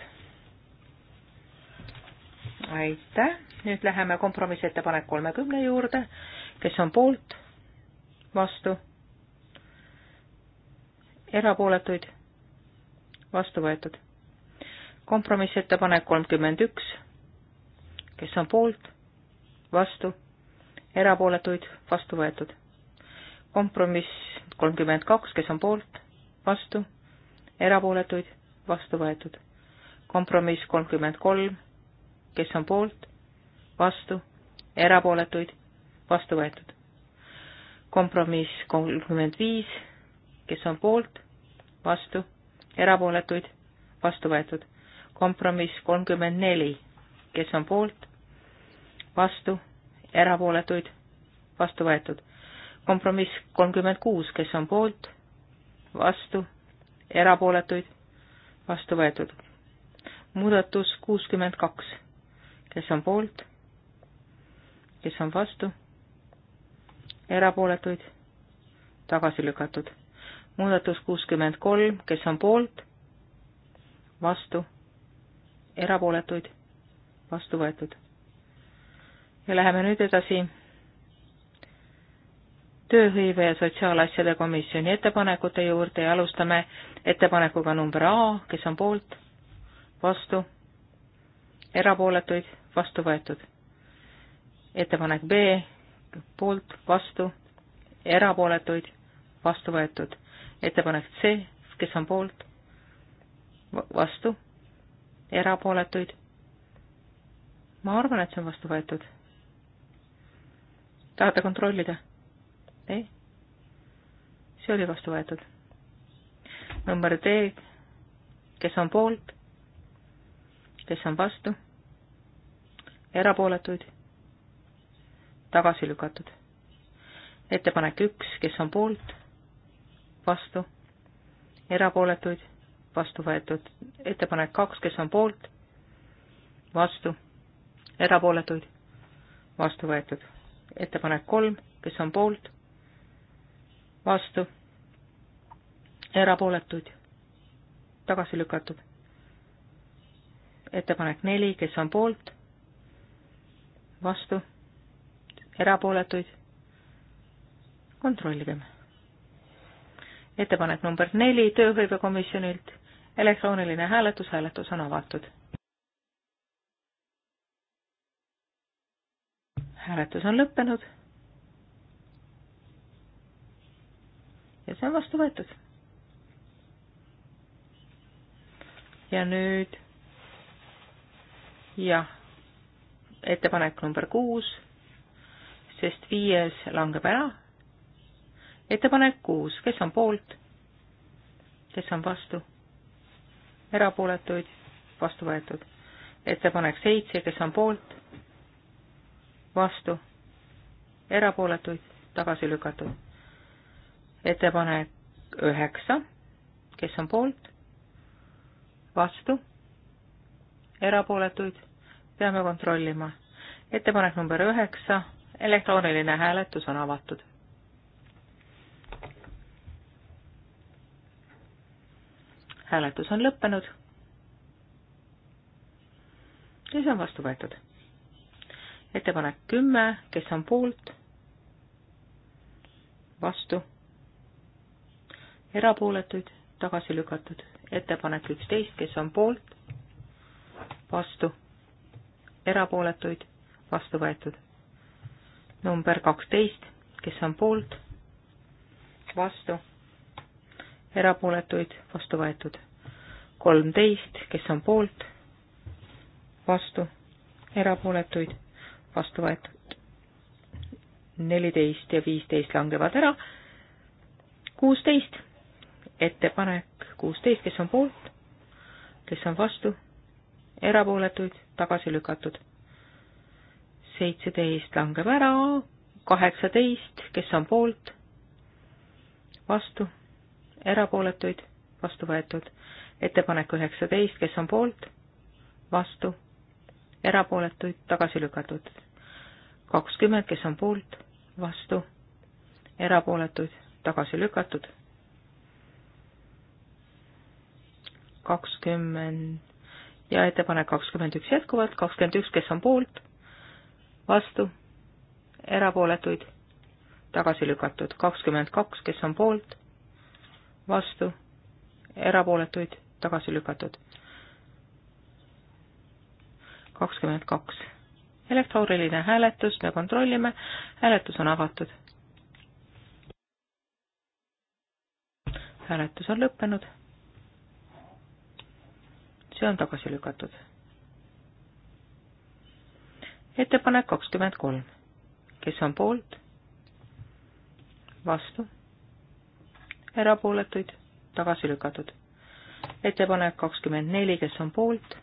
aitäh, nüüd läheme kompromissettepanek kolmekümne juurde, kes on poolt, vastu, erapooletuid, vastu võetud. kompromissettepanek kolmkümmend üks, kes on poolt, vastu, erapooletuid, vastu võetud kompromiss kolmkümmend kaks, kes on poolt, vastu, erapooletuid, vastu võetud. kompromiss kolmkümmend kolm, kes on poolt, vastu, erapooletuid, vastu võetud. kompromiss kolmkümmend viis, kes on poolt, vastu, erapooletuid, vastu võetud. kompromiss kolmkümmend neli, kes on poolt, vastu, erapooletuid, vastu võetud kompromiss kolmkümmend kuus, kes on poolt, vastu, erapooletuid, vastu võetud. muudatus kuuskümmend kaks, kes on poolt, kes on vastu, erapooletuid, tagasi lükatud. muudatus kuuskümmend kolm, kes on poolt, vastu, erapooletuid, vastu võetud. ja läheme nüüd edasi tööhõive ja sotsiaalasjade komisjoni ettepanekute juurde ja alustame ettepanekuga number A, kes on poolt, vastu, erapooletuid, vastu võetud. ettepanek B, poolt, vastu, erapooletuid, vastu võetud. ettepanek C, kes on poolt, vastu, erapooletuid. ma arvan, et see on vastu võetud. tahate kontrollida? ei, see oli vastu võetud. number D, kes on poolt, kes on vastu, erapooletuid, tagasi lükatud. ettepanek üks, kes on poolt, vastu, erapooletuid, vastu võetud. ettepanek kaks, kes on poolt, vastu, erapooletuid, vastu võetud. ettepanek kolm, kes on poolt vastu, erapooletuid, tagasi lükatud. ettepanek neli, kes on poolt, vastu, erapooletuid, kontrollige. ettepanek number neli tööhõivekomisjonilt, elektrooniline hääletus, hääletus on avatud. hääletus on lõppenud ja see on vastu võetud. ja nüüd jah, ettepanek number kuus, sest viies langeb ära. ettepanek kuus, kes on poolt, kes on vastu, erapooletuid, vastu võetud. ettepanek seitse, kes on poolt, vastu, erapooletuid, tagasi lükatud ettepanek üheksa, kes on poolt, vastu, erapooletuid, peame kontrollima. ettepanek number üheksa, elektrooniline hääletus on avatud. hääletus on lõppenud ja see on vastu võetud. ettepanek kümme, kes on poolt, vastu erapooletuid, tagasi lükatud. ettepanek üksteist, kes on poolt, vastu, erapooletuid, vastu võetud. number kaksteist, kes on poolt, vastu, erapooletuid, vastu võetud. kolmteist, kes on poolt, vastu, erapooletuid, vastu võetud. neliteist ja viisteist langevad ära, kuusteist ettepanek kuusteist, kes on poolt, kes on vastu, erapooletuid, tagasi lükatud. seitseteist langeb ära, kaheksateist, kes on poolt, vastu, erapooletuid, vastu võetud. ettepanek üheksateist, kes on poolt, vastu, erapooletuid, tagasi lükatud. kakskümmend, kes on poolt, vastu, erapooletuid, tagasi lükatud kakskümmend ja ettepanek kakskümmend üks jätkuvalt, kakskümmend üks, kes on poolt, vastu, erapooletuid, tagasi lükatud, kakskümmend kaks, kes on poolt, vastu, erapooletuid, tagasi lükatud. kakskümmend kaks. elektrooniline hääletus, me kontrollime, hääletus on avatud. hääletus on lõppenud see on tagasi lükatud. ettepanek kakskümmend kolm, kes on poolt? vastu? erapooletuid? tagasi lükatud. ettepanek kakskümmend neli, kes on poolt?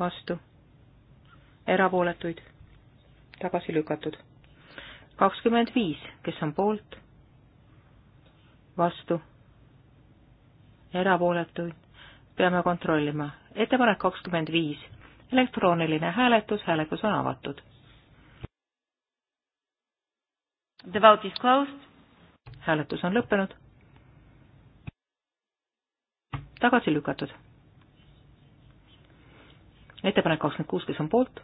vastu? erapooletuid? tagasi lükatud. kakskümmend viis, kes on poolt? vastu? erapooletuid? peame kontrollima. ettepanek kakskümmend viis, elektrooniline hääletus, hääletus on avatud. The vote is closed. hääletus on lõppenud. tagasi lükatud. ettepanek kakskümmend kuus, kes on poolt,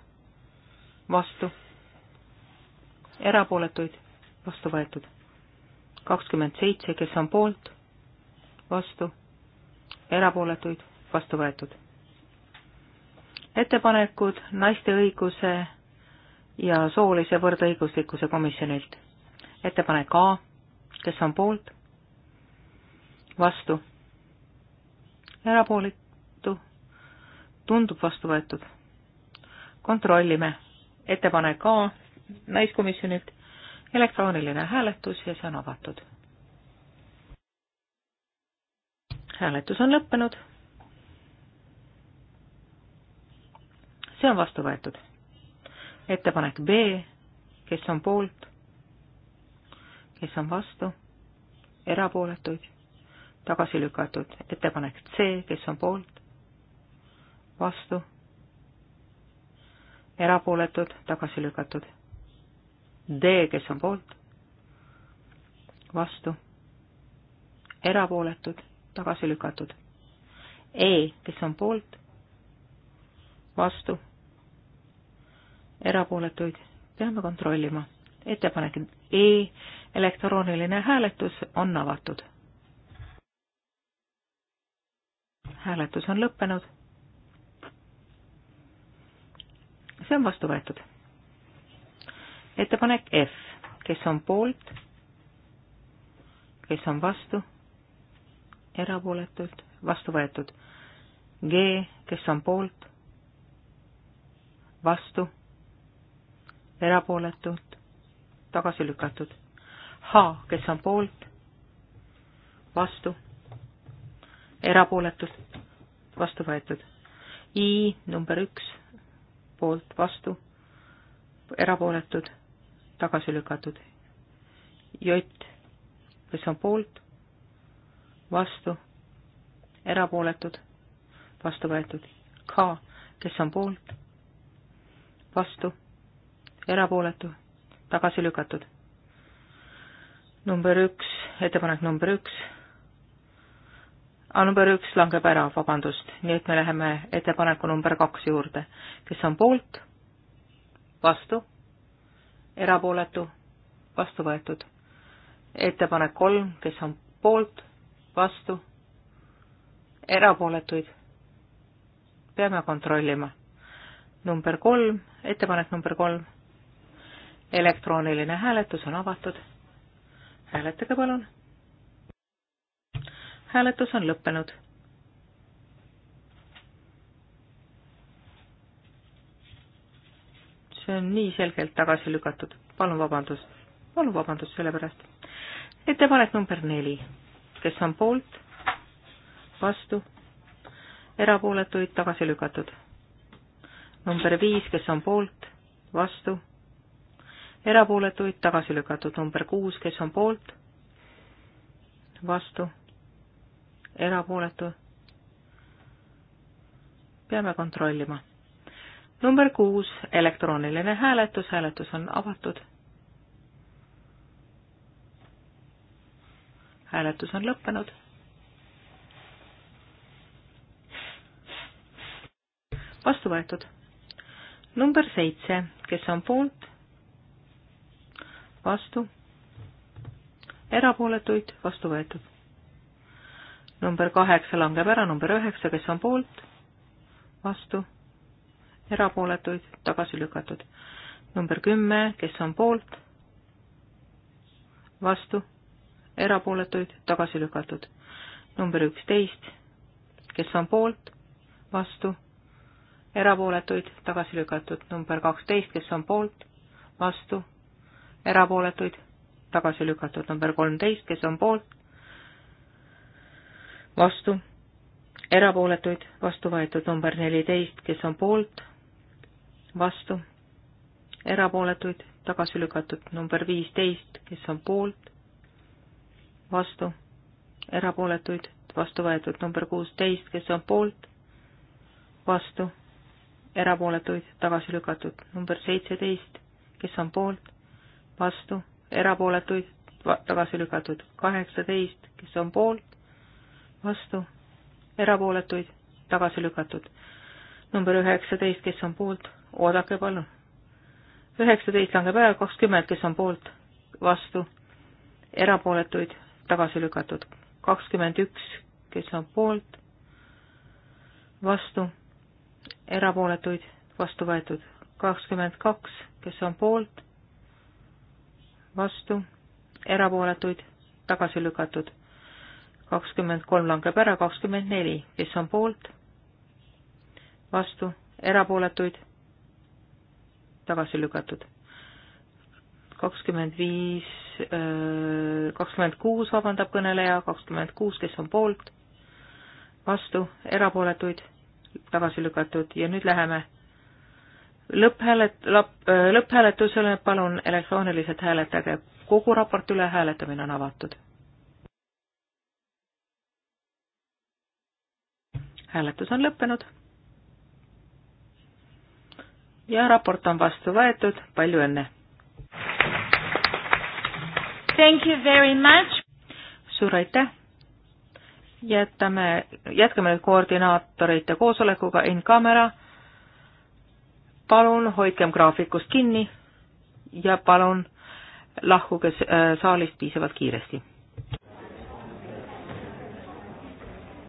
vastu, erapooletuid, vastu võetud. kakskümmend seitse, kes on poolt, vastu erapooletuid, vastu võetud. ettepanekud naiste õiguse ja soolise võrdõiguslikkuse komisjonilt. ettepanek A, kes on poolt, vastu, erapooletu, tundub vastu võetud. kontrollime, ettepanek A naiskomisjonilt, elektrooniline hääletus ja see on avatud hääletus on lõppenud. see on vastu võetud. ettepanek B, kes on poolt, kes on vastu, erapooletuid, tagasi lükatud. ettepanek C, kes on poolt, vastu, erapooletud, tagasi lükatud. D, kes on poolt, vastu, erapooletud tagasi lükatud. E, kes on poolt, vastu, erapooletuid, peame kontrollima. ettepanek E, elektrooniline hääletus on avatud. hääletus on lõppenud. see on vastu võetud. ettepanek F, kes on poolt, kes on vastu erapooletult, vastu võetud. G, kes on poolt, vastu, erapooletult, tagasi lükatud. H, kes on poolt, vastu, erapooletult, vastu võetud. I, number üks, poolt, vastu, erapooletud, tagasi lükatud. J, kes on poolt vastu, erapooletud, vastu võetud. K, kes on poolt, vastu, erapooletu, tagasi lükatud. number üks, ettepanek number üks. A number üks langeb ära, vabandust, nii et me läheme ettepaneku number kaks juurde, kes on poolt, vastu, erapooletu, vastu võetud. ettepanek kolm, kes on poolt, vastu, erapooletuid peame kontrollima. number kolm, ettepanek number kolm, elektrooniline hääletus on avatud. hääletage palun. hääletus on lõppenud. see on nii selgelt tagasi lükatud, palun vabandust, palun vabandust selle pärast. ettepanek number neli kes on poolt, vastu, erapooletuid tagasi lükatud. number viis, kes on poolt, vastu, erapooletuid tagasi lükatud. number kuus, kes on poolt, vastu, erapooletu. peame kontrollima. number kuus, elektrooniline hääletus, hääletus on avatud hääletus on lõppenud. vastu võetud. number seitse, kes on poolt? vastu. erapooletuid, vastu võetud. number kaheksa langeb ära, number üheksa, kes on poolt? vastu. erapooletuid, tagasi lükatud. number kümme, kes on poolt? vastu erapooletuid, tagasi lükatud. number üksteist, kes on poolt, vastu, erapooletuid, tagasi lükatud. number kaksteist, kes on poolt, vastu, erapooletuid, tagasi lükatud. number kolmteist, kes on poolt, vastu, erapooletuid, vastu võetud. number neliteist, kes on poolt, vastu, erapooletuid, tagasi lükatud. number viisteist, kes on poolt, vastu, erapooletuid vastu võetud, number kuusteist, kes on poolt, vastu, erapooletuid tagasi lükatud, number seitseteist, kes on poolt, vastu, erapooletuid tagasi lükatud, kaheksateist, kes on poolt, vastu, erapooletuid tagasi lükatud, number üheksateist, kes on poolt, oodake palun, üheksateist langeb ära, kakskümmend, kes on poolt, vastu, erapooletuid tagasi lükatud. kakskümmend üks, kes on poolt, vastu, erapooletuid, vastu võetud. kakskümmend kaks, kes on poolt, vastu, erapooletuid, tagasi lükatud. kakskümmend kolm langeb ära, kakskümmend neli, kes on poolt, vastu, erapooletuid, tagasi lükatud. kakskümmend viis kakskümmend kuus, vabandab kõneleja, kakskümmend kuus, kes on poolt, vastu, erapooletuid, tagasi lükatud ja nüüd läheme lõpphäälet-, äh, lõpphääletusele, palun elektrooniliselt hääletage. kogu raporti üle hääletamine on avatud. hääletus on lõppenud. ja raport on vastu võetud, palju õnne! Thank you very much. suur aitäh. jätame, jätkame nüüd koordinaatorite koosolekuga in camera. palun hoidkem graafikust kinni ja palun lahkuge äh, saalist piisavalt kiiresti